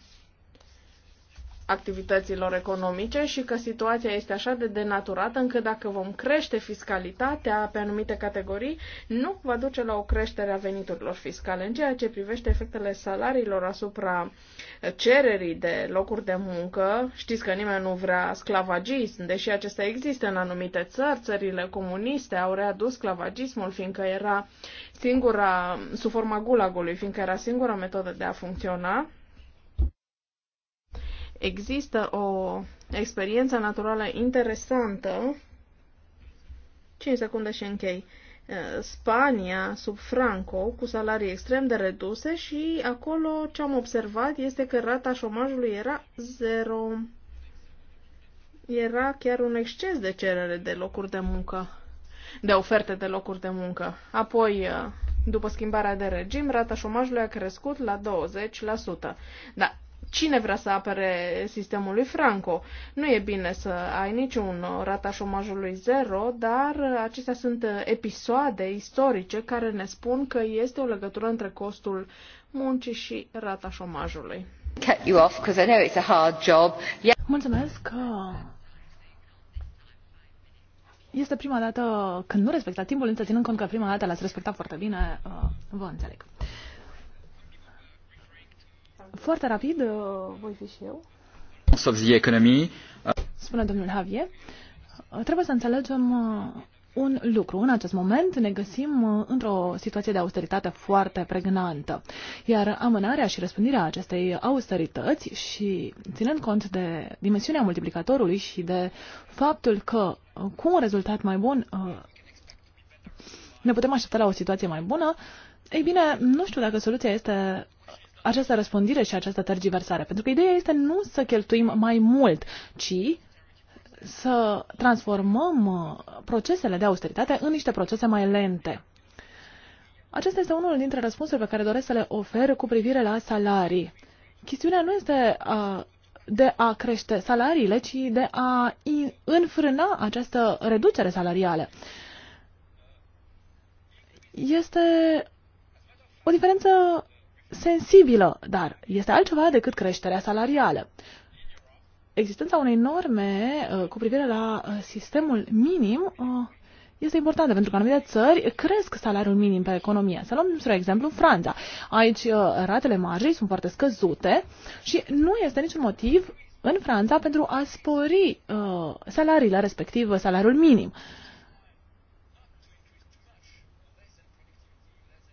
activităților economice și că situația este așa de denaturată încât dacă vom crește fiscalitatea pe anumite categorii, nu va duce la o creștere a veniturilor fiscale. În ceea ce privește efectele salariilor asupra cererii de locuri de muncă, știți că nimeni nu vrea sclavagism, deși acesta există în anumite țări, țările comuniste au readus sclavagismul fiindcă era singura, sub forma gulagului, fiindcă era singura metodă de a funcționa, Există o experiență naturală interesantă. 5 secunde și închei. Eh, Spania, sub Franco, cu salarii extrem de reduse și acolo ce am observat este că rata șomajului era zero. Era chiar un exces de cerere de locuri de muncă, de oferte de locuri de muncă. Apoi, eh, după schimbarea de regim, rata șomajului a crescut la 20%. Dar cine vrea să apere sistemul lui Franco? Nu e bine să ai niciun rata șomajului zero, dar acestea sunt episoade istorice care ne spun că este o legătură între costul muncii și rata șomajului. You off, I know it's a hard job. Mulțumesc că este prima dată când nu respectați timpul, însă ținând cont că prima dată l-ați respectat foarte bine, uh, vă înțeleg. Foarte rapid uh, voi fi și eu. Of the economy. Spune domnul Javier. Uh, trebuie să înțelegem uh, un lucru. În acest moment ne găsim într-o situație de austeritate foarte pregnantă, iar amânarea și răspândirea acestei austerități și ținând cont de dimensiunea multiplicatorului și de faptul că cu un rezultat mai bun ne putem aștepta la o situație mai bună, ei bine, nu știu dacă soluția este această răspândire și această tergiversare. Pentru că ideea este nu să cheltuim mai mult, ci să transformăm uh, procesele de austeritate în niște procese mai lente. Acesta este unul dintre răspunsuri pe care doresc să le ofer cu privire la salarii. Chestiunea nu este a, uh, de a crește salariile, ci de a înfrâna această reducere salarială. Este o diferență sensibilă, dar este altceva decât creșterea salarială. Existența unei norme uh, cu privire la uh, sistemul minim uh, este importantă pentru că anumite țări cresc salariul minim pe economie. Să luăm, spre exemplu, Franța. Aici ratele marjei sunt foarte scăzute și nu este niciun motiv în Franța pentru a spori salariile, respectiv salariul minim. Uh,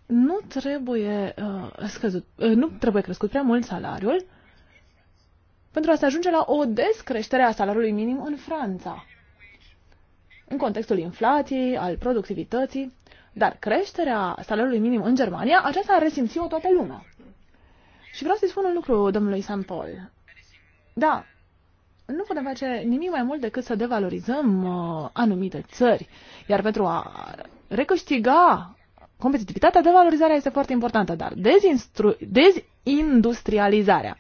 nu trebuie, uh, scăzut, uh, nu trebuie crescut prea mult salariul pentru a se ajunge la o descreștere a salariului minim în Franța. În contextul inflației, al productivității, dar creșterea salariului minim în Germania, aceasta ar resimți-o toată lumea. Și vreau să-i spun un lucru domnului San Paul. Da, nu putem face nimic mai mult decât să devalorizăm uh, anumite țări. Iar pentru a recâștiga competitivitatea, devalorizarea este foarte importantă, dar dezindustrializarea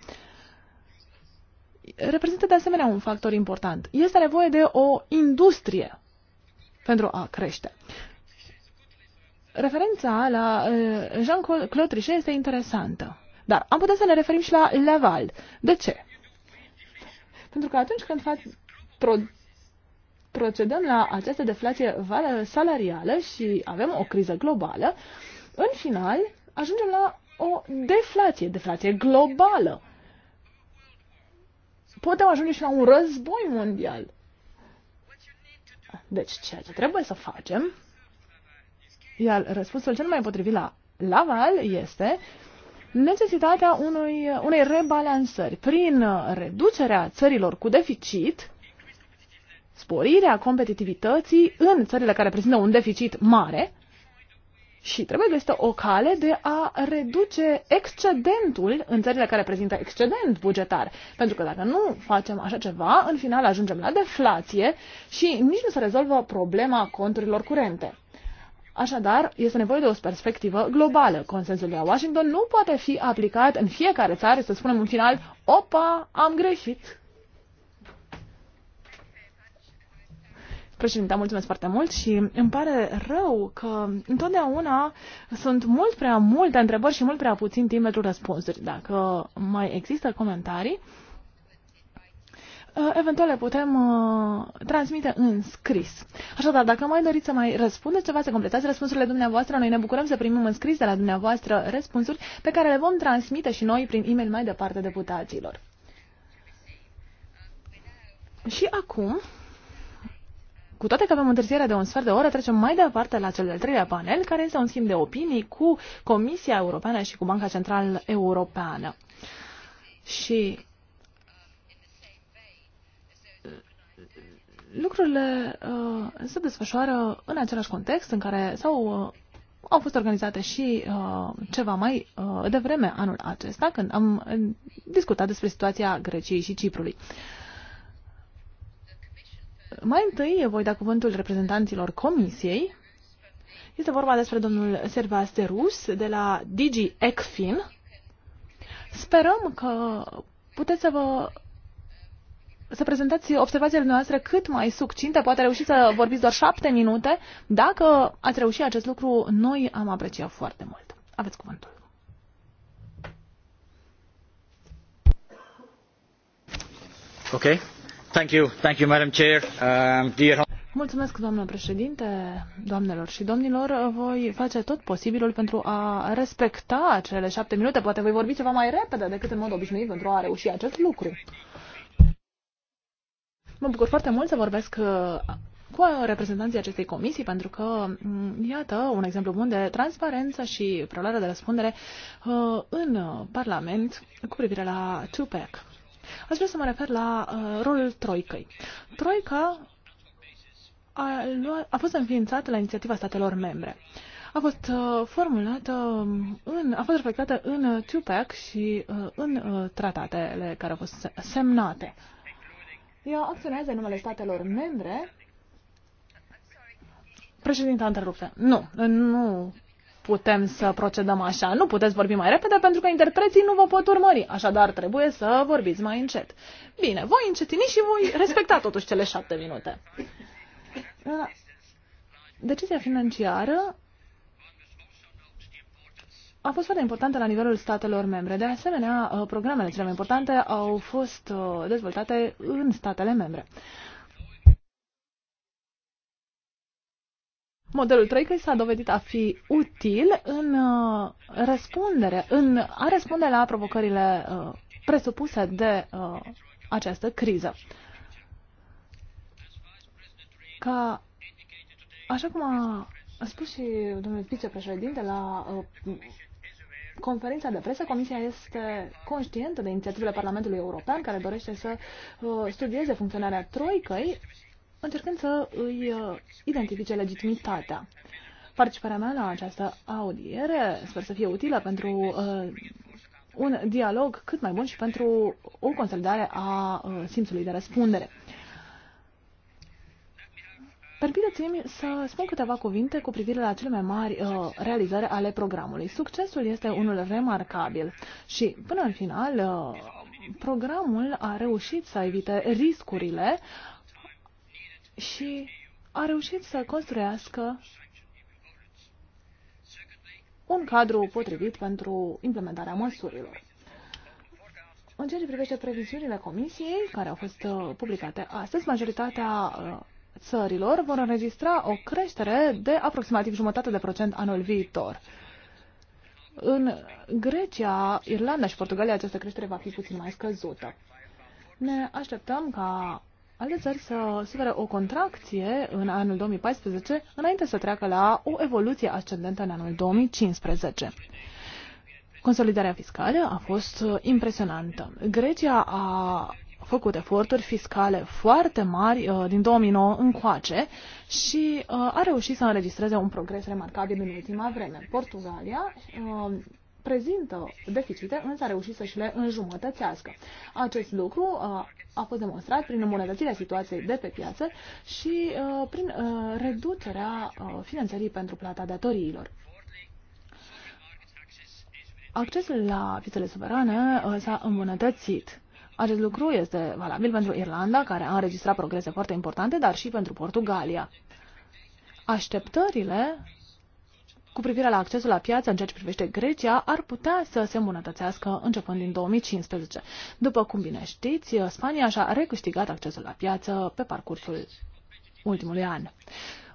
reprezintă de asemenea un factor important. Este nevoie de o industrie pentru a crește. Referența la eh, Jean-Claude Trichet este interesantă, dar am putea să ne referim și la Laval. De ce? Pentru că atunci când faci procedăm la această deflație salarială și avem o criză globală, în final ajungem la o deflație, deflație globală. Putem ajunge și la un război mondial. Deci, ceea ce trebuie să facem, iar răspunsul cel mai potrivit la Laval este necesitatea unui, unei rebalansări prin reducerea țărilor cu deficit sporirea competitivității în țările care prezintă un deficit mare și trebuie găsită o cale de a reduce excedentul în țările care prezintă excedent bugetar. Pentru că dacă nu facem așa ceva, în final ajungem la deflație și nici nu se rezolvă problema conturilor curente. Așadar, este nevoie de o perspectivă globală. Consensul de la Washington nu poate fi aplicat în fiecare țară, să spunem în final, opa, am greșit. Președinte, mulțumesc foarte mult și îmi pare rău că întotdeauna sunt mult prea multe întrebări și mult prea puțin timp pentru răspunsuri. Dacă mai există comentarii, uh, eventual le putem uh, transmite în scris. Așadar, dacă mai doriți să mai răspundeți ceva, să completați răspunsurile dumneavoastră, noi ne bucurăm să primim în scris de la dumneavoastră răspunsuri pe care le vom transmite și noi prin e-mail mai departe deputaților. Și acum cu toate că avem întârzierea de un sfert de oră, trecem mai departe la cel de-al treilea panel, care este un schimb de opinii cu Comisia Europeană și cu Banca Centrală Europeană. Și uh, lucrurile uh, se desfășoară în același context în care s-au uh, au fost organizate și uh, ceva mai uh, devreme anul acesta, când am uh, discutat despre situația Greciei și Ciprului. Uh, mai întâi voi da cuvântul reprezentanților comisiei. Este vorba despre domnul Servas de Rus de la Digi ECFIN. Sperăm că puteți să vă să prezentați observațiile noastre cât mai succinte, poate reușiți să vorbiți doar șapte minute. Dacă ați reușit acest lucru, noi am apreciat foarte mult. Aveți cuvântul. Okay. Um, Mulțumesc, doamnă președinte, doamnelor și domnilor. Voi face tot posibilul pentru a respecta cele șapte minute. Poate voi vorbi ceva mai repede decât în mod obișnuit pentru a reuși acest lucru. Mă bucur foarte mult să vorbesc uh, cu reprezentanții acestei comisii, pentru că, mm, iată, un exemplu bun de transparență și preluare de răspundere uh, în Parlament cu privire la TUPEC. Aș vrea să mă refer la uh, rolul Troicăi. Troica a, luat, a fost înființată la inițiativa statelor membre. A fost uh, formulată, în, a fost reflectată în TUPAC și uh, în uh, tratatele care au fost semnate. Ea acționează în numele statelor membre. a întrerupte. Nu, nu putem să procedăm așa. Nu puteți vorbi mai repede pentru că interpreții nu vă pot urmări, așadar trebuie să vorbiți mai încet. Bine, voi încetini și voi respecta totuși cele șapte minute. Decizia financiară a fost foarte importantă la nivelul statelor membre. De asemenea, programele cele mai importante au fost uh, dezvoltate în statele membre. Modelul Troicăi s-a dovedit a fi util în uh, răspundere, în a răspunde la provocările uh, presupuse de uh, această criză. Ca, așa cum a spus și domnul vicepreședinte la conferința de presă, Comisia este conștientă de inițiativele Parlamentului European care dorește să studieze funcționarea Troicăi încercând să îi uh, identifice legitimitatea. Participarea mea la această audiere sper să fie utilă pentru uh, un dialog cât mai bun și pentru o consolidare a uh, simțului de răspundere. Permiteți-mi să spun câteva cuvinte cu privire la cele mai mari uh, realizări ale programului. Succesul este unul remarcabil și, până în final, uh, programul a reușit să evite riscurile și a reușit să construiască un cadru potrivit pentru implementarea măsurilor. În ceea ce privește previziunile comisiei, care au fost uh, publicate astăzi, majoritatea uh, țărilor vor înregistra o creștere de aproximativ jumătate de procent anul viitor. În Grecia, Irlanda și Portugalia această creștere va fi puțin mai scăzută. Ne așteptăm ca alte țări să suferă o contracție în anul 2014 înainte să treacă la o evoluție ascendentă în anul 2015. Consolidarea fiscală a fost impresionantă. Grecia a făcut eforturi fiscale foarte mari uh, din 2009 încoace și uh, a reușit să înregistreze un progres remarcabil în ultima vreme. Portugalia uh, prezintă deficite, însă a reușit să-și le înjumătățească. Acest lucru uh, a fost demonstrat prin îmbunătățirea situației de pe piață și uh, prin uh, reducerea finanțării pentru plata datoriilor. Accesul la piețele suverane s-a îmbunătățit. Acest lucru este valabil pentru Irlanda, care a înregistrat progrese foarte importante, dar și pentru Portugalia. Așteptările cu privire la accesul la piață în ceea ce privește Grecia ar putea să se îmbunătățească începând din 2015. După cum bine știți, Spania și-a recâștigat accesul la piață pe parcursul ultimului an.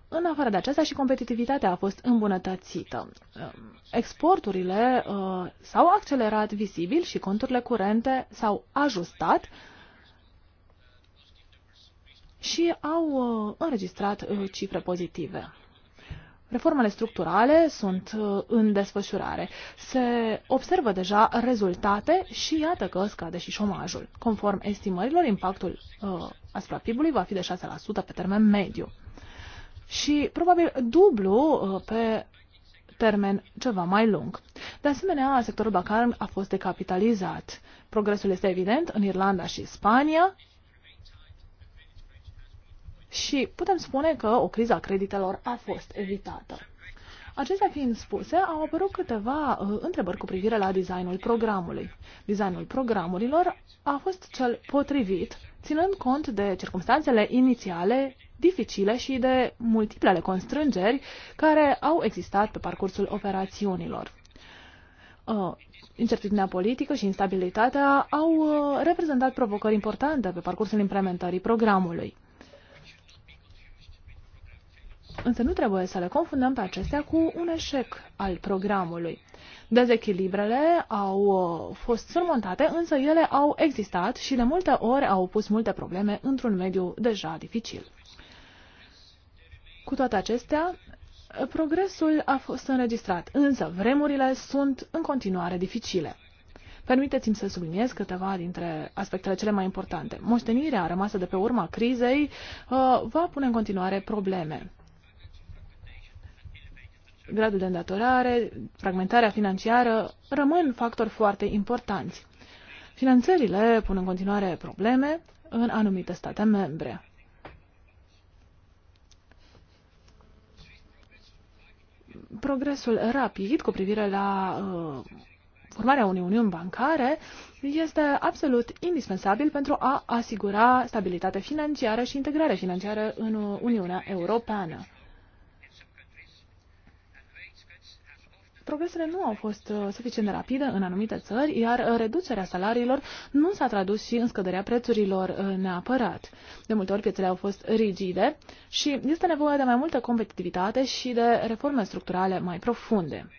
În afară de aceasta și competitivitatea a fost îmbunătățită. Exporturile uh, s-au accelerat vizibil și conturile curente s-au ajustat și au uh, înregistrat uh, cifre pozitive. Reformele structurale sunt uh, în desfășurare. Se observă deja rezultate și iată că scade și șomajul. Conform estimărilor, impactul uh, asupra PIB-ului va fi de 6% pe termen mediu. Și probabil dublu uh, pe termen ceva mai lung. De asemenea, sectorul bancar a fost decapitalizat. Progresul este evident în Irlanda și Spania, și putem spune că o criza creditelor a fost evitată. Acestea fiind spuse, au apărut câteva uh, întrebări cu privire la designul programului. Designul programurilor a fost cel potrivit, ținând cont de circumstanțele inițiale dificile și de multiplele constrângeri care au existat pe parcursul operațiunilor. Uh, incertitudinea politică și instabilitatea au uh, reprezentat provocări importante pe parcursul implementării programului. Însă nu trebuie să le confundăm pe acestea cu un eșec al programului. Dezechilibrele au uh, fost surmontate, însă ele au existat și de multe ori au pus multe probleme într-un mediu deja dificil. Cu toate acestea, progresul a fost înregistrat, însă vremurile sunt în continuare dificile. Permiteți-mi să subliniez câteva dintre aspectele cele mai importante. Moștenirea rămasă de pe urma crizei uh, va pune în continuare probleme gradul de îndatorare, fragmentarea financiară rămân factori foarte importanți. Finanțările pun în continuare probleme în anumite state membre. Progresul rapid cu privire la uh, formarea unei uniuni bancare este absolut indispensabil pentru a asigura stabilitate financiară și integrare financiară în Uniunea Europeană. progresele nu au fost uh, suficient de rapide în anumite țări, iar uh, reducerea salariilor nu s-a tradus și în scăderea prețurilor uh, neapărat. De multe ori piețele au fost rigide și este nevoie de mai multă competitivitate și de reforme structurale mai profunde.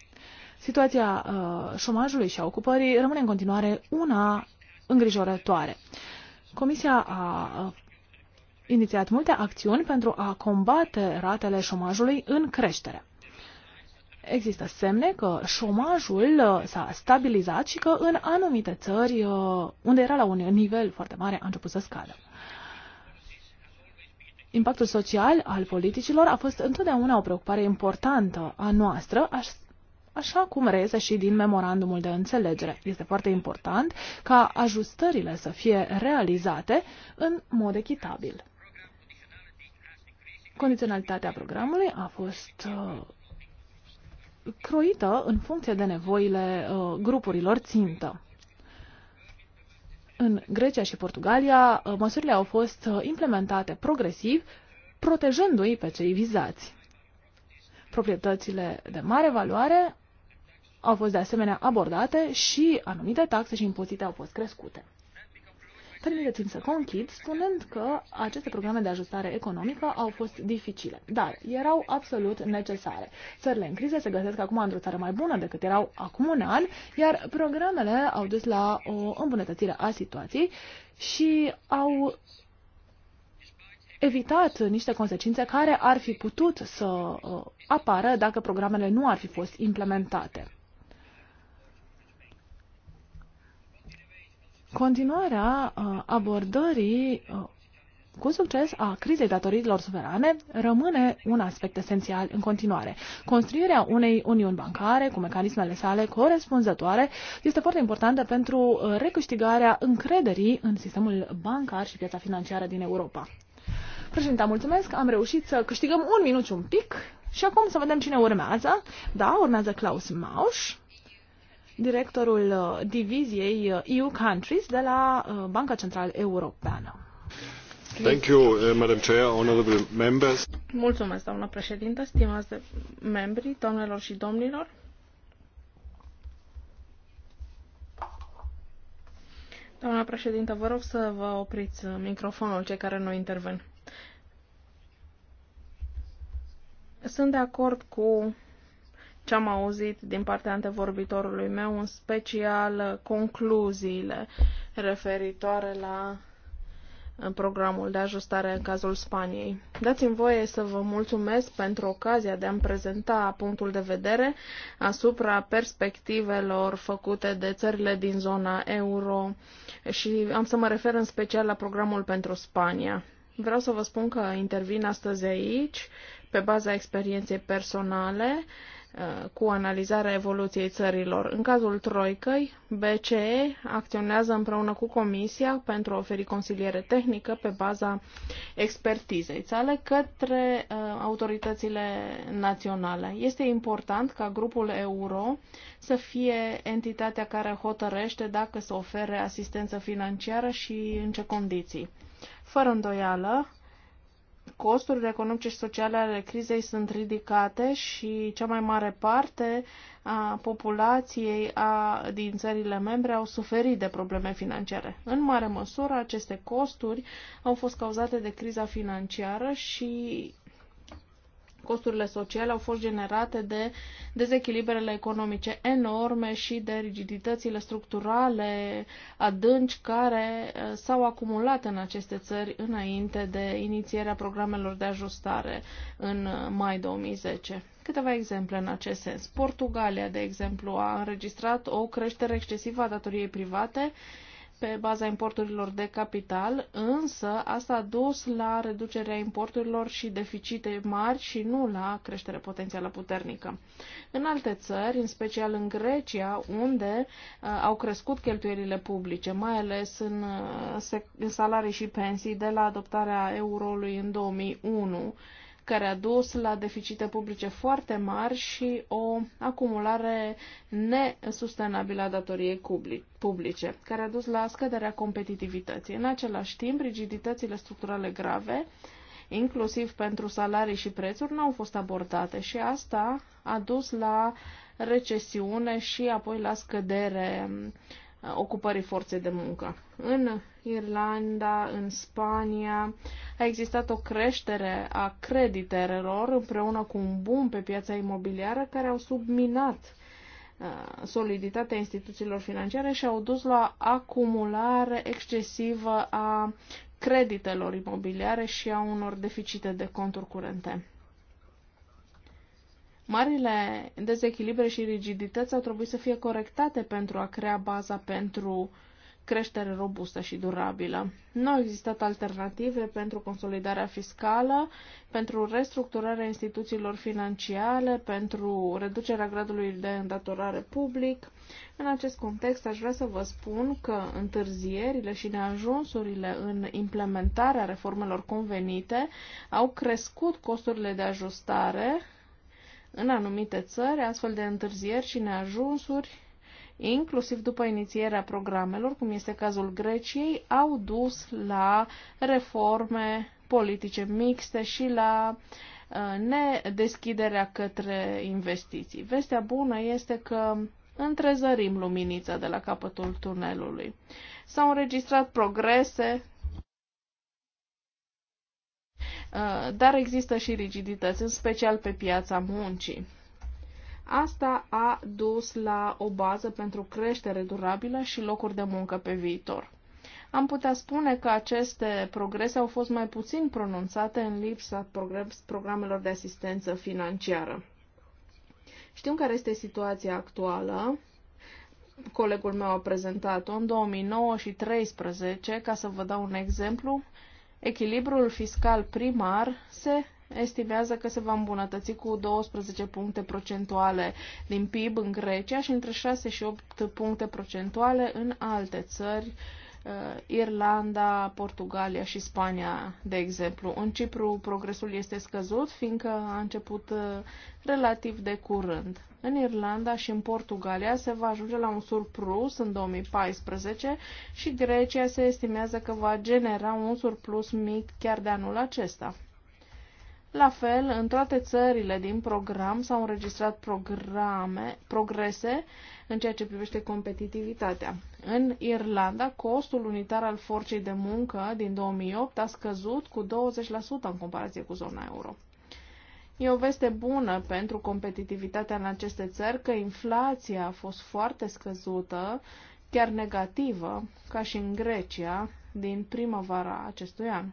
Situația uh, șomajului și a ocupării rămâne în continuare una îngrijorătoare. Comisia a inițiat multe acțiuni pentru a combate ratele șomajului în creștere. Există semne că șomajul uh, s-a stabilizat și că în anumite țări, uh, unde era la un nivel foarte mare, a început să scadă. Impactul social al politicilor a fost întotdeauna o preocupare importantă a noastră, așa cum reiese și din memorandumul de înțelegere. Este foarte important ca ajustările să fie realizate în mod echitabil. Condiționalitatea programului a fost uh, croită în funcție de nevoile uh, grupurilor țintă. În Grecia și Portugalia, uh, măsurile au fost uh, implementate progresiv, protejându-i pe cei vizați. Proprietățile de mare valoare au fost de asemenea abordate și anumite taxe și impozite au fost crescute. Permiteți-mi să conchid spunând că aceste programe de ajustare economică au fost dificile, dar erau absolut necesare. Țările în criză se găsesc acum într-o țară mai bună decât erau acum un an, iar programele au dus la o îmbunătățire a situației și au evitat niște consecințe care ar fi putut să uh, apară dacă programele nu ar fi fost implementate. continuarea uh, abordării uh, cu succes a crizei datoriilor suverane rămâne un aspect esențial în continuare. Construirea unei uniuni bancare cu mecanismele sale corespunzătoare este foarte importantă pentru uh, recâștigarea încrederii în sistemul bancar și piața financiară din Europa. Președinte, mulțumesc, am reușit să câștigăm un minut și un pic și acum să vedem cine urmează. Da, urmează Klaus Mausch directorul uh, diviziei uh, EU Countries de la uh, Banca Centrală Europeană. Thank you, Madam Chair, honorable members. Mulțumesc, doamnă președintă, stimați de membri, doamnelor și domnilor. Doamna președintă, vă rog să vă opriți microfonul cei care nu intervin. Sunt de acord cu ce am auzit din partea antevorbitorului meu, în special concluziile referitoare la uh, programul de ajustare în cazul Spaniei. Dați-mi voie să vă mulțumesc pentru ocazia de a-mi prezenta punctul de vedere asupra perspectivelor făcute de țările din zona euro și am să mă refer în special la programul pentru Spania. Vreau să vă spun că intervin astăzi aici pe baza experienței personale Uh, cu analizarea evoluției țărilor. În cazul Troicăi, BCE acționează împreună cu Comisia pentru a oferi consiliere tehnică pe baza expertizei sale către uh, autoritățile naționale. Este important ca grupul euro să fie entitatea care hotărăște dacă să ofere asistență financiară și în ce condiții. Fără îndoială, costurile economice și sociale ale crizei sunt ridicate și cea mai mare parte a populației a, din țările membre au suferit de probleme financiare. În mare măsură, aceste costuri au fost cauzate de criza financiară și Costurile sociale au fost generate de dezechilibrele economice enorme și de rigiditățile structurale adânci care eh, s-au acumulat în aceste țări înainte de inițierea programelor de ajustare în eh, mai 2010. Câteva exemple în acest sens. Portugalia, de exemplu, a înregistrat o creștere excesivă a datoriei private pe baza importurilor de capital, însă asta a dus la reducerea importurilor și deficite mari și nu la creștere potențială puternică. În alte țări, în special în Grecia, unde uh, au crescut cheltuielile publice, mai ales în, uh, în salarii și pensii de la adoptarea euroului în 2001, care a dus la deficite publice foarte mari și o acumulare nesustenabilă a datoriei publice, care a dus la scăderea competitivității. În același timp, rigiditățile structurale grave inclusiv pentru salarii și prețuri, n-au fost abordate și asta a dus la recesiune și apoi la scădere ocupării forței de muncă. În Irlanda, în Spania. A existat o creștere a creditelor împreună cu un boom pe piața imobiliară care au subminat uh, soliditatea instituțiilor financiare și au dus la acumulare excesivă a creditelor imobiliare și a unor deficite de conturi curente. Marile dezechilibre și rigidități au trebuit să fie corectate pentru a crea baza pentru uh, creștere robustă și durabilă. Nu au existat alternative pentru consolidarea fiscală, pentru restructurarea instituțiilor financiare, pentru reducerea gradului de îndatorare public. În acest context, aș vrea să vă spun că întârzierile și neajunsurile în implementarea reformelor convenite au crescut costurile de ajustare în anumite țări, astfel de întârzieri și neajunsuri inclusiv după inițierea programelor, cum este cazul Greciei, au dus la reforme politice mixte și la uh, nedeschiderea către investiții. Vestea bună este că întrezărim luminița de la capătul tunelului. S-au înregistrat progrese, uh, dar există și rigidități, în special pe piața muncii. Asta a dus la o bază pentru creștere durabilă și locuri de muncă pe viitor. Am putea spune că aceste progrese au fost mai puțin pronunțate în lipsa programelor de asistență financiară. Știm care este situația actuală. Colegul meu a prezentat-o în 2009 și 2013. Ca să vă dau un exemplu, echilibrul fiscal primar se estimează că se va îmbunătăți cu 12 puncte procentuale din PIB în Grecia și între 6 și 8 puncte procentuale în alte țări, uh, Irlanda, Portugalia și Spania, de exemplu. În Cipru progresul este scăzut, fiindcă a început uh, relativ de curând. În Irlanda și în Portugalia se va ajunge la un surplus în 2014 și Grecia se estimează că va genera un surplus mic chiar de anul acesta. La fel, în toate țările din program s-au înregistrat programe, progrese în ceea ce privește competitivitatea. În Irlanda, costul unitar al forței de muncă din 2008 a scăzut cu 20% în comparație cu zona euro. E o veste bună pentru competitivitatea în aceste țări că inflația a fost foarte scăzută, chiar negativă, ca și în Grecia, din primăvara acestui an.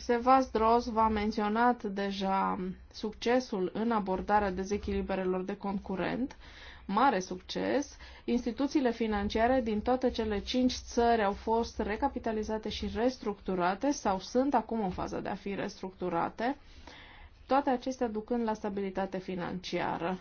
Sevas Dros v-a menționat deja succesul în abordarea dezechilibrelor de concurent, mare succes. Instituțiile financiare din toate cele cinci țări au fost recapitalizate și restructurate sau sunt acum în fază de a fi restructurate, toate acestea ducând la stabilitate financiară.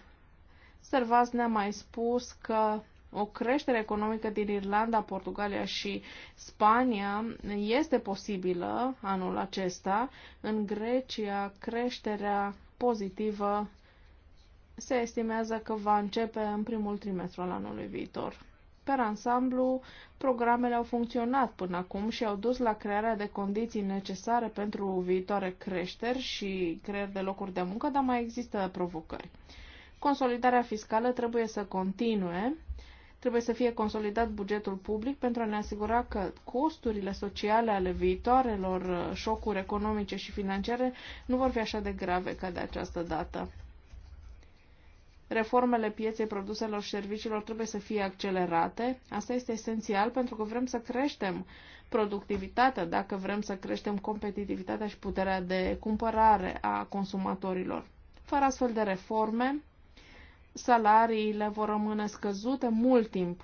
Servaz ne-a mai spus că o creștere economică din Irlanda, Portugalia și Spania este posibilă anul acesta. În Grecia, creșterea pozitivă se estimează că va începe în primul trimestru al anului viitor. Per ansamblu, programele au funcționat până acum și au dus la crearea de condiții necesare pentru viitoare creșteri și creare de locuri de muncă, dar mai există provocări. Consolidarea fiscală trebuie să continue Trebuie să fie consolidat bugetul public pentru a ne asigura că costurile sociale ale viitoarelor uh, șocuri economice și financiare nu vor fi așa de grave ca de această dată. Reformele pieței produselor și serviciilor trebuie să fie accelerate. Asta este esențial pentru că vrem să creștem productivitatea, dacă vrem să creștem competitivitatea și puterea de cumpărare a consumatorilor. Fără astfel de reforme, salariile vor rămâne scăzute mult timp.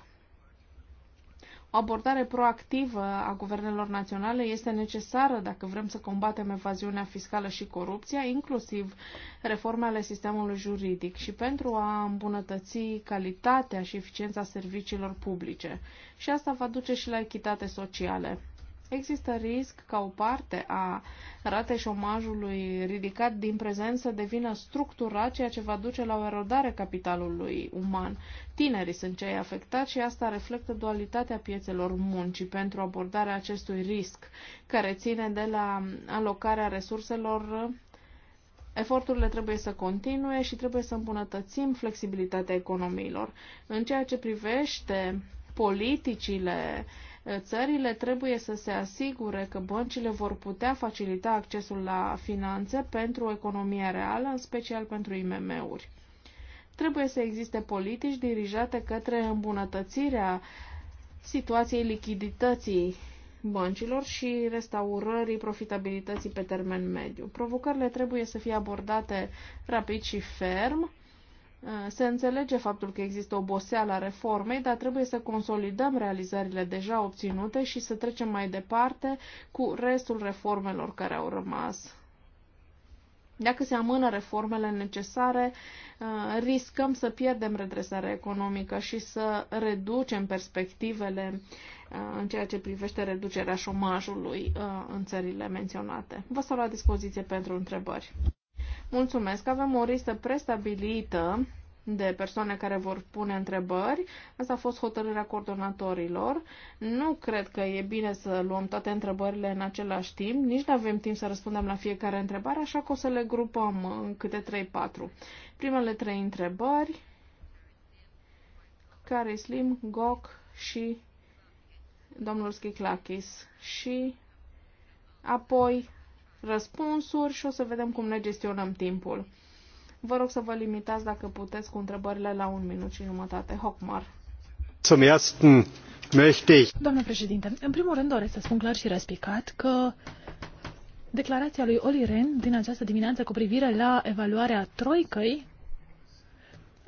O abordare proactivă a guvernelor naționale este necesară dacă vrem să combatem evaziunea fiscală și corupția, inclusiv reforme ale sistemului juridic și pentru a îmbunătăți calitatea și eficiența serviciilor publice. Și asta va duce și la echitate sociale există risc ca o parte a ratei șomajului ridicat din prezent să devină structura, ceea ce va duce la o erodare capitalului uman. Tinerii sunt cei afectați și asta reflectă dualitatea piețelor muncii pentru abordarea acestui risc, care ține de la alocarea resurselor Eforturile trebuie să continue și trebuie să îmbunătățim flexibilitatea economiilor. În ceea ce privește politicile uh, Țările trebuie să se asigure că băncile vor putea facilita accesul la finanțe pentru economia reală, în special pentru IMM-uri. Trebuie să existe politici dirijate către îmbunătățirea situației lichidității băncilor și restaurării profitabilității pe termen mediu. Provocările trebuie să fie abordate rapid și ferm Eh, se înțelege faptul că există oboseala reformei, dar trebuie să consolidăm realizările deja obținute și să trecem mai departe cu restul reformelor care au rămas. Dacă se amână reformele necesare, eh, riscăm să pierdem redresarea economică și să reducem perspectivele eh, în ceea ce privește reducerea șomajului în țările menționate. Vă stau la dispoziție pentru întrebări. Mulțumesc, avem o listă prestabilită de persoane care vor pune întrebări. Asta a fost hotărârea coordonatorilor. Nu cred că e bine să luăm toate întrebările în același timp, nici nu avem timp să răspundem la fiecare întrebare, așa că o să le grupăm în câte 3-4. Primele trei întrebări, care Slim, Gok și domnul Schiclachis. Și apoi răspunsuri și o să vedem cum ne gestionăm timpul. Vă rog să vă limitați, dacă puteți, cu întrebările la un minut și jumătate. Hocmar. Doamnă președinte, în primul rând doresc să spun clar și răspicat că declarația lui Oli Ren din această dimineață cu privire la evaluarea Troicăi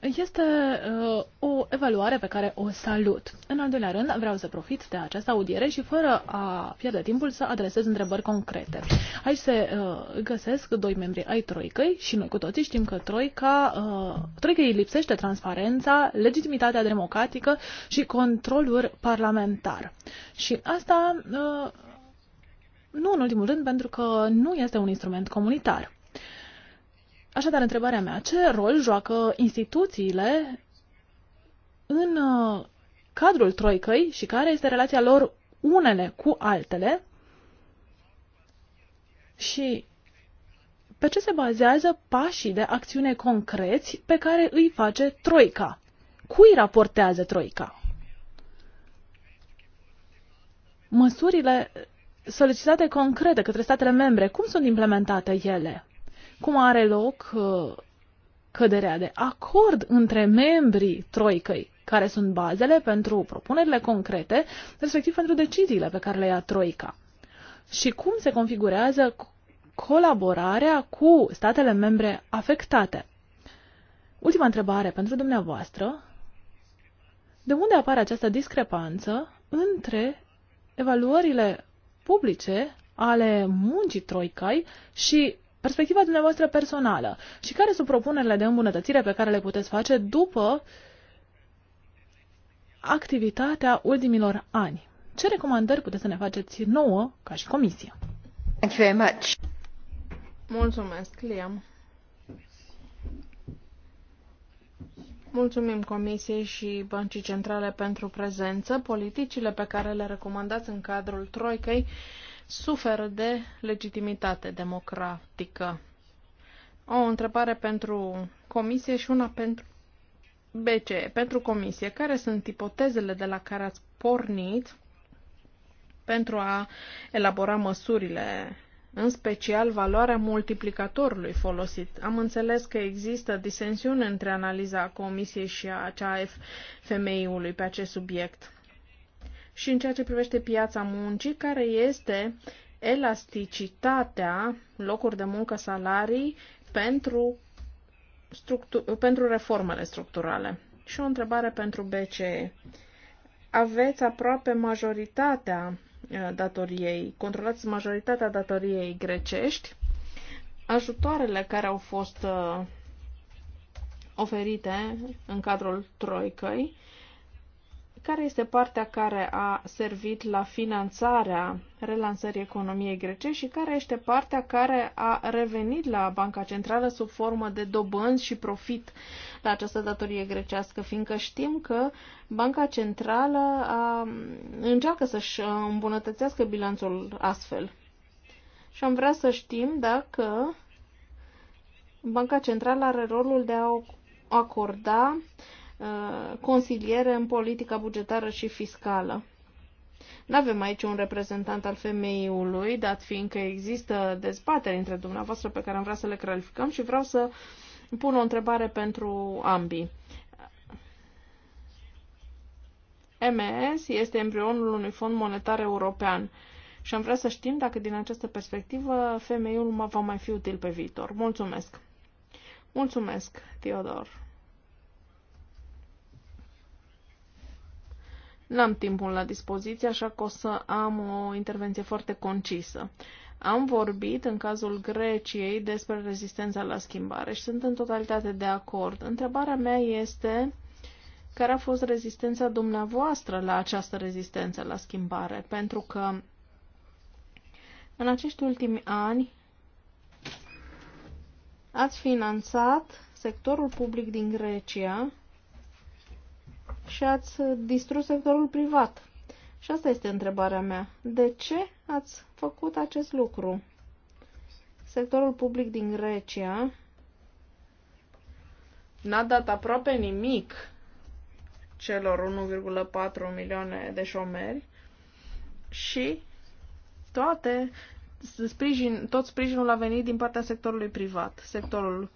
este uh, o evaluare pe care o salut. În al doilea rând, vreau să profit de această audiere și fără a pierde timpul să adresez întrebări concrete. Aici se uh, găsesc doi membri ai Troicăi și noi cu toții știm că Troica, uh, Troicăi lipsește transparența, legitimitatea democratică și controlul parlamentar. Și asta uh, nu în ultimul rând pentru că nu este un instrument comunitar. Așadar, întrebarea mea, ce rol joacă instituțiile în uh, cadrul Troicăi și care este relația lor unele cu altele și pe ce se bazează pașii de acțiune concreți pe care îi face Troica? Cui raportează Troica? Măsurile solicitate concrete către statele membre, cum sunt implementate ele? cum are loc uh, căderea de acord între membrii troicăi, care sunt bazele pentru propunerile concrete, respectiv pentru deciziile pe care le ia troica. Și cum se configurează colaborarea cu statele membre afectate. Ultima întrebare pentru dumneavoastră. De unde apare această discrepanță între evaluările publice ale muncii troicai și perspectiva dumneavoastră personală și care sunt propunerile de îmbunătățire pe care le puteți face după activitatea ultimilor ani. Ce recomandări puteți să ne faceți nouă ca și comisie? Thank you very much. Mulțumesc, Liam. Mulțumim Comisiei și Băncii Centrale pentru prezență. Politicile pe care le recomandați în cadrul Troicăi suferă de legitimitate democratică. O întrebare pentru comisie și una pentru BCE. Pentru comisie, care sunt ipotezele de la care ați pornit pentru a elabora măsurile în special valoarea multiplicatorului folosit. Am înțeles că există disensiune între analiza Comisiei și a cea a femeiului pe acest subiect și în ceea ce privește piața muncii, care este elasticitatea locuri de muncă, salarii pentru, pentru reformele structurale. Și o întrebare pentru BCE. Aveți aproape majoritatea uh, datoriei, controlați majoritatea datoriei grecești. Ajutoarele care au fost uh, oferite în cadrul Troicăi care este partea care a servit la finanțarea relansării economiei grecești și care este partea care a revenit la Banca Centrală sub formă de dobânzi și profit la această datorie grecească, fiindcă știm că Banca Centrală a, încearcă să-și îmbunătățească bilanțul astfel. Și am vrea să știm dacă Banca Centrală are rolul de a acorda uh, Uh, consiliere în politica bugetară și fiscală. Nu avem aici un reprezentant al femeiului, dat fiindcă există dezbateri între dumneavoastră pe care am vrea să le clarificăm și vreau să pun o întrebare pentru ambii. MES este embrionul unui fond monetar european și am vrea să știm dacă din această perspectivă femeiul va mai fi util pe viitor. Mulțumesc! Mulțumesc, Teodor! Nu am timpul la dispoziție, așa că o să am o intervenție foarte concisă. Am vorbit în cazul Greciei despre rezistența la schimbare și sunt în totalitate de acord. Întrebarea mea este care a fost rezistența dumneavoastră la această rezistență la schimbare, pentru că în acești ultimi ani ați finanțat sectorul public din Grecia și ați distrus sectorul privat. Și asta este întrebarea mea. De ce ați făcut acest lucru? Sectorul public din Grecia n-a dat aproape nimic celor 1,4 milioane de șomeri și toate sprijin, tot sprijinul a venit din partea sectorului privat. Sectorul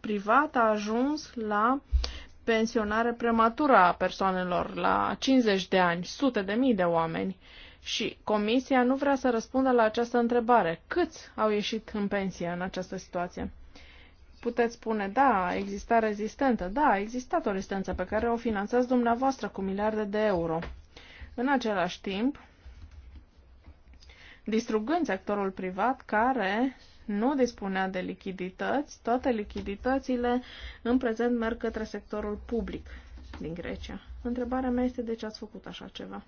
privat a ajuns la uh, pensionare prematură a persoanelor la 50 de ani, sute de mii de oameni. Și comisia nu vrea să răspundă la această întrebare. Câți au ieșit în pensie în această situație? Puteți spune, da, exista rezistentă. Da, a existat o rezistență pe care o finanțați dumneavoastră cu miliarde de euro. În același timp, distrugând sectorul privat care nu dispunea de lichidități, toate lichiditățile în prezent merg către sectorul public din Grecia. Întrebarea mea este de ce ați făcut așa ceva.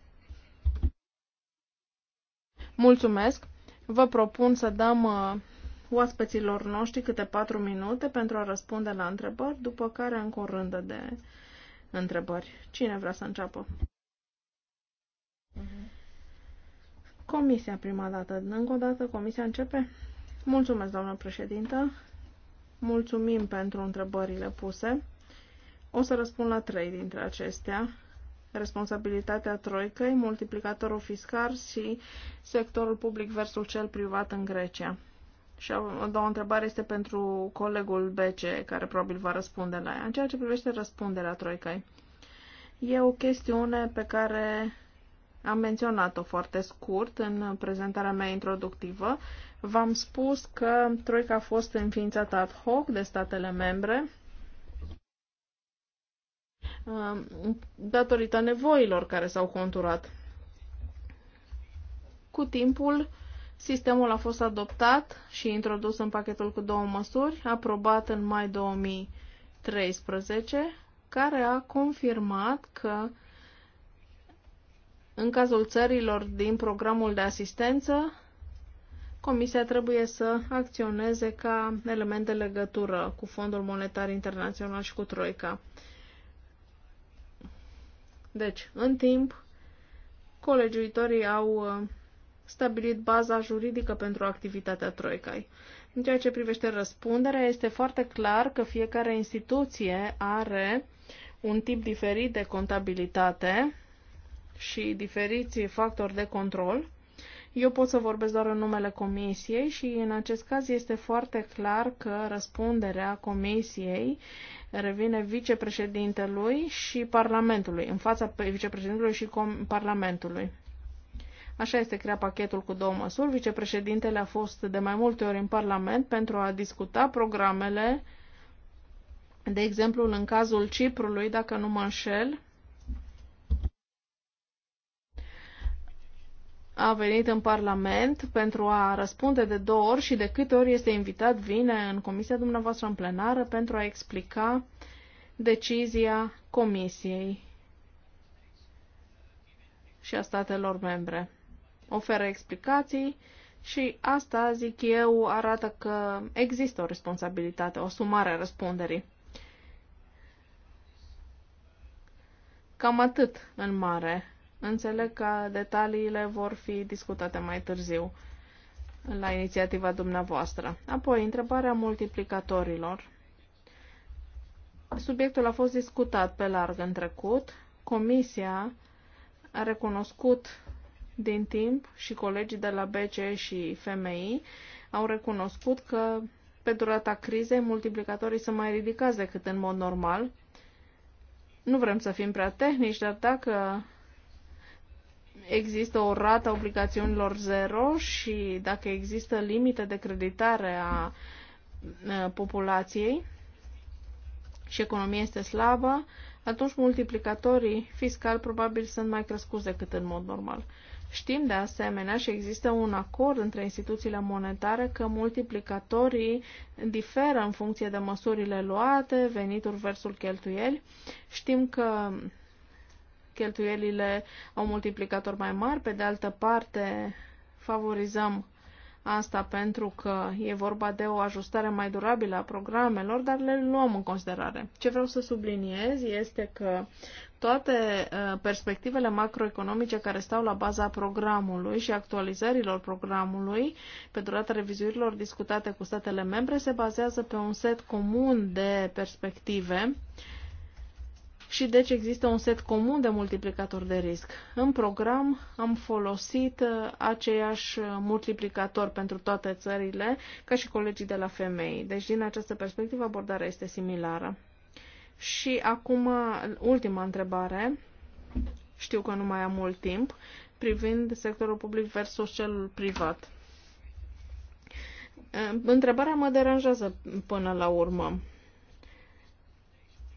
Mulțumesc! Vă propun să dăm uh, oaspeților noștri câte patru minute pentru a răspunde la întrebări, după care încă o rândă de întrebări. Cine vrea să înceapă? Mhm. Comisia prima dată. Încă o dată comisia începe? Mulțumesc, doamnă președintă. Mulțumim pentru întrebările puse. O să răspund la trei dintre acestea. Responsabilitatea troicăi, multiplicatorul fiscal și sectorul public versus cel privat în Grecia. Și a doua întrebare este pentru colegul BC, care probabil va răspunde la ea. În ceea ce privește răspunderea troicăi, e o chestiune pe care am menționat-o foarte scurt în prezentarea mea introductivă. V-am spus că Troica a fost înființată ad hoc de statele membre um, datorită nevoilor care s-au conturat. Cu timpul, sistemul a fost adoptat și introdus în pachetul cu două măsuri, aprobat în mai 2013, care a confirmat că în cazul țărilor din programul de asistență, Comisia trebuie să acționeze ca element de legătură cu Fondul Monetar Internațional și cu Troica. Deci, în timp, colegiuitorii au uh, stabilit baza juridică pentru activitatea Troicai. În ceea ce privește răspunderea, este foarte clar că fiecare instituție are un tip diferit de contabilitate și diferiți factori de control eu pot să vorbesc doar în numele Comisiei și în acest caz este foarte clar că răspunderea Comisiei revine vicepreședintelui și Parlamentului, în fața vicepreședintelui și Parlamentului. Așa este creat pachetul cu două măsuri. Vicepreședintele a fost de mai multe ori în Parlament pentru a discuta programele, de exemplu în cazul Ciprului, dacă nu mă înșel, a venit în Parlament pentru a răspunde de două ori și de câte ori este invitat, vine în comisia dumneavoastră în plenară pentru a explica decizia comisiei și a statelor membre. Oferă explicații și asta, zic eu, arată că există o responsabilitate, o sumare a răspunderii. Cam atât în mare Înțeleg că detaliile vor fi discutate mai târziu la inițiativa dumneavoastră. Apoi, întrebarea multiplicatorilor. Subiectul a fost discutat pe larg în trecut. Comisia a recunoscut din timp și colegii de la BCE și FMI au recunoscut că pe durata crizei multiplicatorii sunt mai ridicați decât în mod normal. Nu vrem să fim prea tehnici, dar dacă există o rată obligațiunilor zero și dacă există limite de creditare a populației și economia este slabă, atunci multiplicatorii fiscali probabil sunt mai crescuți decât în mod normal. Știm de asemenea și există un acord între instituțiile monetare că multiplicatorii diferă în funcție de măsurile luate, venituri versus cheltuieli. Știm că cheltuielile au multiplicator mai mari, pe de altă parte favorizăm asta pentru că e vorba de o ajustare mai durabilă a programelor, dar le luăm în considerare. Ce vreau să subliniez este că toate uh, perspectivele macroeconomice care stau la baza programului și actualizărilor programului pe durata revizuirilor discutate cu statele membre se bazează pe un set comun de perspective și deci există un set comun de multiplicator de risc. În program am folosit uh, aceiași uh, multiplicator pentru toate țările, ca și colegii de la femei. Deci, din această perspectivă, abordarea este similară. Și acum, uh, ultima întrebare, știu că nu mai am mult timp, privind sectorul public versus cel privat. Întrebarea mă deranjează până la urmă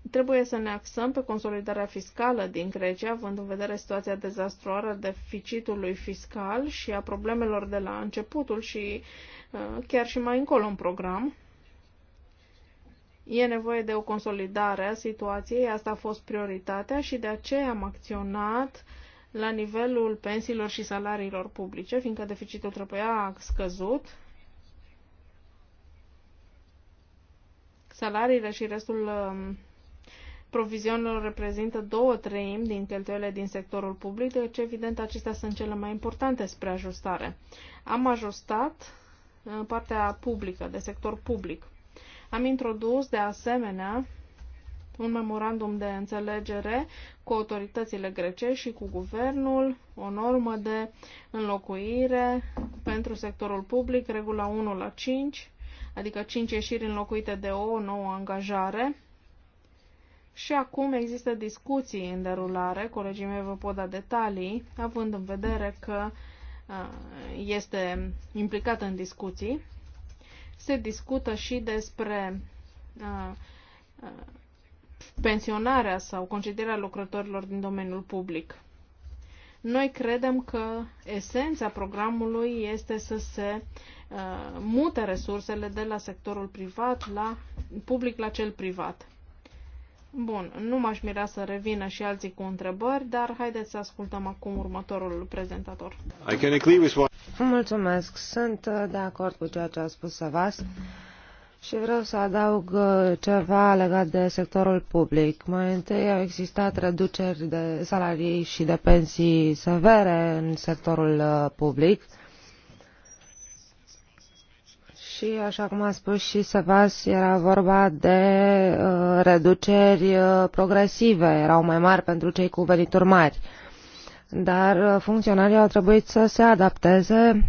Trebuie să ne axăm pe consolidarea fiscală din Grecia, având în vedere situația a deficitului fiscal și a problemelor de la începutul și uh, chiar și mai încolo în program. E nevoie de o consolidare a situației, asta a fost prioritatea și de aceea am acționat la nivelul pensiilor și salariilor publice, fiindcă deficitul trebuia scăzut, salariile și restul um, provizionilor reprezintă două treimi din cheltuielile din sectorul public, deci evident acestea sunt cele mai importante spre ajustare. Am ajustat uh, partea publică, de sector public. Am introdus de asemenea un memorandum de înțelegere cu autoritățile grecești și cu guvernul, o normă de înlocuire pentru sectorul public, regula 1 la 5, adică 5 ieșiri înlocuite de o nouă angajare, și acum există discuții în derulare, colegii mei vă pot da detalii, având în vedere că este implicată în discuții. Se discută și despre pensionarea sau concedierea lucrătorilor din domeniul public. Noi credem că esența programului este să se uh, mute resursele de la sectorul privat la public la cel privat. Bun, nu m-aș mira să revină și alții cu întrebări, dar haideți să ascultăm acum următorul prezentator. I can agree with what... Mulțumesc, sunt uh, de acord cu ceea ce a spus Savas. Și vreau să adaug uh, ceva legat de sectorul public. Mai întâi au existat reduceri de salarii și de pensii severe în sectorul uh, public și, așa cum a spus și Sebas, era vorba de uh, reduceri uh, progresive, erau mai mari pentru cei cu venituri mari. Dar uh, funcționarii au trebuit să se adapteze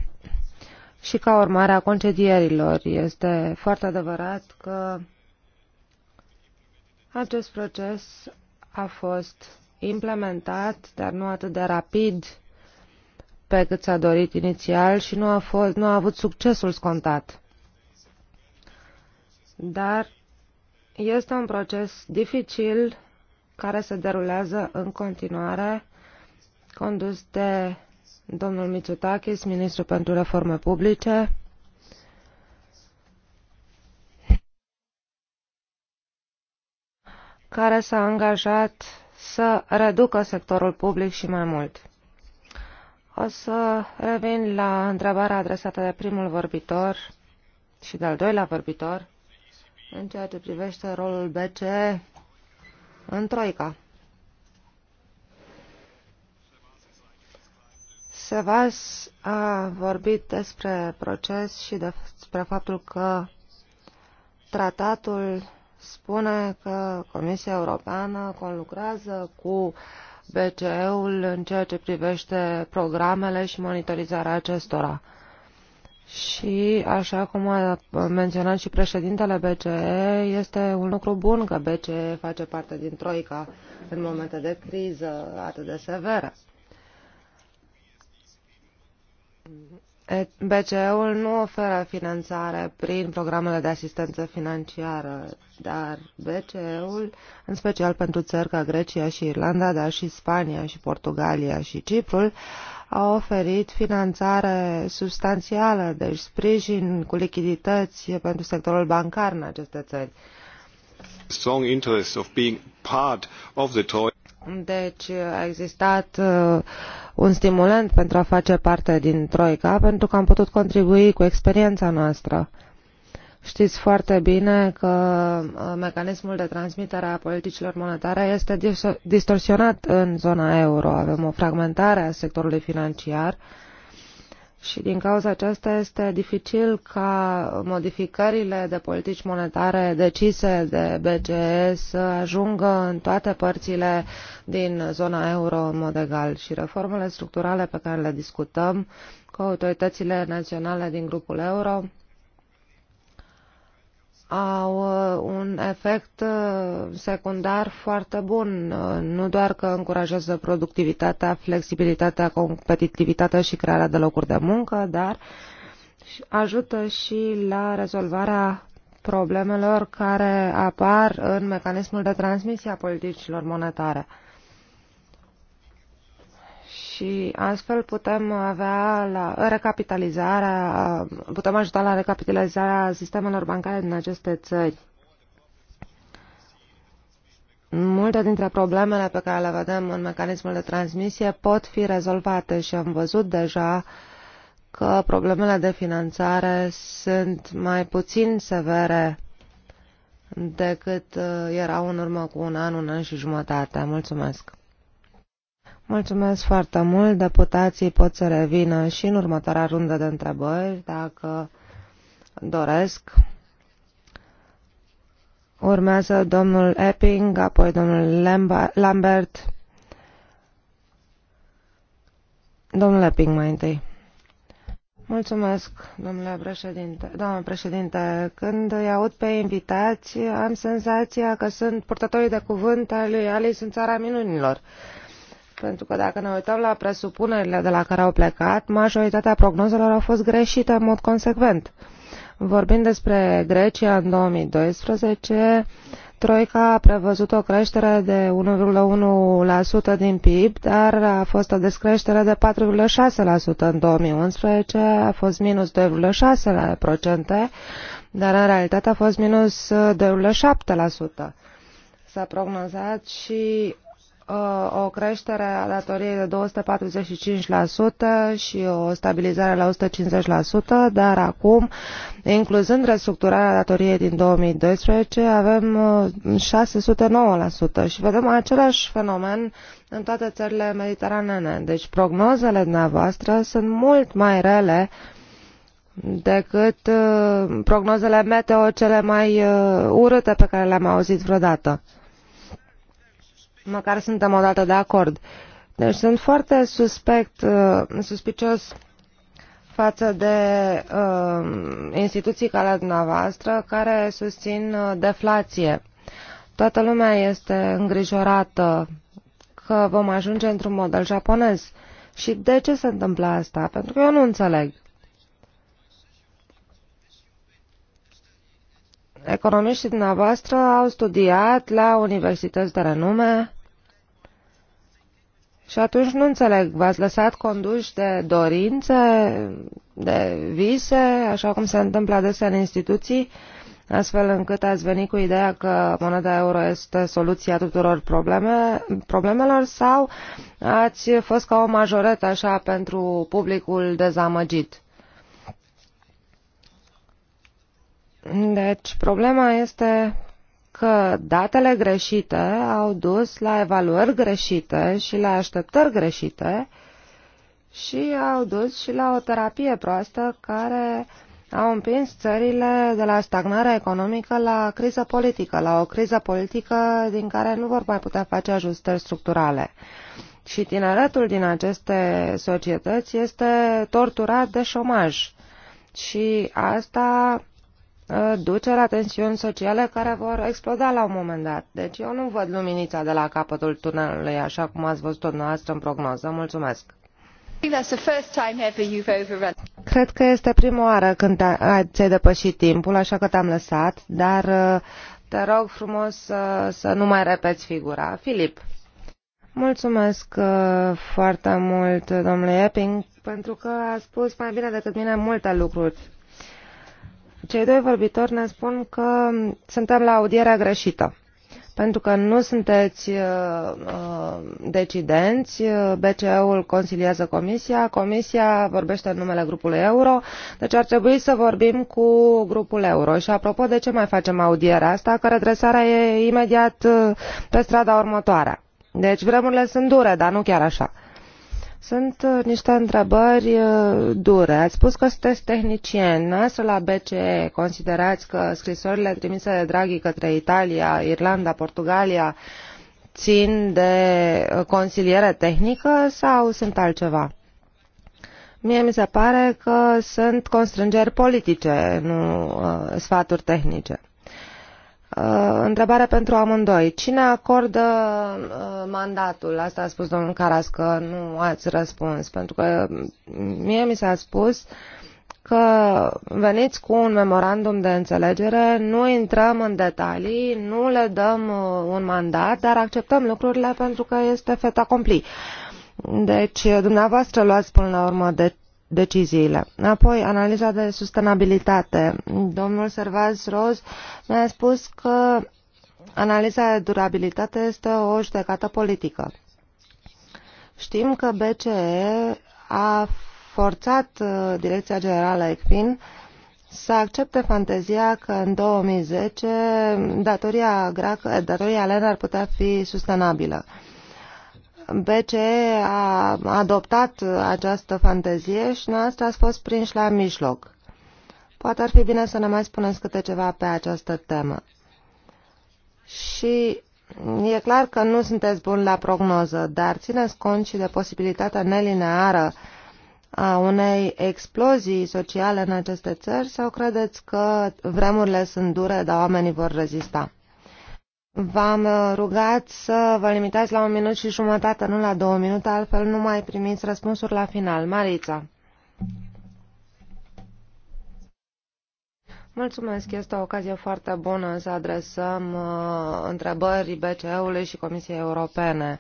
și ca urmare a concedierilor. Este foarte adevărat că acest proces a fost implementat, dar nu atât de rapid pe cât s-a dorit inițial și nu a, fost, nu a avut succesul scontat dar este un proces dificil care se derulează în continuare, condus de domnul Mitsotakis, ministru pentru reforme publice, care s-a angajat să reducă sectorul public și mai mult. O să revin la întrebarea adresată de primul vorbitor și de al doilea vorbitor în ceea ce privește rolul BCE în Troica. Sevas a vorbit despre proces și despre faptul că tratatul spune că Comisia Europeană conlucrează cu BCE-ul în ceea ce privește programele și monitorizarea acestora. Și, așa cum a menționat și președintele BCE, este un lucru bun că BCE face parte din Troica în momente de criză atât de severă. BCE-ul nu oferă finanțare prin programele de asistență financiară, dar BCE-ul, în special pentru țări ca Grecia și Irlanda, dar și Spania și Portugalia și Ciprul, a oferit finanțare substanțială, deci sprijin cu lichidități pentru sectorul bancar în aceste țări. Strong interest of being part of the toy. Deci a existat uh, un stimulant pentru a face parte din Troica, pentru că am putut contribui cu experiența noastră. Știți foarte bine că uh, mecanismul de transmitere a politicilor monetare este distorsionat în zona euro. Avem o fragmentare a sectorului financiar și din cauza aceasta este dificil ca modificările de politici monetare decise de BCE să ajungă în toate părțile din zona euro în mod egal și reformele structurale pe care le discutăm cu autoritățile naționale din grupul euro au uh, un efect uh, secundar foarte bun, uh, nu doar că încurajează productivitatea, flexibilitatea, competitivitatea și crearea de locuri de muncă, dar ajută și la rezolvarea problemelor care apar în mecanismul de transmisie a politicilor monetare și astfel putem avea la recapitalizarea, putem ajuta la recapitalizarea sistemelor bancare din aceste țări. Multe dintre problemele pe care le vedem în mecanismul de transmisie pot fi rezolvate și am văzut deja că problemele de finanțare sunt mai puțin severe decât uh, erau în urmă cu un an, un an și jumătate. Mulțumesc! Mulțumesc foarte mult. Deputații pot să revină și în următoarea rundă de întrebări, dacă doresc. Urmează domnul Epping, apoi domnul Lambert. Domnul Epping mai întâi. Mulțumesc, domnule președinte. Doamne președinte, când îi aud pe invitați, am senzația că sunt purtătorii de cuvânt al lui Alice în țara minunilor. Pentru că dacă ne uităm la presupunerile de la care au plecat, majoritatea prognozelor au fost greșite în mod consecvent. Vorbind despre Grecia în 2012, Troica a prevăzut o creștere de 1,1% din PIB, dar a fost o descreștere de 4,6% în 2011, a fost minus 2,6%, dar în realitate a fost minus 2,7%. S-a prognozat și Uh, o creștere a datoriei de 245% și o stabilizare la 150%, dar acum, incluzând restructurarea datoriei din 2012, avem 609% uh, și vedem același fenomen în toate țările mediteranene. Deci prognozele dumneavoastră sunt mult mai rele decât uh, prognozele meteo cele mai urâte pe care le-am auzit vreodată. Măcar suntem odată de acord. Deci sunt foarte suspect, uh, suspicios față de uh, instituții ca la dumneavoastră care susțin uh, deflație. Toată lumea este îngrijorată că vom ajunge într-un model japonez. Și de ce se întâmplă asta? Pentru că eu nu înțeleg. economiștii dumneavoastră au studiat la universități de renume și atunci nu înțeleg, v-ați lăsat conduși de dorințe, de vise, așa cum se întâmplă adesea în instituții, astfel încât ați venit cu ideea că moneda euro este soluția tuturor probleme, problemelor sau ați fost ca o majoretă așa pentru publicul dezamăgit? Deci, problema este că datele greșite au dus la evaluări greșite și la așteptări greșite și au dus și la o terapie proastă care au împins țările de la stagnare economică la criză politică, la o criză politică din care nu vor mai putea face ajustări structurale. Și tineretul din aceste societăți este torturat de șomaj. Și asta Uh, duce la tensiuni sociale care vor exploda la un moment dat. Deci eu nu văd luminița de la capătul tunelului, așa cum ați văzut-o dumneavoastră în prognoză. Mulțumesc! Cred că este prima oară când ți-ai depășit timpul, așa că te-am lăsat, dar uh, te rog frumos să, să nu mai repeți figura. Filip. Mulțumesc uh, foarte mult, domnule Epping, pentru că a spus mai bine decât mine multe lucruri cei doi vorbitori ne spun că suntem la audierea greșită pentru că nu sunteți uh, uh decidenți, BCE-ul consiliază Comisia, Comisia vorbește în numele grupului euro, deci ar trebui să vorbim cu grupul euro. Și apropo, de ce mai facem audierea asta, că redresarea e imediat uh, pe strada următoare. Deci vremurile sunt dure, dar nu chiar așa. Sunt uh, niște întrebări uh, dure. Ați spus că sunteți tehnicieni. Noastră la BCE considerați că scrisorile trimise de Draghi către Italia, Irlanda, Portugalia țin de uh, consiliere tehnică sau sunt altceva? Mie mi se pare că sunt constrângeri politice, nu uh, sfaturi tehnice. Uh, întrebare pentru amândoi. Cine acordă uh, mandatul? Asta a spus domnul Caras că nu ați răspuns, pentru că mie mi s-a spus că veniți cu un memorandum de înțelegere, nu intrăm în detalii, nu le dăm uh, un mandat, dar acceptăm lucrurile pentru că este feta compli. Deci, dumneavoastră luați până la urmă de deciziile. Apoi, analiza de sustenabilitate. Domnul Servaz Roz mi-a spus că analiza de durabilitate este o judecată politică. Știm că BCE a forțat uh, Direcția Generală ECFIN să accepte fantezia că în 2010 datoria, datoria LEN ar putea fi sustenabilă. Uh, BCE a adoptat această fantezie și noastră ați fost prinși la mijloc. Poate ar fi bine să ne mai spuneți câte ceva pe această temă. Și e clar că nu sunteți buni la prognoză, dar țineți cont și de posibilitatea nelineară a unei explozii sociale în aceste țări sau credeți că vremurile sunt dure, dar oamenii vor rezista? V-am uh, rugat să vă limitați la un minut și jumătate, nu la două minute, altfel nu mai primiți răspunsuri la final. Marița. Mulțumesc, este o ocazie foarte bună să adresăm uh, întrebări BCE-ului și Comisiei Europene.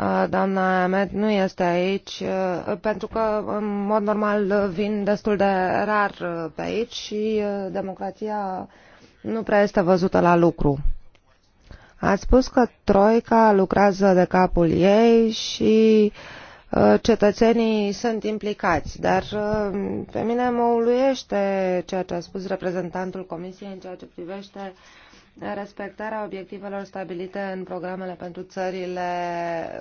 Uh, doamna Ahmed nu este aici uh, pentru că, în mod normal, vin destul de rar pe aici și democrația nu prea este văzută la lucru. Ați spus că Troica lucrează de capul ei și uh, cetățenii sunt implicați, dar uh, pe mine mă uluiește ceea ce a spus reprezentantul Comisiei în ceea ce privește respectarea obiectivelor stabilite în programele pentru țările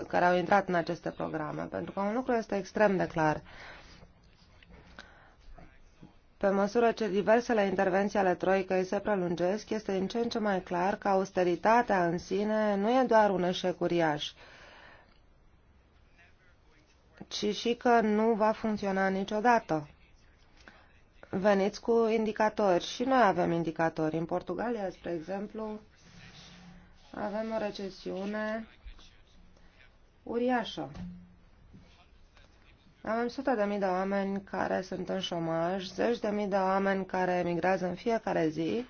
care au intrat în aceste programe, pentru că un lucru este extrem de clar. Pe măsură ce diversele intervenții ale Troicăi se prelungesc, este din ce în ce mai clar că austeritatea în sine nu e doar un eșec uriaș, ci și că nu va funcționa niciodată. Veniți cu indicatori și noi avem indicatori. În Portugalia, spre exemplu, avem o recesiune uriașă. Avem sute de mii de oameni care sunt în șomaj, zeci de mii de oameni care emigrează în fiecare zi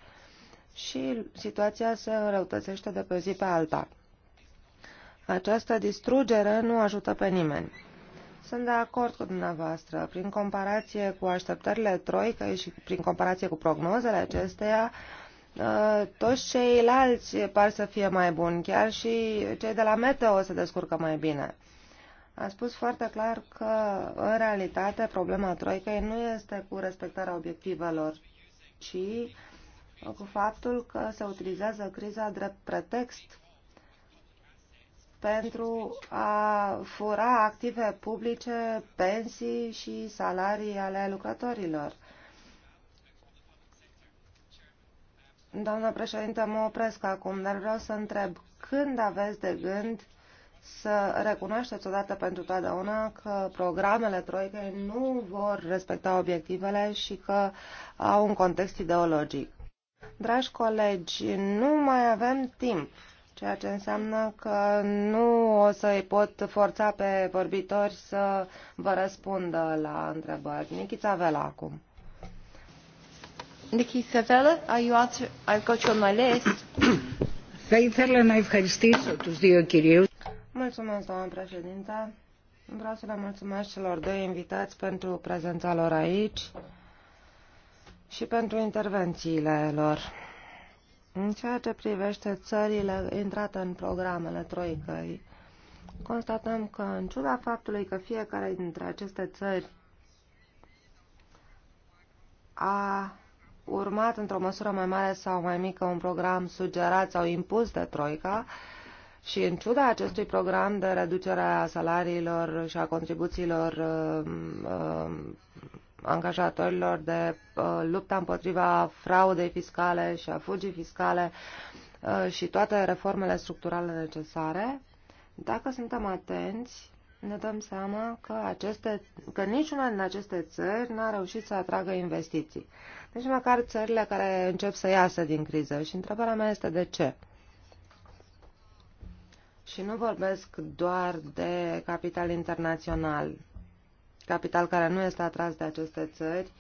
și situația se înrăutățește de pe zi pe alta. Această distrugere nu ajută pe nimeni. Sunt de acord cu dumneavoastră. Prin comparație cu așteptările troicăi și prin comparație cu prognozele acesteia, uh, toți ceilalți par să fie mai buni, chiar și cei de la meteo se descurcă mai bine a spus foarte clar că, în realitate, problema Troicăi nu este cu respectarea obiectivelor, ci cu faptul că se utilizează criza drept pretext pentru a fura active publice, pensii și salarii ale lucrătorilor. Doamna președinte, mă opresc acum, dar vreau să întreb când aveți de gând să recunoașteți odată pentru totdeauna că programele troicăi nu vor respecta obiectivele și că au un context ideologic. Dragi colegi, nu mai avem timp, ceea ce înseamnă că nu o să-i pot forța pe vorbitori să vă răspundă la întrebări. Nikita Vela acum. Nikita Vela, are you answer? I've got you on my list. [CLEARS THROAT] Θα ήθελα να ευχαριστήσω τους δύο κυρίους. Mulțumesc, doamnă președinte. Vreau să le mulțumesc celor doi invitați pentru prezența lor aici și pentru intervențiile lor. În ceea ce privește țările intrate în programele Troicăi, constatăm că, în ciuda faptului că fiecare dintre aceste țări a urmat într-o măsură mai mare sau mai mică un program sugerat sau impus de Troica, și în ciuda acestui program de reducere a salariilor și a contribuțiilor uh, angajatorilor de uh, lupta împotriva fraudei fiscale și a fugii fiscale uh, și toate reformele structurale necesare, dacă suntem atenți, ne dăm seama că, aceste, că niciuna din aceste țări n-a reușit să atragă investiții. Deci măcar țările care încep să iasă din criză. Și întrebarea mea este de ce. Și nu vorbesc doar de capital internațional, capital care nu este atras de aceste țări,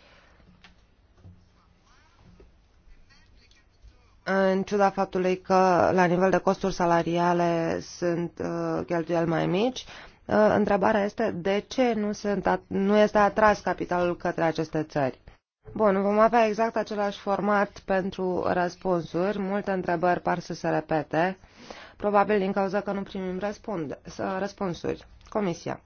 în ciuda faptului că la nivel de costuri salariale sunt uh, cheltuieli mai mici, uh, întrebarea este de ce nu, sunt at- nu este atras capitalul către aceste țări. Bun, vom avea exact același format pentru răspunsuri. Multe întrebări par să se repete, probabil din cauza că nu primim răspunde, răspunsuri. Comisia.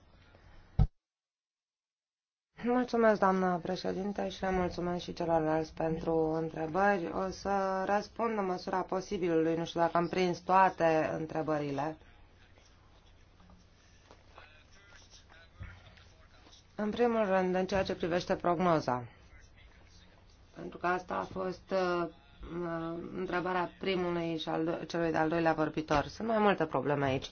Mulțumesc, doamna președinte, și mulțumesc și celorlalți pentru întrebări. O să răspund în măsura posibilului. Nu știu dacă am prins toate întrebările. În primul rând, în ceea ce privește prognoza pentru că asta a fost uh, uh, întrebarea primului și al, celui de-al doilea vorbitor. Sunt mai multe probleme aici.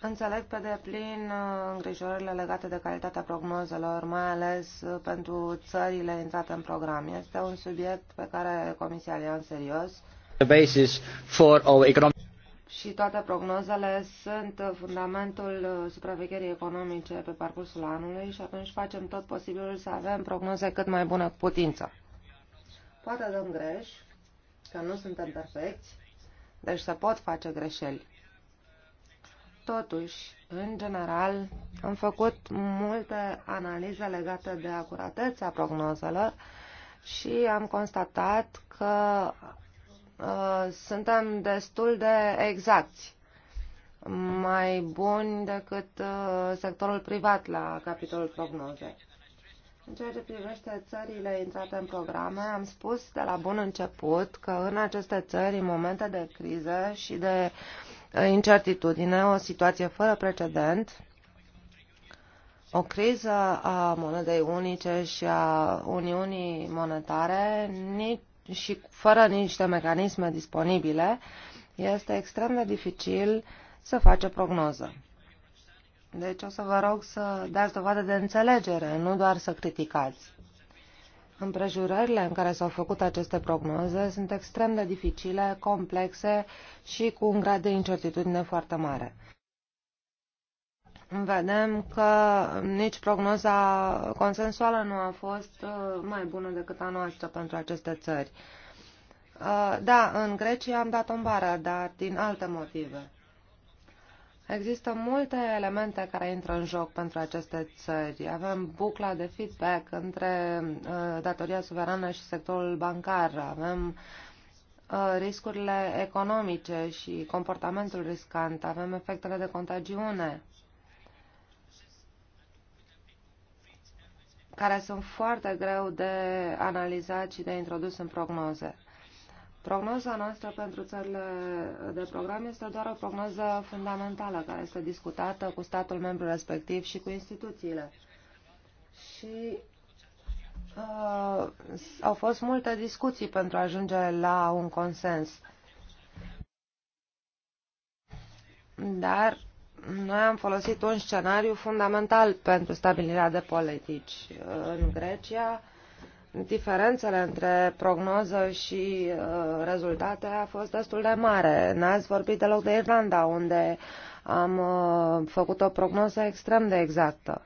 Înțeleg pe deplin uh, îngrijorările legate de calitatea prognozelor, mai ales pentru țările intrate în program. Este un subiect pe care Comisia le ia în serios. The basis for our economic și toate prognozele sunt fundamentul uh, supravegherii economice pe parcursul anului și atunci facem tot posibilul să avem prognoze cât mai bune cu putință. Poate dăm greș, că nu suntem perfecți, deci se pot face greșeli. Totuși, în general, am făcut multe analize legate de acuratețea prognozelor și am constatat că Uh, suntem destul de exacti, mai buni decât uh, sectorul privat la capitolul prognoze. În ceea ce privește țările intrate în programe, am spus de la bun început că în aceste țări, în momente de criză și de uh, incertitudine, o situație fără precedent, o criză a monedei unice și a Uniunii Monetare, nici și fără niște mecanisme disponibile, este extrem de dificil să faci o prognoză. Deci o să vă rog să dați dovadă de înțelegere, nu doar să criticați. Împrejurările în care s-au făcut aceste prognoze sunt extrem de dificile, complexe și cu un grad de incertitudine foarte mare vedem că nici prognoza consensuală nu a fost uh, mai bună decât a noastră pentru aceste țări. Uh, da, în Grecia am dat o bară, dar din alte motive. Există multe elemente care intră în joc pentru aceste țări. Avem bucla de feedback între uh, datoria suverană și sectorul bancar. Avem riscurile economice și comportamentul riscant. Avem efectele de contagiune. care sunt foarte greu de analizat și de introdus în prognoze. Prognoza noastră pentru țările de program este doar o prognoză fundamentală care este discutată cu statul membru respectiv și cu instituțiile. Și uh, au fost multe discuții pentru a ajunge la un consens. Dar noi am folosit un scenariu fundamental pentru stabilirea de politici în Grecia. Diferențele între prognoză și uh, rezultate a fost destul de mare. N-ați vorbit deloc de Irlanda, unde am uh, făcut o prognoză extrem de exactă.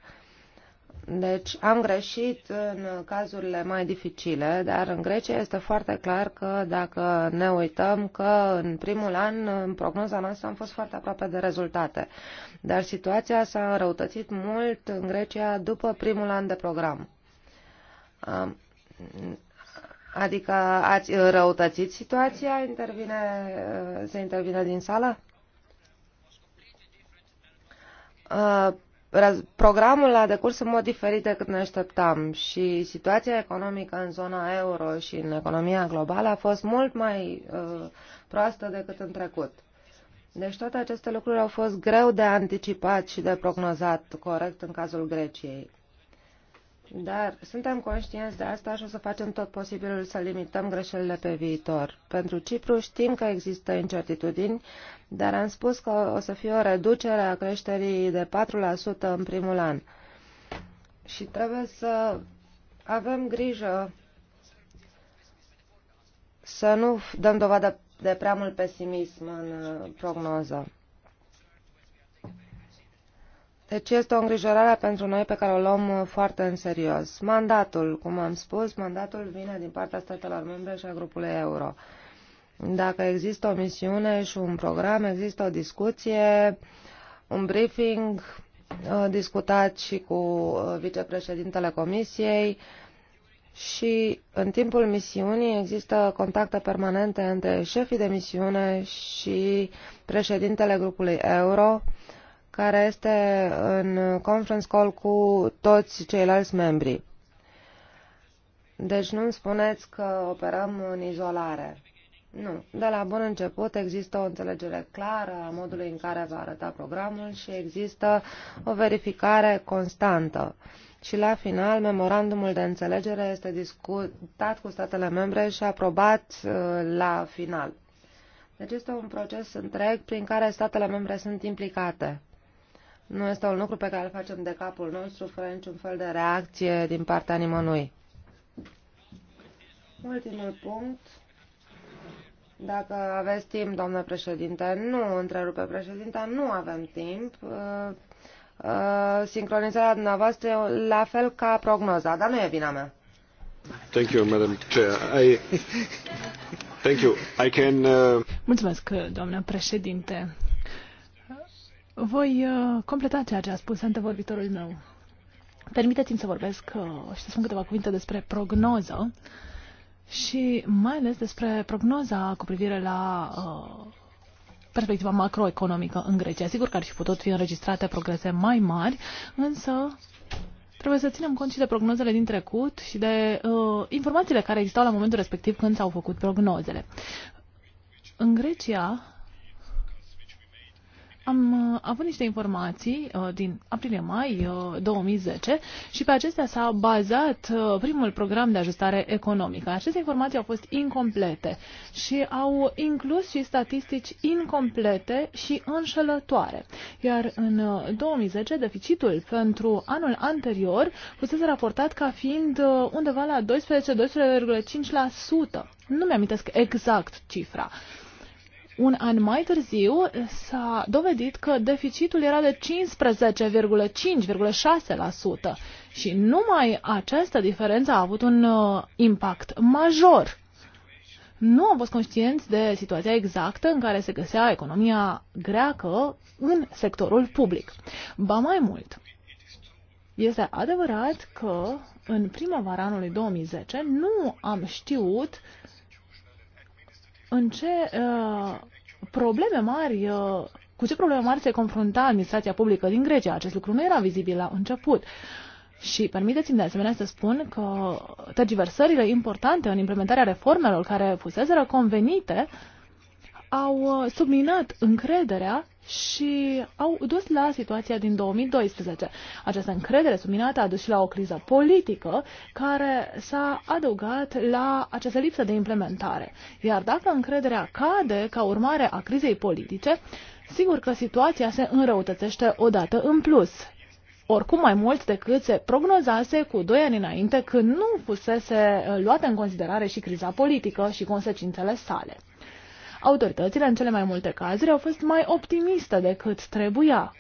Deci am greșit în cazurile mai dificile, dar în Grecia este foarte clar că dacă ne uităm că în primul an, în prognoza noastră, am fost foarte aproape de rezultate. Dar situația s-a răutățit mult în Grecia după primul an de program. Adică ați răutățit situația? Intervine, se intervine din sală? Uh, programul a decurs în mod diferit decât ne așteptam și situația economică în zona euro și în economia globală a fost mult mai uh, proastă decât în trecut. Deci toate aceste lucruri au fost greu de anticipat și de prognozat corect în cazul Greciei. Dar suntem conștienți de asta și o să facem tot posibilul să limităm greșelile pe viitor. Pentru Cipru știm că există incertitudini, dar am spus că o să fie o reducere a creșterii de 4% în primul an. Și trebuie să avem grijă să nu dăm dovadă de prea mult pesimism în uh, prognoză. Deci este o îngrijorare pentru noi pe care o luăm uh, foarte în serios. Mandatul, cum am spus, mandatul vine din partea statelor membre și a grupului euro. Dacă există o misiune și un program, există o discuție, un briefing uh, discutat și cu uh, vicepreședintele Comisiei și în timpul misiunii există contacte permanente între șefii de misiune și președintele grupului Euro, care este în conference call cu toți ceilalți membri. Deci nu-mi spuneți că operăm în izolare. Nu. De la bun început există o înțelegere clară a modului în care va arăta programul și există o verificare constantă. Și la final, memorandumul de înțelegere este discutat cu statele membre și aprobat uh, la final. Deci este un proces întreg prin care statele membre sunt implicate. Nu este un lucru pe care îl facem de capul nostru fără niciun fel de reacție din partea nimănui. Ultimul punct dacă aveți timp, doamnă președinte, nu întrerupe președinta, nu avem timp. Uh, uh, sincronizarea dumneavoastră la fel ca prognoza, dar nu e vina mea. Thank you, Madam Chair. I... Thank you. I can, uh... Mulțumesc, doamnă președinte. Voi uh, completa ceea ce a spus antevorbitorul meu. Permiteți-mi să vorbesc uh, și să spun câteva cuvinte despre prognoză. Uh, și mai ales despre prognoza cu privire la uh, perspectiva macroeconomică în Grecia. Sigur că ar fi putut fi înregistrate progrese mai mari, însă trebuie să ținem cont și de prognozele din trecut și de uh, informațiile care existau la momentul respectiv când s-au făcut prognozele. În Grecia, am uh, avut niște informații uh, din aprilie-mai 2010 uh, și pe acestea s-a bazat primul program de ajustare economică. Aceste informații au fost incomplete și au inclus și statistici incomplete și înșelătoare. Iar în 2010 deficitul pentru anul anterior fusese raportat ca fiind undeva la 12-12,5%. Nu mi-amintesc exact cifra un an mai târziu s-a dovedit că deficitul era de 15,5-6% și numai această diferență a avut un uh, impact major. Nu am fost conștienți de situația exactă în care se găsea economia greacă în sectorul public. Ba mai mult, este adevărat că în primăvara anului 2010 nu am știut uh, în ce uh, probleme mari, uh, cu ce probleme mari se confrunta administrația publică din Grecia. Acest lucru nu era vizibil la început. Și permiteți-mi de asemenea să spun că tergiversările importante în implementarea reformelor care fuseseră convenite au uh, subminat încrederea și au dus la situația din 2012. Această încredere subminată a dus și la o criză politică care s-a adăugat la această lipsă de implementare. Iar dacă încrederea cade ca urmare a crizei politice, sigur că situația se înrăutățește odată în plus. Oricum mai mult decât se prognozase cu doi ani înainte când nu fusese uh, luată în considerare și criza politică și consecințele sale. Autoritățile, în cele mai multe cazuri, au fost mai optimiste decât trebuia.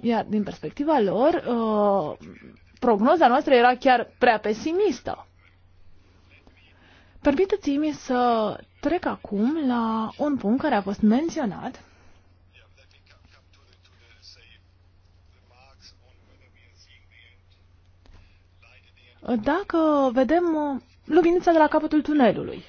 Iar din perspectiva lor, uh, prognoza noastră era chiar prea pesimistă. Permiteți-mi să trec acum la un punct care a fost menționat dacă vedem uh, luminița de la capătul tunelului.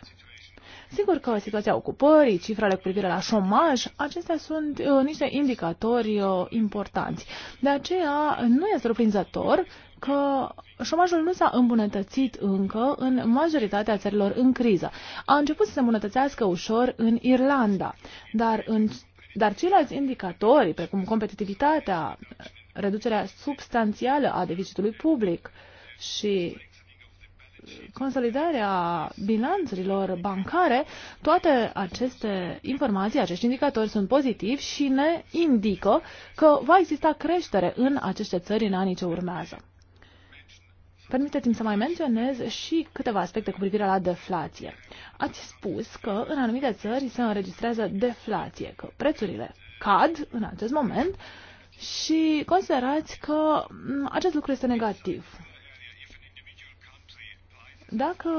Sigur că situația ocupării, cifrele cu privire la șomaj, acestea sunt uh, niște indicatori uh, importanți. De aceea nu e surprinzător că șomajul nu s-a îmbunătățit încă în majoritatea țărilor în criză. A început să se îmbunătățească ușor în Irlanda, dar, în, dar ceilalți indicatori, precum competitivitatea, reducerea substanțială a deficitului public și consolidarea bilanțurilor bancare, toate aceste informații, acești indicatori sunt pozitivi și ne indică că va exista creștere în aceste țări în anii ce urmează. Permiteți-mi să mai menționez și câteva aspecte cu privire la deflație. Ați spus că în anumite țări se înregistrează deflație, că prețurile cad în acest moment și considerați că acest lucru este negativ. Dacă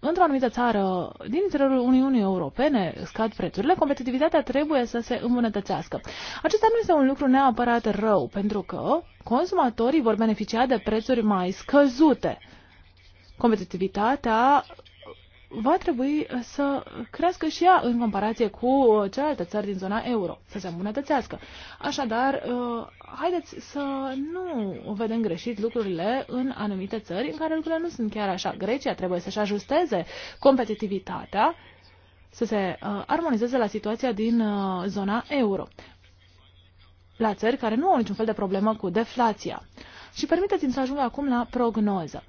într-o anumită țară din interiorul Uniunii Europene scad prețurile, competitivitatea trebuie să se îmbunătățească. Acesta nu este un lucru neapărat rău, pentru că consumatorii vor beneficia de prețuri mai scăzute. Competitivitatea va trebui să crească și ea în comparație cu celelalte țări din zona euro, să se îmbunătățească. Așadar, uh, haideți să nu vedem greșit lucrurile în anumite țări în care lucrurile nu sunt chiar așa. Grecia trebuie să-și ajusteze competitivitatea, să se uh, armonizeze la situația din uh, zona euro, la țări care nu au niciun fel de problemă cu deflația. Și permiteți-mi să ajung acum la prognoză.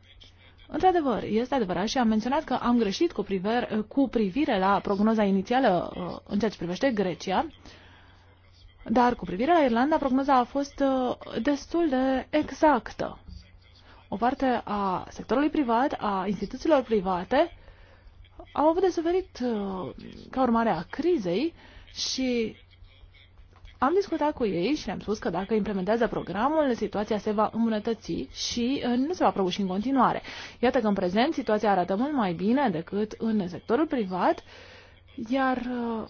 Într-adevăr, este adevărat și am menționat că am greșit cu, priver, cu privire la prognoza inițială uh, în ceea ce privește Grecia, dar cu privire la Irlanda, prognoza a fost uh, destul de exactă. O parte a sectorului privat, a instituțiilor private, au avut de suferit uh, ca urmare a crizei și am discutat cu ei și le-am spus că dacă implementează programul, situația se va îmbunătăți și uh, nu se va prăbuși în continuare. Iată că în prezent situația arată mult mai bine decât în sectorul privat, iar uh,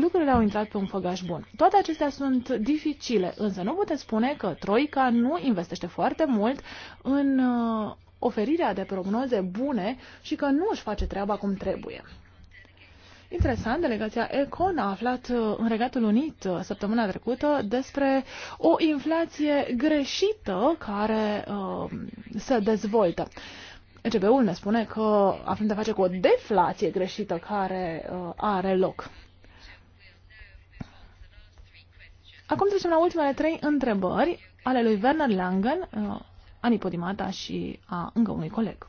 lucrurile au intrat pe un făgaș bun. Toate acestea sunt dificile, însă nu puteți spune că Troica nu investește foarte mult în uh, oferirea de prognoze bune și că nu își face treaba cum trebuie. Interesant, delegația Econ a aflat uh, în Regatul Unit uh, săptămâna trecută despre o inflație greșită care uh, se dezvoltă. ECB-ul ne spune că avem de face cu o deflație greșită care uh, are loc. Acum trecem la ultimele trei întrebări ale lui Werner Langen, uh, Anipodimata și a încă unui coleg.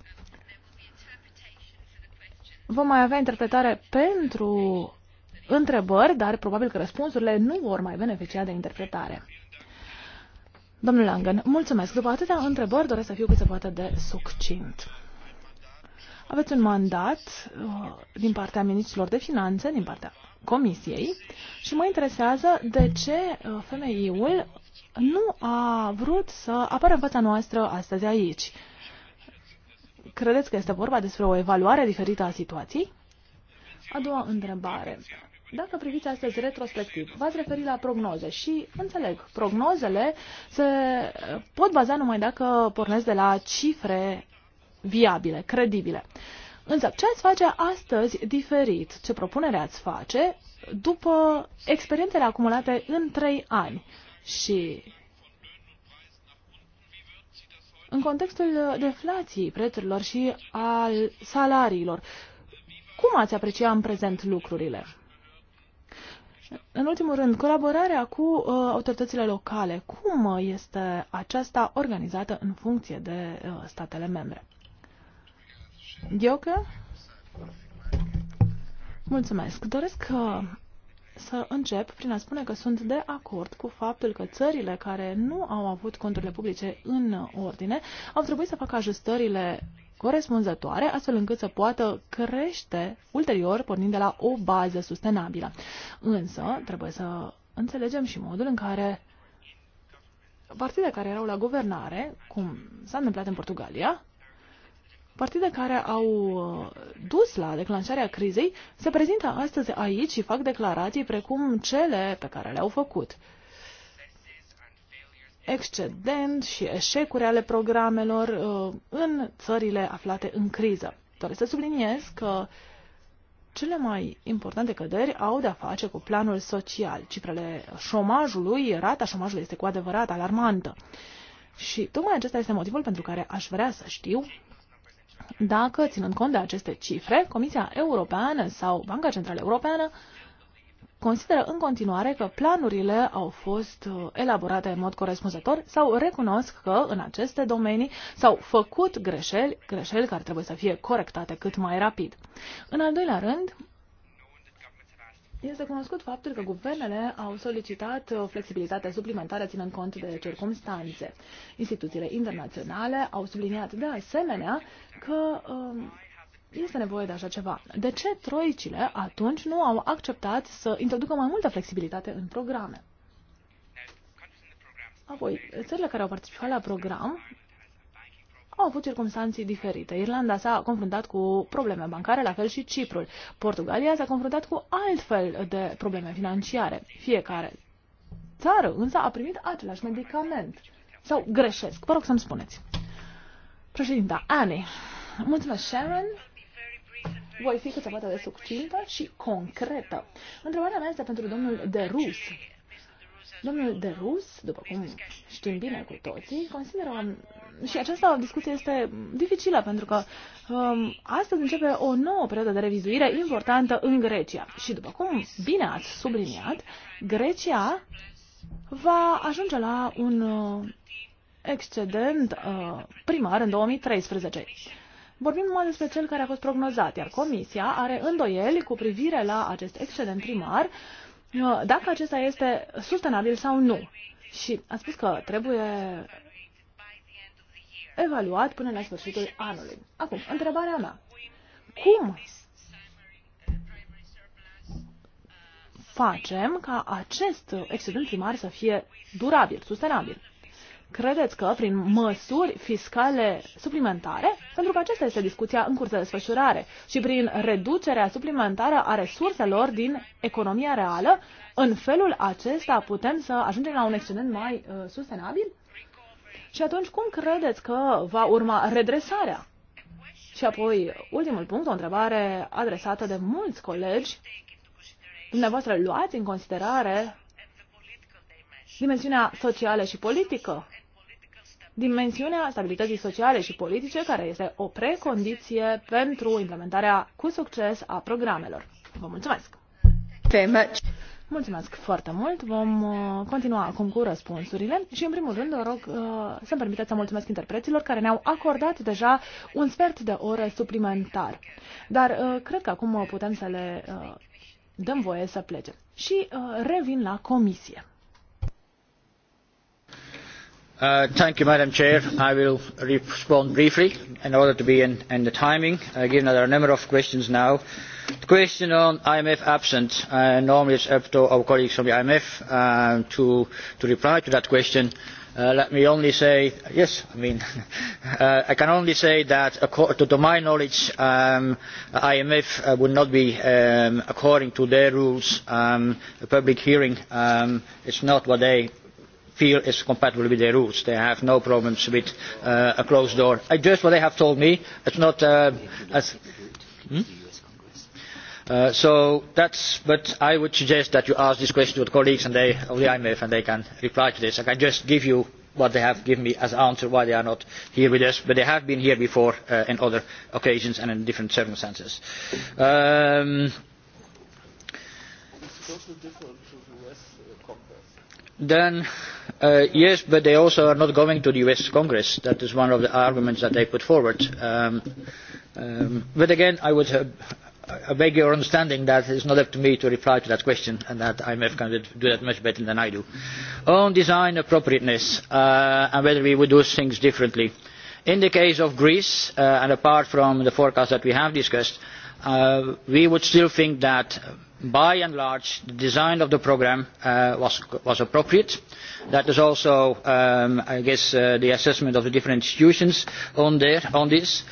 Vom mai avea interpretare pentru întrebări, dar probabil că răspunsurile nu vor mai beneficia de interpretare. Domnul Langen, mulțumesc. După atâtea întrebări, doresc să fiu cât se poate de succint. Aveți un mandat uh, din partea ministrilor de finanțe, din partea comisiei și mă interesează de ce uh, femeiul nu a vrut să apară în fața noastră astăzi aici. Credeți că este vorba despre o evaluare diferită a situației? A doua întrebare. Dacă priviți astăzi retrospectiv, v-ați referit la prognoze și, înțeleg, prognozele se pot baza numai dacă pornesc de la cifre viabile, credibile. Însă, ce ați face astăzi diferit? Ce propunere ați face după experiențele acumulate în trei ani? Și în contextul deflației prețurilor și al salariilor. Cum ați aprecia în prezent lucrurile? În ultimul rând, colaborarea cu uh, autoritățile locale. Cum este aceasta organizată în funcție de uh, statele membre? Gheocă? Mulțumesc. Doresc uh, să încep prin a spune că sunt de acord cu faptul că țările care nu au avut conturile publice în ordine au trebuit să facă ajustările corespunzătoare, astfel încât să poată crește ulterior, pornind de la o bază sustenabilă. Însă, trebuie să înțelegem și modul în care partidele care erau la guvernare, cum s-a întâmplat în Portugalia, partide care au uh, dus la declanșarea crizei se prezintă astăzi aici și fac declarații precum cele pe care le-au făcut. Excedent și eșecuri ale programelor uh, în țările aflate în criză. Doresc să subliniez că cele mai importante căderi au de-a face cu planul social. Cifrele șomajului, rata șomajului este cu adevărat alarmantă. Și tocmai acesta este motivul pentru care aș vrea să știu dacă, ținând cont de aceste cifre, Comisia Europeană sau Banca Centrală Europeană consideră în continuare că planurile au fost uh, elaborate în mod corespunzător sau recunosc că în aceste domenii s-au făcut greșeli, greșeli care trebuie să fie corectate cât mai rapid. În al doilea rând, este cunoscut faptul că guvernele au solicitat o uh, flexibilitate suplimentară ținând cont de circumstanțe. Instituțiile internaționale au subliniat de asemenea că um, este nevoie de așa ceva. De ce troicile atunci nu au acceptat să introducă mai multă flexibilitate în programe? Apoi, țările care au participat la program au avut circunstanții diferite. Irlanda s-a confruntat cu probleme bancare, la fel și Ciprul. Portugalia s-a confruntat cu altfel de probleme financiare. Fiecare țară însă a primit același medicament. Sau greșesc, vă rog să-mi spuneți. Președinta, Annie, mulțumesc, Sharon. Voi fi cât se poate de succintă și concretă. Întrebarea mea este pentru domnul De Rus. Domnul De Rus, după cum știm bine cu toții, consideră și această discuție este dificilă pentru că um, astăzi începe o nouă perioadă de revizuire importantă în Grecia. Și după cum bine ați subliniat, Grecia va ajunge la un uh, excedent uh, primar în 2013. Vorbim numai despre cel care a fost prognozat, iar Comisia are îndoieli cu privire la acest excedent primar uh, Uh, dacă acesta este sustenabil sau nu. Și a spus că trebuie evaluat până la sfârșitul anului. Acum, întrebarea mea. Cum facem ca acest excedent primar să fie durabil, sustenabil? credeți că prin măsuri fiscale suplimentare, pentru că aceasta este discuția în curs de desfășurare, și prin reducerea suplimentară a resurselor din economia reală, în felul acesta putem să ajungem la un excedent mai uh, sustenabil? Și atunci cum credeți că va urma redresarea? Și apoi, ultimul punct, o întrebare adresată de mulți colegi. Dumneavoastră luați în considerare dimensiunea socială și politică dimensiunea stabilității sociale și politice, care este o precondiție pentru implementarea cu succes a programelor. Vă mulțumesc! Mulțumesc foarte mult. Vom uh, continua acum cu răspunsurile și, în primul rând, vă rog uh, să-mi permiteți să mulțumesc interpreților care ne-au acordat deja un sfert de oră suplimentar. Dar uh, cred că acum putem să le dăm voie să plece. Și revin la comisie. Uh, thank you, Madam Chair. I will respond briefly in order to be in, the timing, uh, given that there are a number of questions now. The question on IMF absence, uh, normally is up to our colleagues from the IMF uh, to, reply to that question. let me only say yes i mean [LAUGHS] i can only say that to, to my knowledge the um, imf would not be um, according to their rules um, a public hearing is not what they feel is compatible with their roots. They have no problems with uh, a closed door. I just what they have told me. It's not uh, as. Hmm? Uh, so that's, but I would suggest that you ask this question to the colleagues and they, of the IMF and they can reply to this. I can just give you what they have given me as answer why they are not here with us, but they have been here before uh, in other occasions and in different circumstances. Um, it's also different then uh, yes but they also are not going to the us congress that is one of the arguments that they put forward um, um, but again i would uh, I beg your understanding that it is not up to me to reply to that question and that IMF can do that much better than I do. On design appropriateness uh, and whether we would do things differently. In the case of Greece, uh, and apart from the forecast that we have discussed, Uh, we would still think that by and large the design of the programme uh, was, appropriate. that is also um, i guess uh, the assessment of the different institutions on, this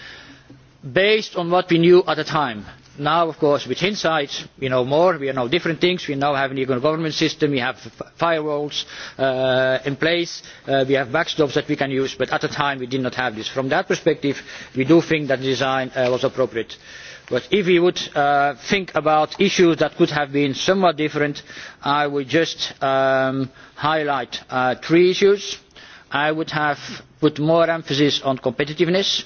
based on what we knew at the time. now of course with hindsight we know more we know different things we now have an equal government system we have firewalls in place we have backstops that we can use but at the time we did not have this. from that perspective we do think that the design was appropriate but if we would to uh, think about issues that could have been somewhat different i would just um, highlight uh, three issues. i would have put more emphasis on competitiveness.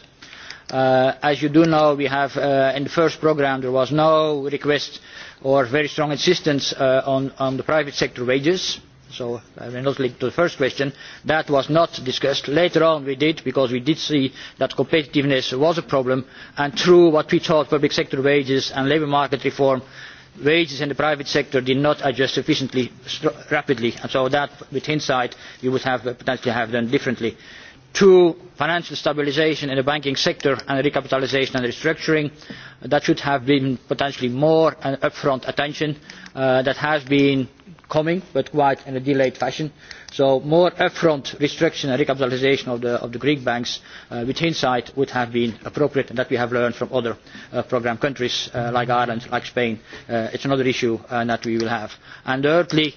Uh, as you do know we have in the first programme there was no request or very strong insistence on, on the private sector wages so i will not link to the first question that was not discussed. later on we did because we did see that competitiveness was a problem and through what we thought public sector wages and labour market reform wages in the private sector did not adjust sufficiently rapidly and so that with hindsight we would have uh, potentially have done differently. To financial stabilisation in the banking sector and recapitalisation and restructuring that should have been potentially more up front attention uh, that has been coming but quite in a delayed fashion so more up front restructuring and recapitalisation of the, greek banks uh, with hindsight would have been appropriate and that we have learned from other uh, programme countries like ireland like spain it is another issue that we will have. and thirdly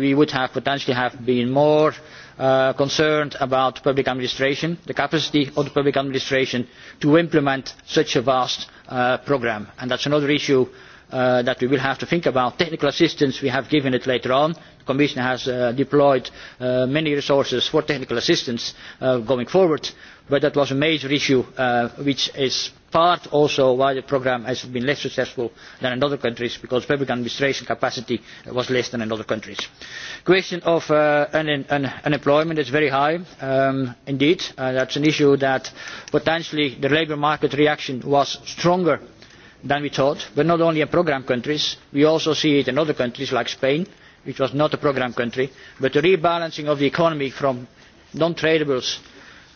we would have potentially have been more Uh, concerned about public administration the capacity of the public administration to implement such a vast uh, programme and that is another issue uh, that we will have to think about. technical assistance we have given it later on the commission has deployed many resources for technical assistance going forward but that was a major issue which is part also why the programme has been less successful than in other countries because public administration capacity was less than in other countries. the question of uh, unemployment is very high um, indeed. and uh, that is an issue that potentially the labour market reaction was stronger than we thought but not only in programme countries we also see it in other countries like spain which was not a programme country but the rebalancing of the economy from non tradables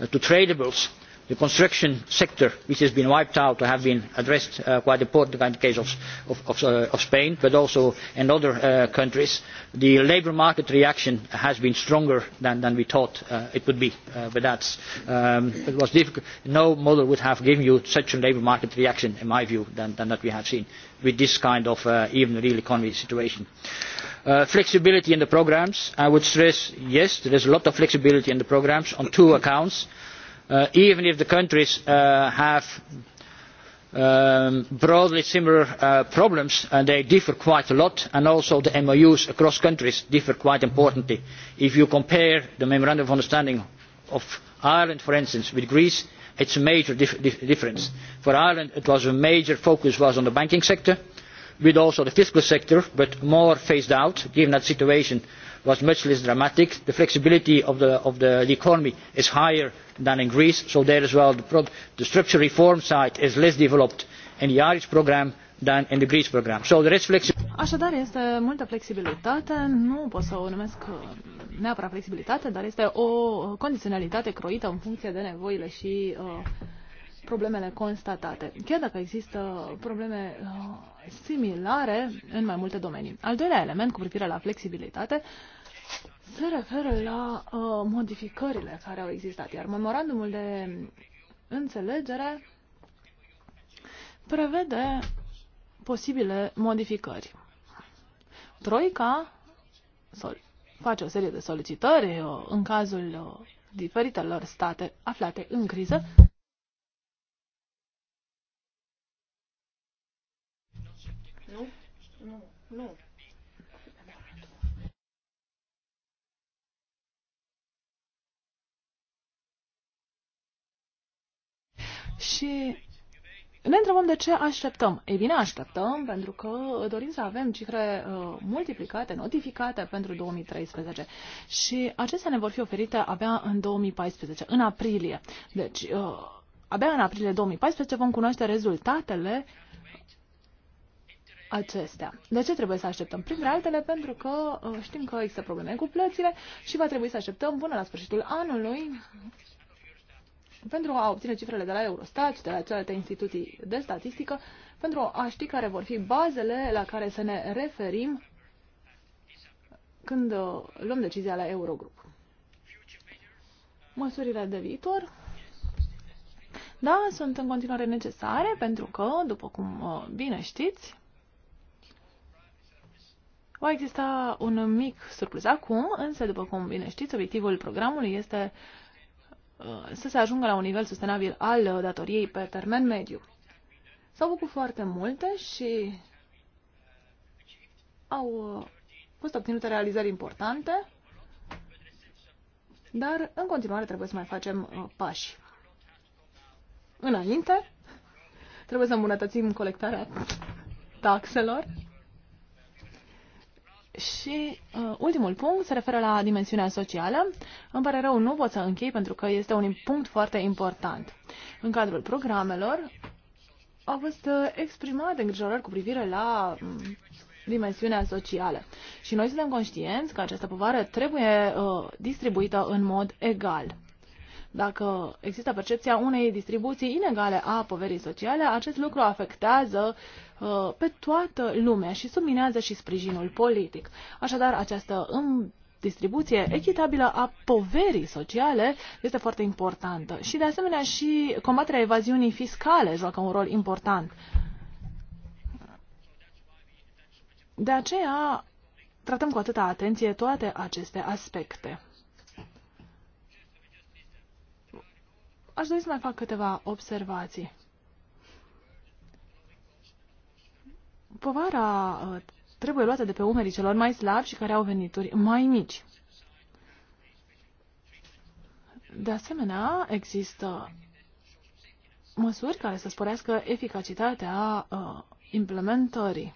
uh, to tradables the construction sector which has been wiped out have been addressed uh, quite importantly in the case uh, of, spain but also in other uh, countries. the labour market reaction has been stronger than, we thought it would be but that um, was difficult. no model would have given you such a labour market reaction in my view than, that we have seen with this kind of even real economy situation. flexibility in the programmes i would stress yes there is a lot of flexibility in the programmes on two accounts. Uh, even if the countries uh, have um, broadly similar uh, problems and they differ quite a lot and also the MOUs across countries differ quite importantly. If you compare the Memorandum of Understanding of Ireland, for instance, with Greece, it's a major difference. For Ireland, it was a major focus was on the banking sector, with also the fiscal sector, but more phased out, given that situation was much less dramatic. the flexibility of the, economy is higher than in greece so there as well the, structural reform side is less developed in the irish programme than in the greek programme. so there is flexibility. așadar este multă flexibilitate nu pot să o numesc uh, neapărat flexibilitate dar este o condiționalitate croită în funcție de nevoile și uh, problemele constatate, chiar dacă există probleme uh, similare în mai multe domenii. Al doilea element cu privire la flexibilitate se referă la uh, modificările care au existat, iar memorandumul de înțelegere prevede posibile modificări. Troica face o serie de solicitări uh, în cazul uh, diferitelor state aflate în criză Nu. Și ne întrebăm de ce așteptăm. Ei bine, așteptăm pentru că dorim să avem cifre uh, multiplicate, notificate pentru 2013 și acestea ne vor fi oferite abia în 2014, în aprilie. Deci, uh, abia în aprilie 2014 vom cunoaște rezultatele uh, acestea. De ce trebuie să așteptăm? Printre altele, pentru că uh, știm că există probleme cu plățile și va trebui să așteptăm până la sfârșitul anului pentru a obține cifrele de la Eurostat și de la celelalte instituții de statistică, pentru a ști care vor fi bazele la care să ne referim când uh, luăm decizia la Eurogrup. Măsurile de viitor da, sunt în continuare necesare pentru că, după cum uh, bine știți, Va exista un mic surpriz acum, însă, după cum bine știți, obiectivul programului este uh, să se ajungă la un nivel sustenabil al datoriei pe termen mediu. S-au făcut foarte multe și au uh, fost obținute realizări importante, dar în continuare trebuie să mai facem uh, pași. Înainte, trebuie să îmbunătățim colectarea taxelor și uh, ultimul punct se referă la dimensiunea socială. Îmi pare rău, nu pot să închei pentru că este un punct foarte important. În cadrul programelor au fost uh, exprimate îngrijorări cu privire la um, dimensiunea socială. Și noi suntem conștienți că această povară trebuie uh, distribuită în mod egal. Dacă există percepția unei distribuții inegale a poverii sociale, acest lucru afectează uh, pe toată lumea și subminează și sprijinul politic. Așadar, această distribuție echitabilă a poverii sociale este foarte importantă. Și, de asemenea, și combaterea evaziunii fiscale joacă un rol important. De aceea, tratăm cu atâta atenție toate aceste aspecte. Aș dori să mai fac câteva observații. Povara uh, trebuie luată de pe umerii celor mai slabi și care au venituri mai mici. De asemenea, există măsuri care să sporească eficacitatea uh, implementării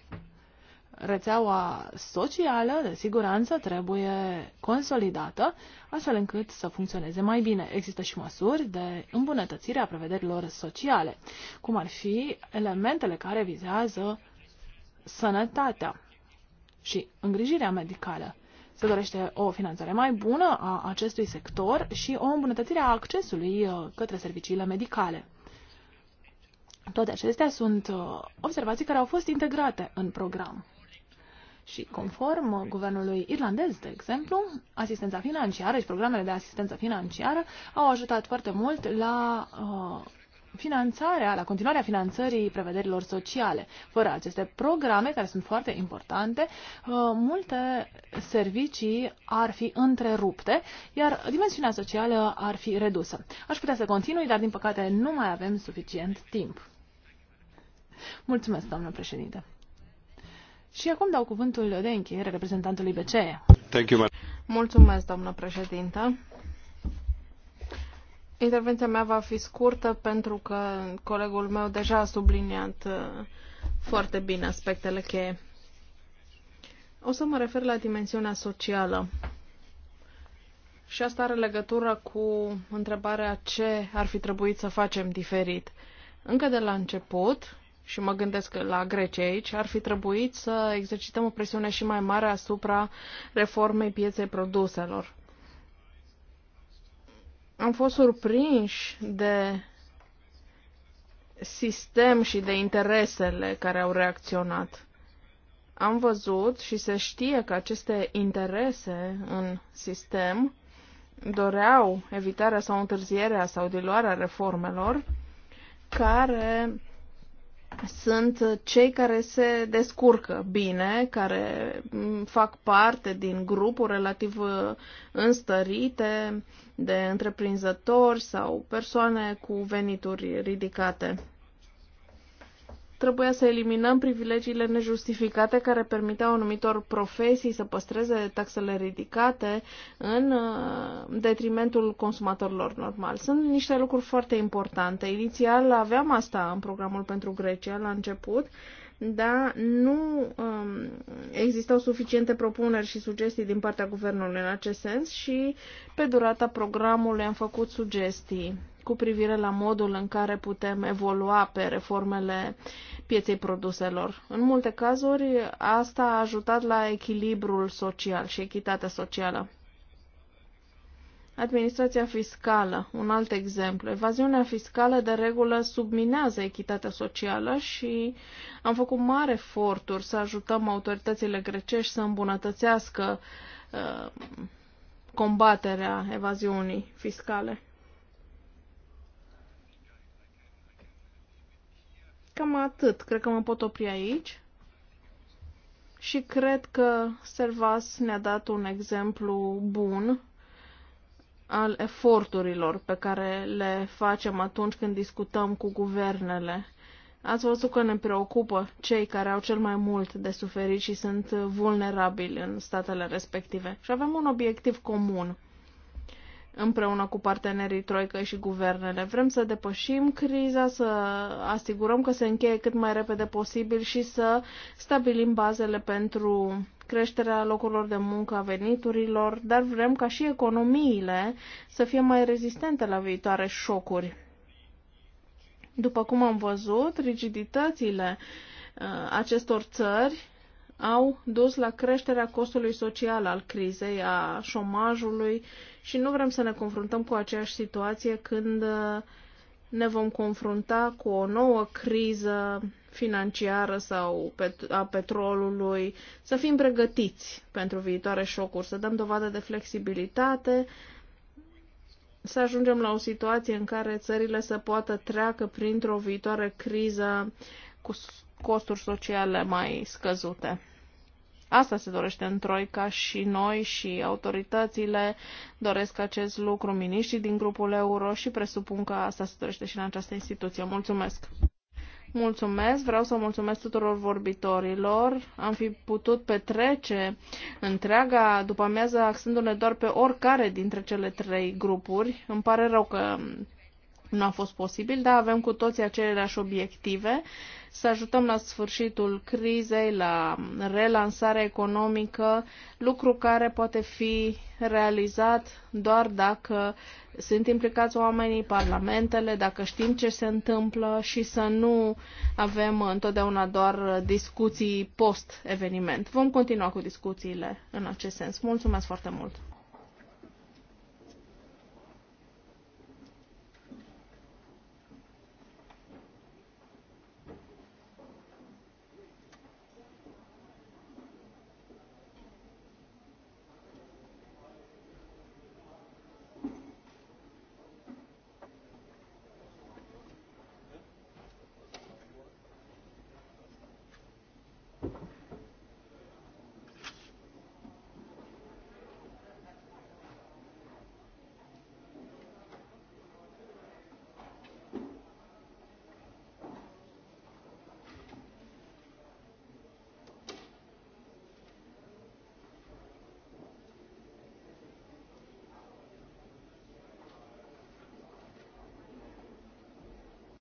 rețeaua socială de siguranță trebuie consolidată, astfel încât să funcționeze mai bine. Există și măsuri de îmbunătățire a prevederilor sociale, cum ar fi elementele care vizează sănătatea și îngrijirea medicală. Se dorește o finanțare mai bună a acestui sector și o îmbunătățire a accesului uh, către serviciile medicale. Toate acestea sunt uh, observații care au fost integrate în program. Și conform guvernului irlandez, de exemplu, asistența financiară și programele de asistență financiară au ajutat foarte mult la uh, finanțarea, la continuarea finanțării prevederilor sociale. Fără aceste programe, care sunt foarte importante, uh, multe servicii ar fi întrerupte, iar dimensiunea socială ar fi redusă. Aș putea să continui, dar din păcate nu mai avem suficient timp. Mulțumesc, doamnă președinte. Și acum dau cuvântul de încheiere reprezentantului BCE. Thank you, Mulțumesc, doamnă președintă. Intervenția mea va fi scurtă pentru că colegul meu deja a subliniat uh, foarte bine aspectele cheie. O să mă refer la dimensiunea socială. Și asta are legătură cu întrebarea ce ar fi trebuit să facem diferit. Încă de la început, și mă gândesc la Grecia aici, ar fi trebuit să exercităm o presiune și mai mare asupra reformei pieței produselor. Am fost surprinși de sistem și de interesele care au reacționat. Am văzut și se știe că aceste interese în sistem doreau evitarea sau întârzierea sau diluarea reformelor care sunt cei care se descurcă bine, care fac parte din grupuri relativ uh, înstărite de întreprinzători sau persoane cu venituri ridicate trebuia să eliminăm privilegiile nejustificate care permiteau anumitor profesii să păstreze taxele ridicate în uh, detrimentul consumatorilor normali. Sunt niște lucruri foarte importante. Inițial aveam asta în programul pentru Grecia la început, da, nu um, existau suficiente propuneri și sugestii din partea guvernului în acest sens și pe durata programului am făcut sugestii cu privire la modul în care putem evolua pe reformele pieței produselor. În multe cazuri, asta a ajutat la echilibrul social și echitatea socială. Administrația fiscală, un alt exemplu. Evaziunea fiscală de regulă subminează echitatea socială și am făcut mari eforturi să ajutăm autoritățile grecești să îmbunătățească uh, combaterea evaziunii fiscale. Cam atât. Cred că mă pot opri aici. Și cred că Servas ne-a dat un exemplu bun al eforturilor pe care le facem atunci când discutăm cu guvernele. Ați văzut că ne preocupă cei care au cel mai mult de suferit și sunt vulnerabili în statele respective. Și avem un obiectiv comun împreună cu partenerii Troică și guvernele. Vrem să depășim criza, să asigurăm că se încheie cât mai repede posibil și să stabilim bazele pentru creșterea locurilor de muncă, a veniturilor, dar vrem ca și economiile să fie mai rezistente la viitoare șocuri. După cum am văzut, rigiditățile uh, acestor țări au dus la creșterea costului social al crizei, a șomajului și nu vrem să ne confruntăm cu aceeași situație când uh, ne vom confrunta cu o nouă criză financiară sau pet- a petrolului, să fim pregătiți pentru viitoare șocuri, să dăm dovadă de flexibilitate, să ajungem la o situație în care țările să poată treacă printr-o viitoare criză cu costuri sociale mai scăzute. Asta se dorește în Troica și noi și autoritățile doresc acest lucru, miniștrii din grupul euro și presupun că asta se dorește și în această instituție. Mulțumesc! Mulțumesc, vreau să mulțumesc tuturor vorbitorilor. Am fi putut petrece întreaga după amiază axându-ne doar pe oricare dintre cele trei grupuri. Îmi pare rău că nu a fost posibil, dar avem cu toții aceleași obiective, să ajutăm la sfârșitul crizei, la relansarea economică, lucru care poate fi realizat doar dacă sunt implicați oamenii, parlamentele, dacă știm ce se întâmplă și să nu avem întotdeauna doar discuții post-eveniment. Vom continua cu discuțiile în acest sens. Mulțumesc foarte mult!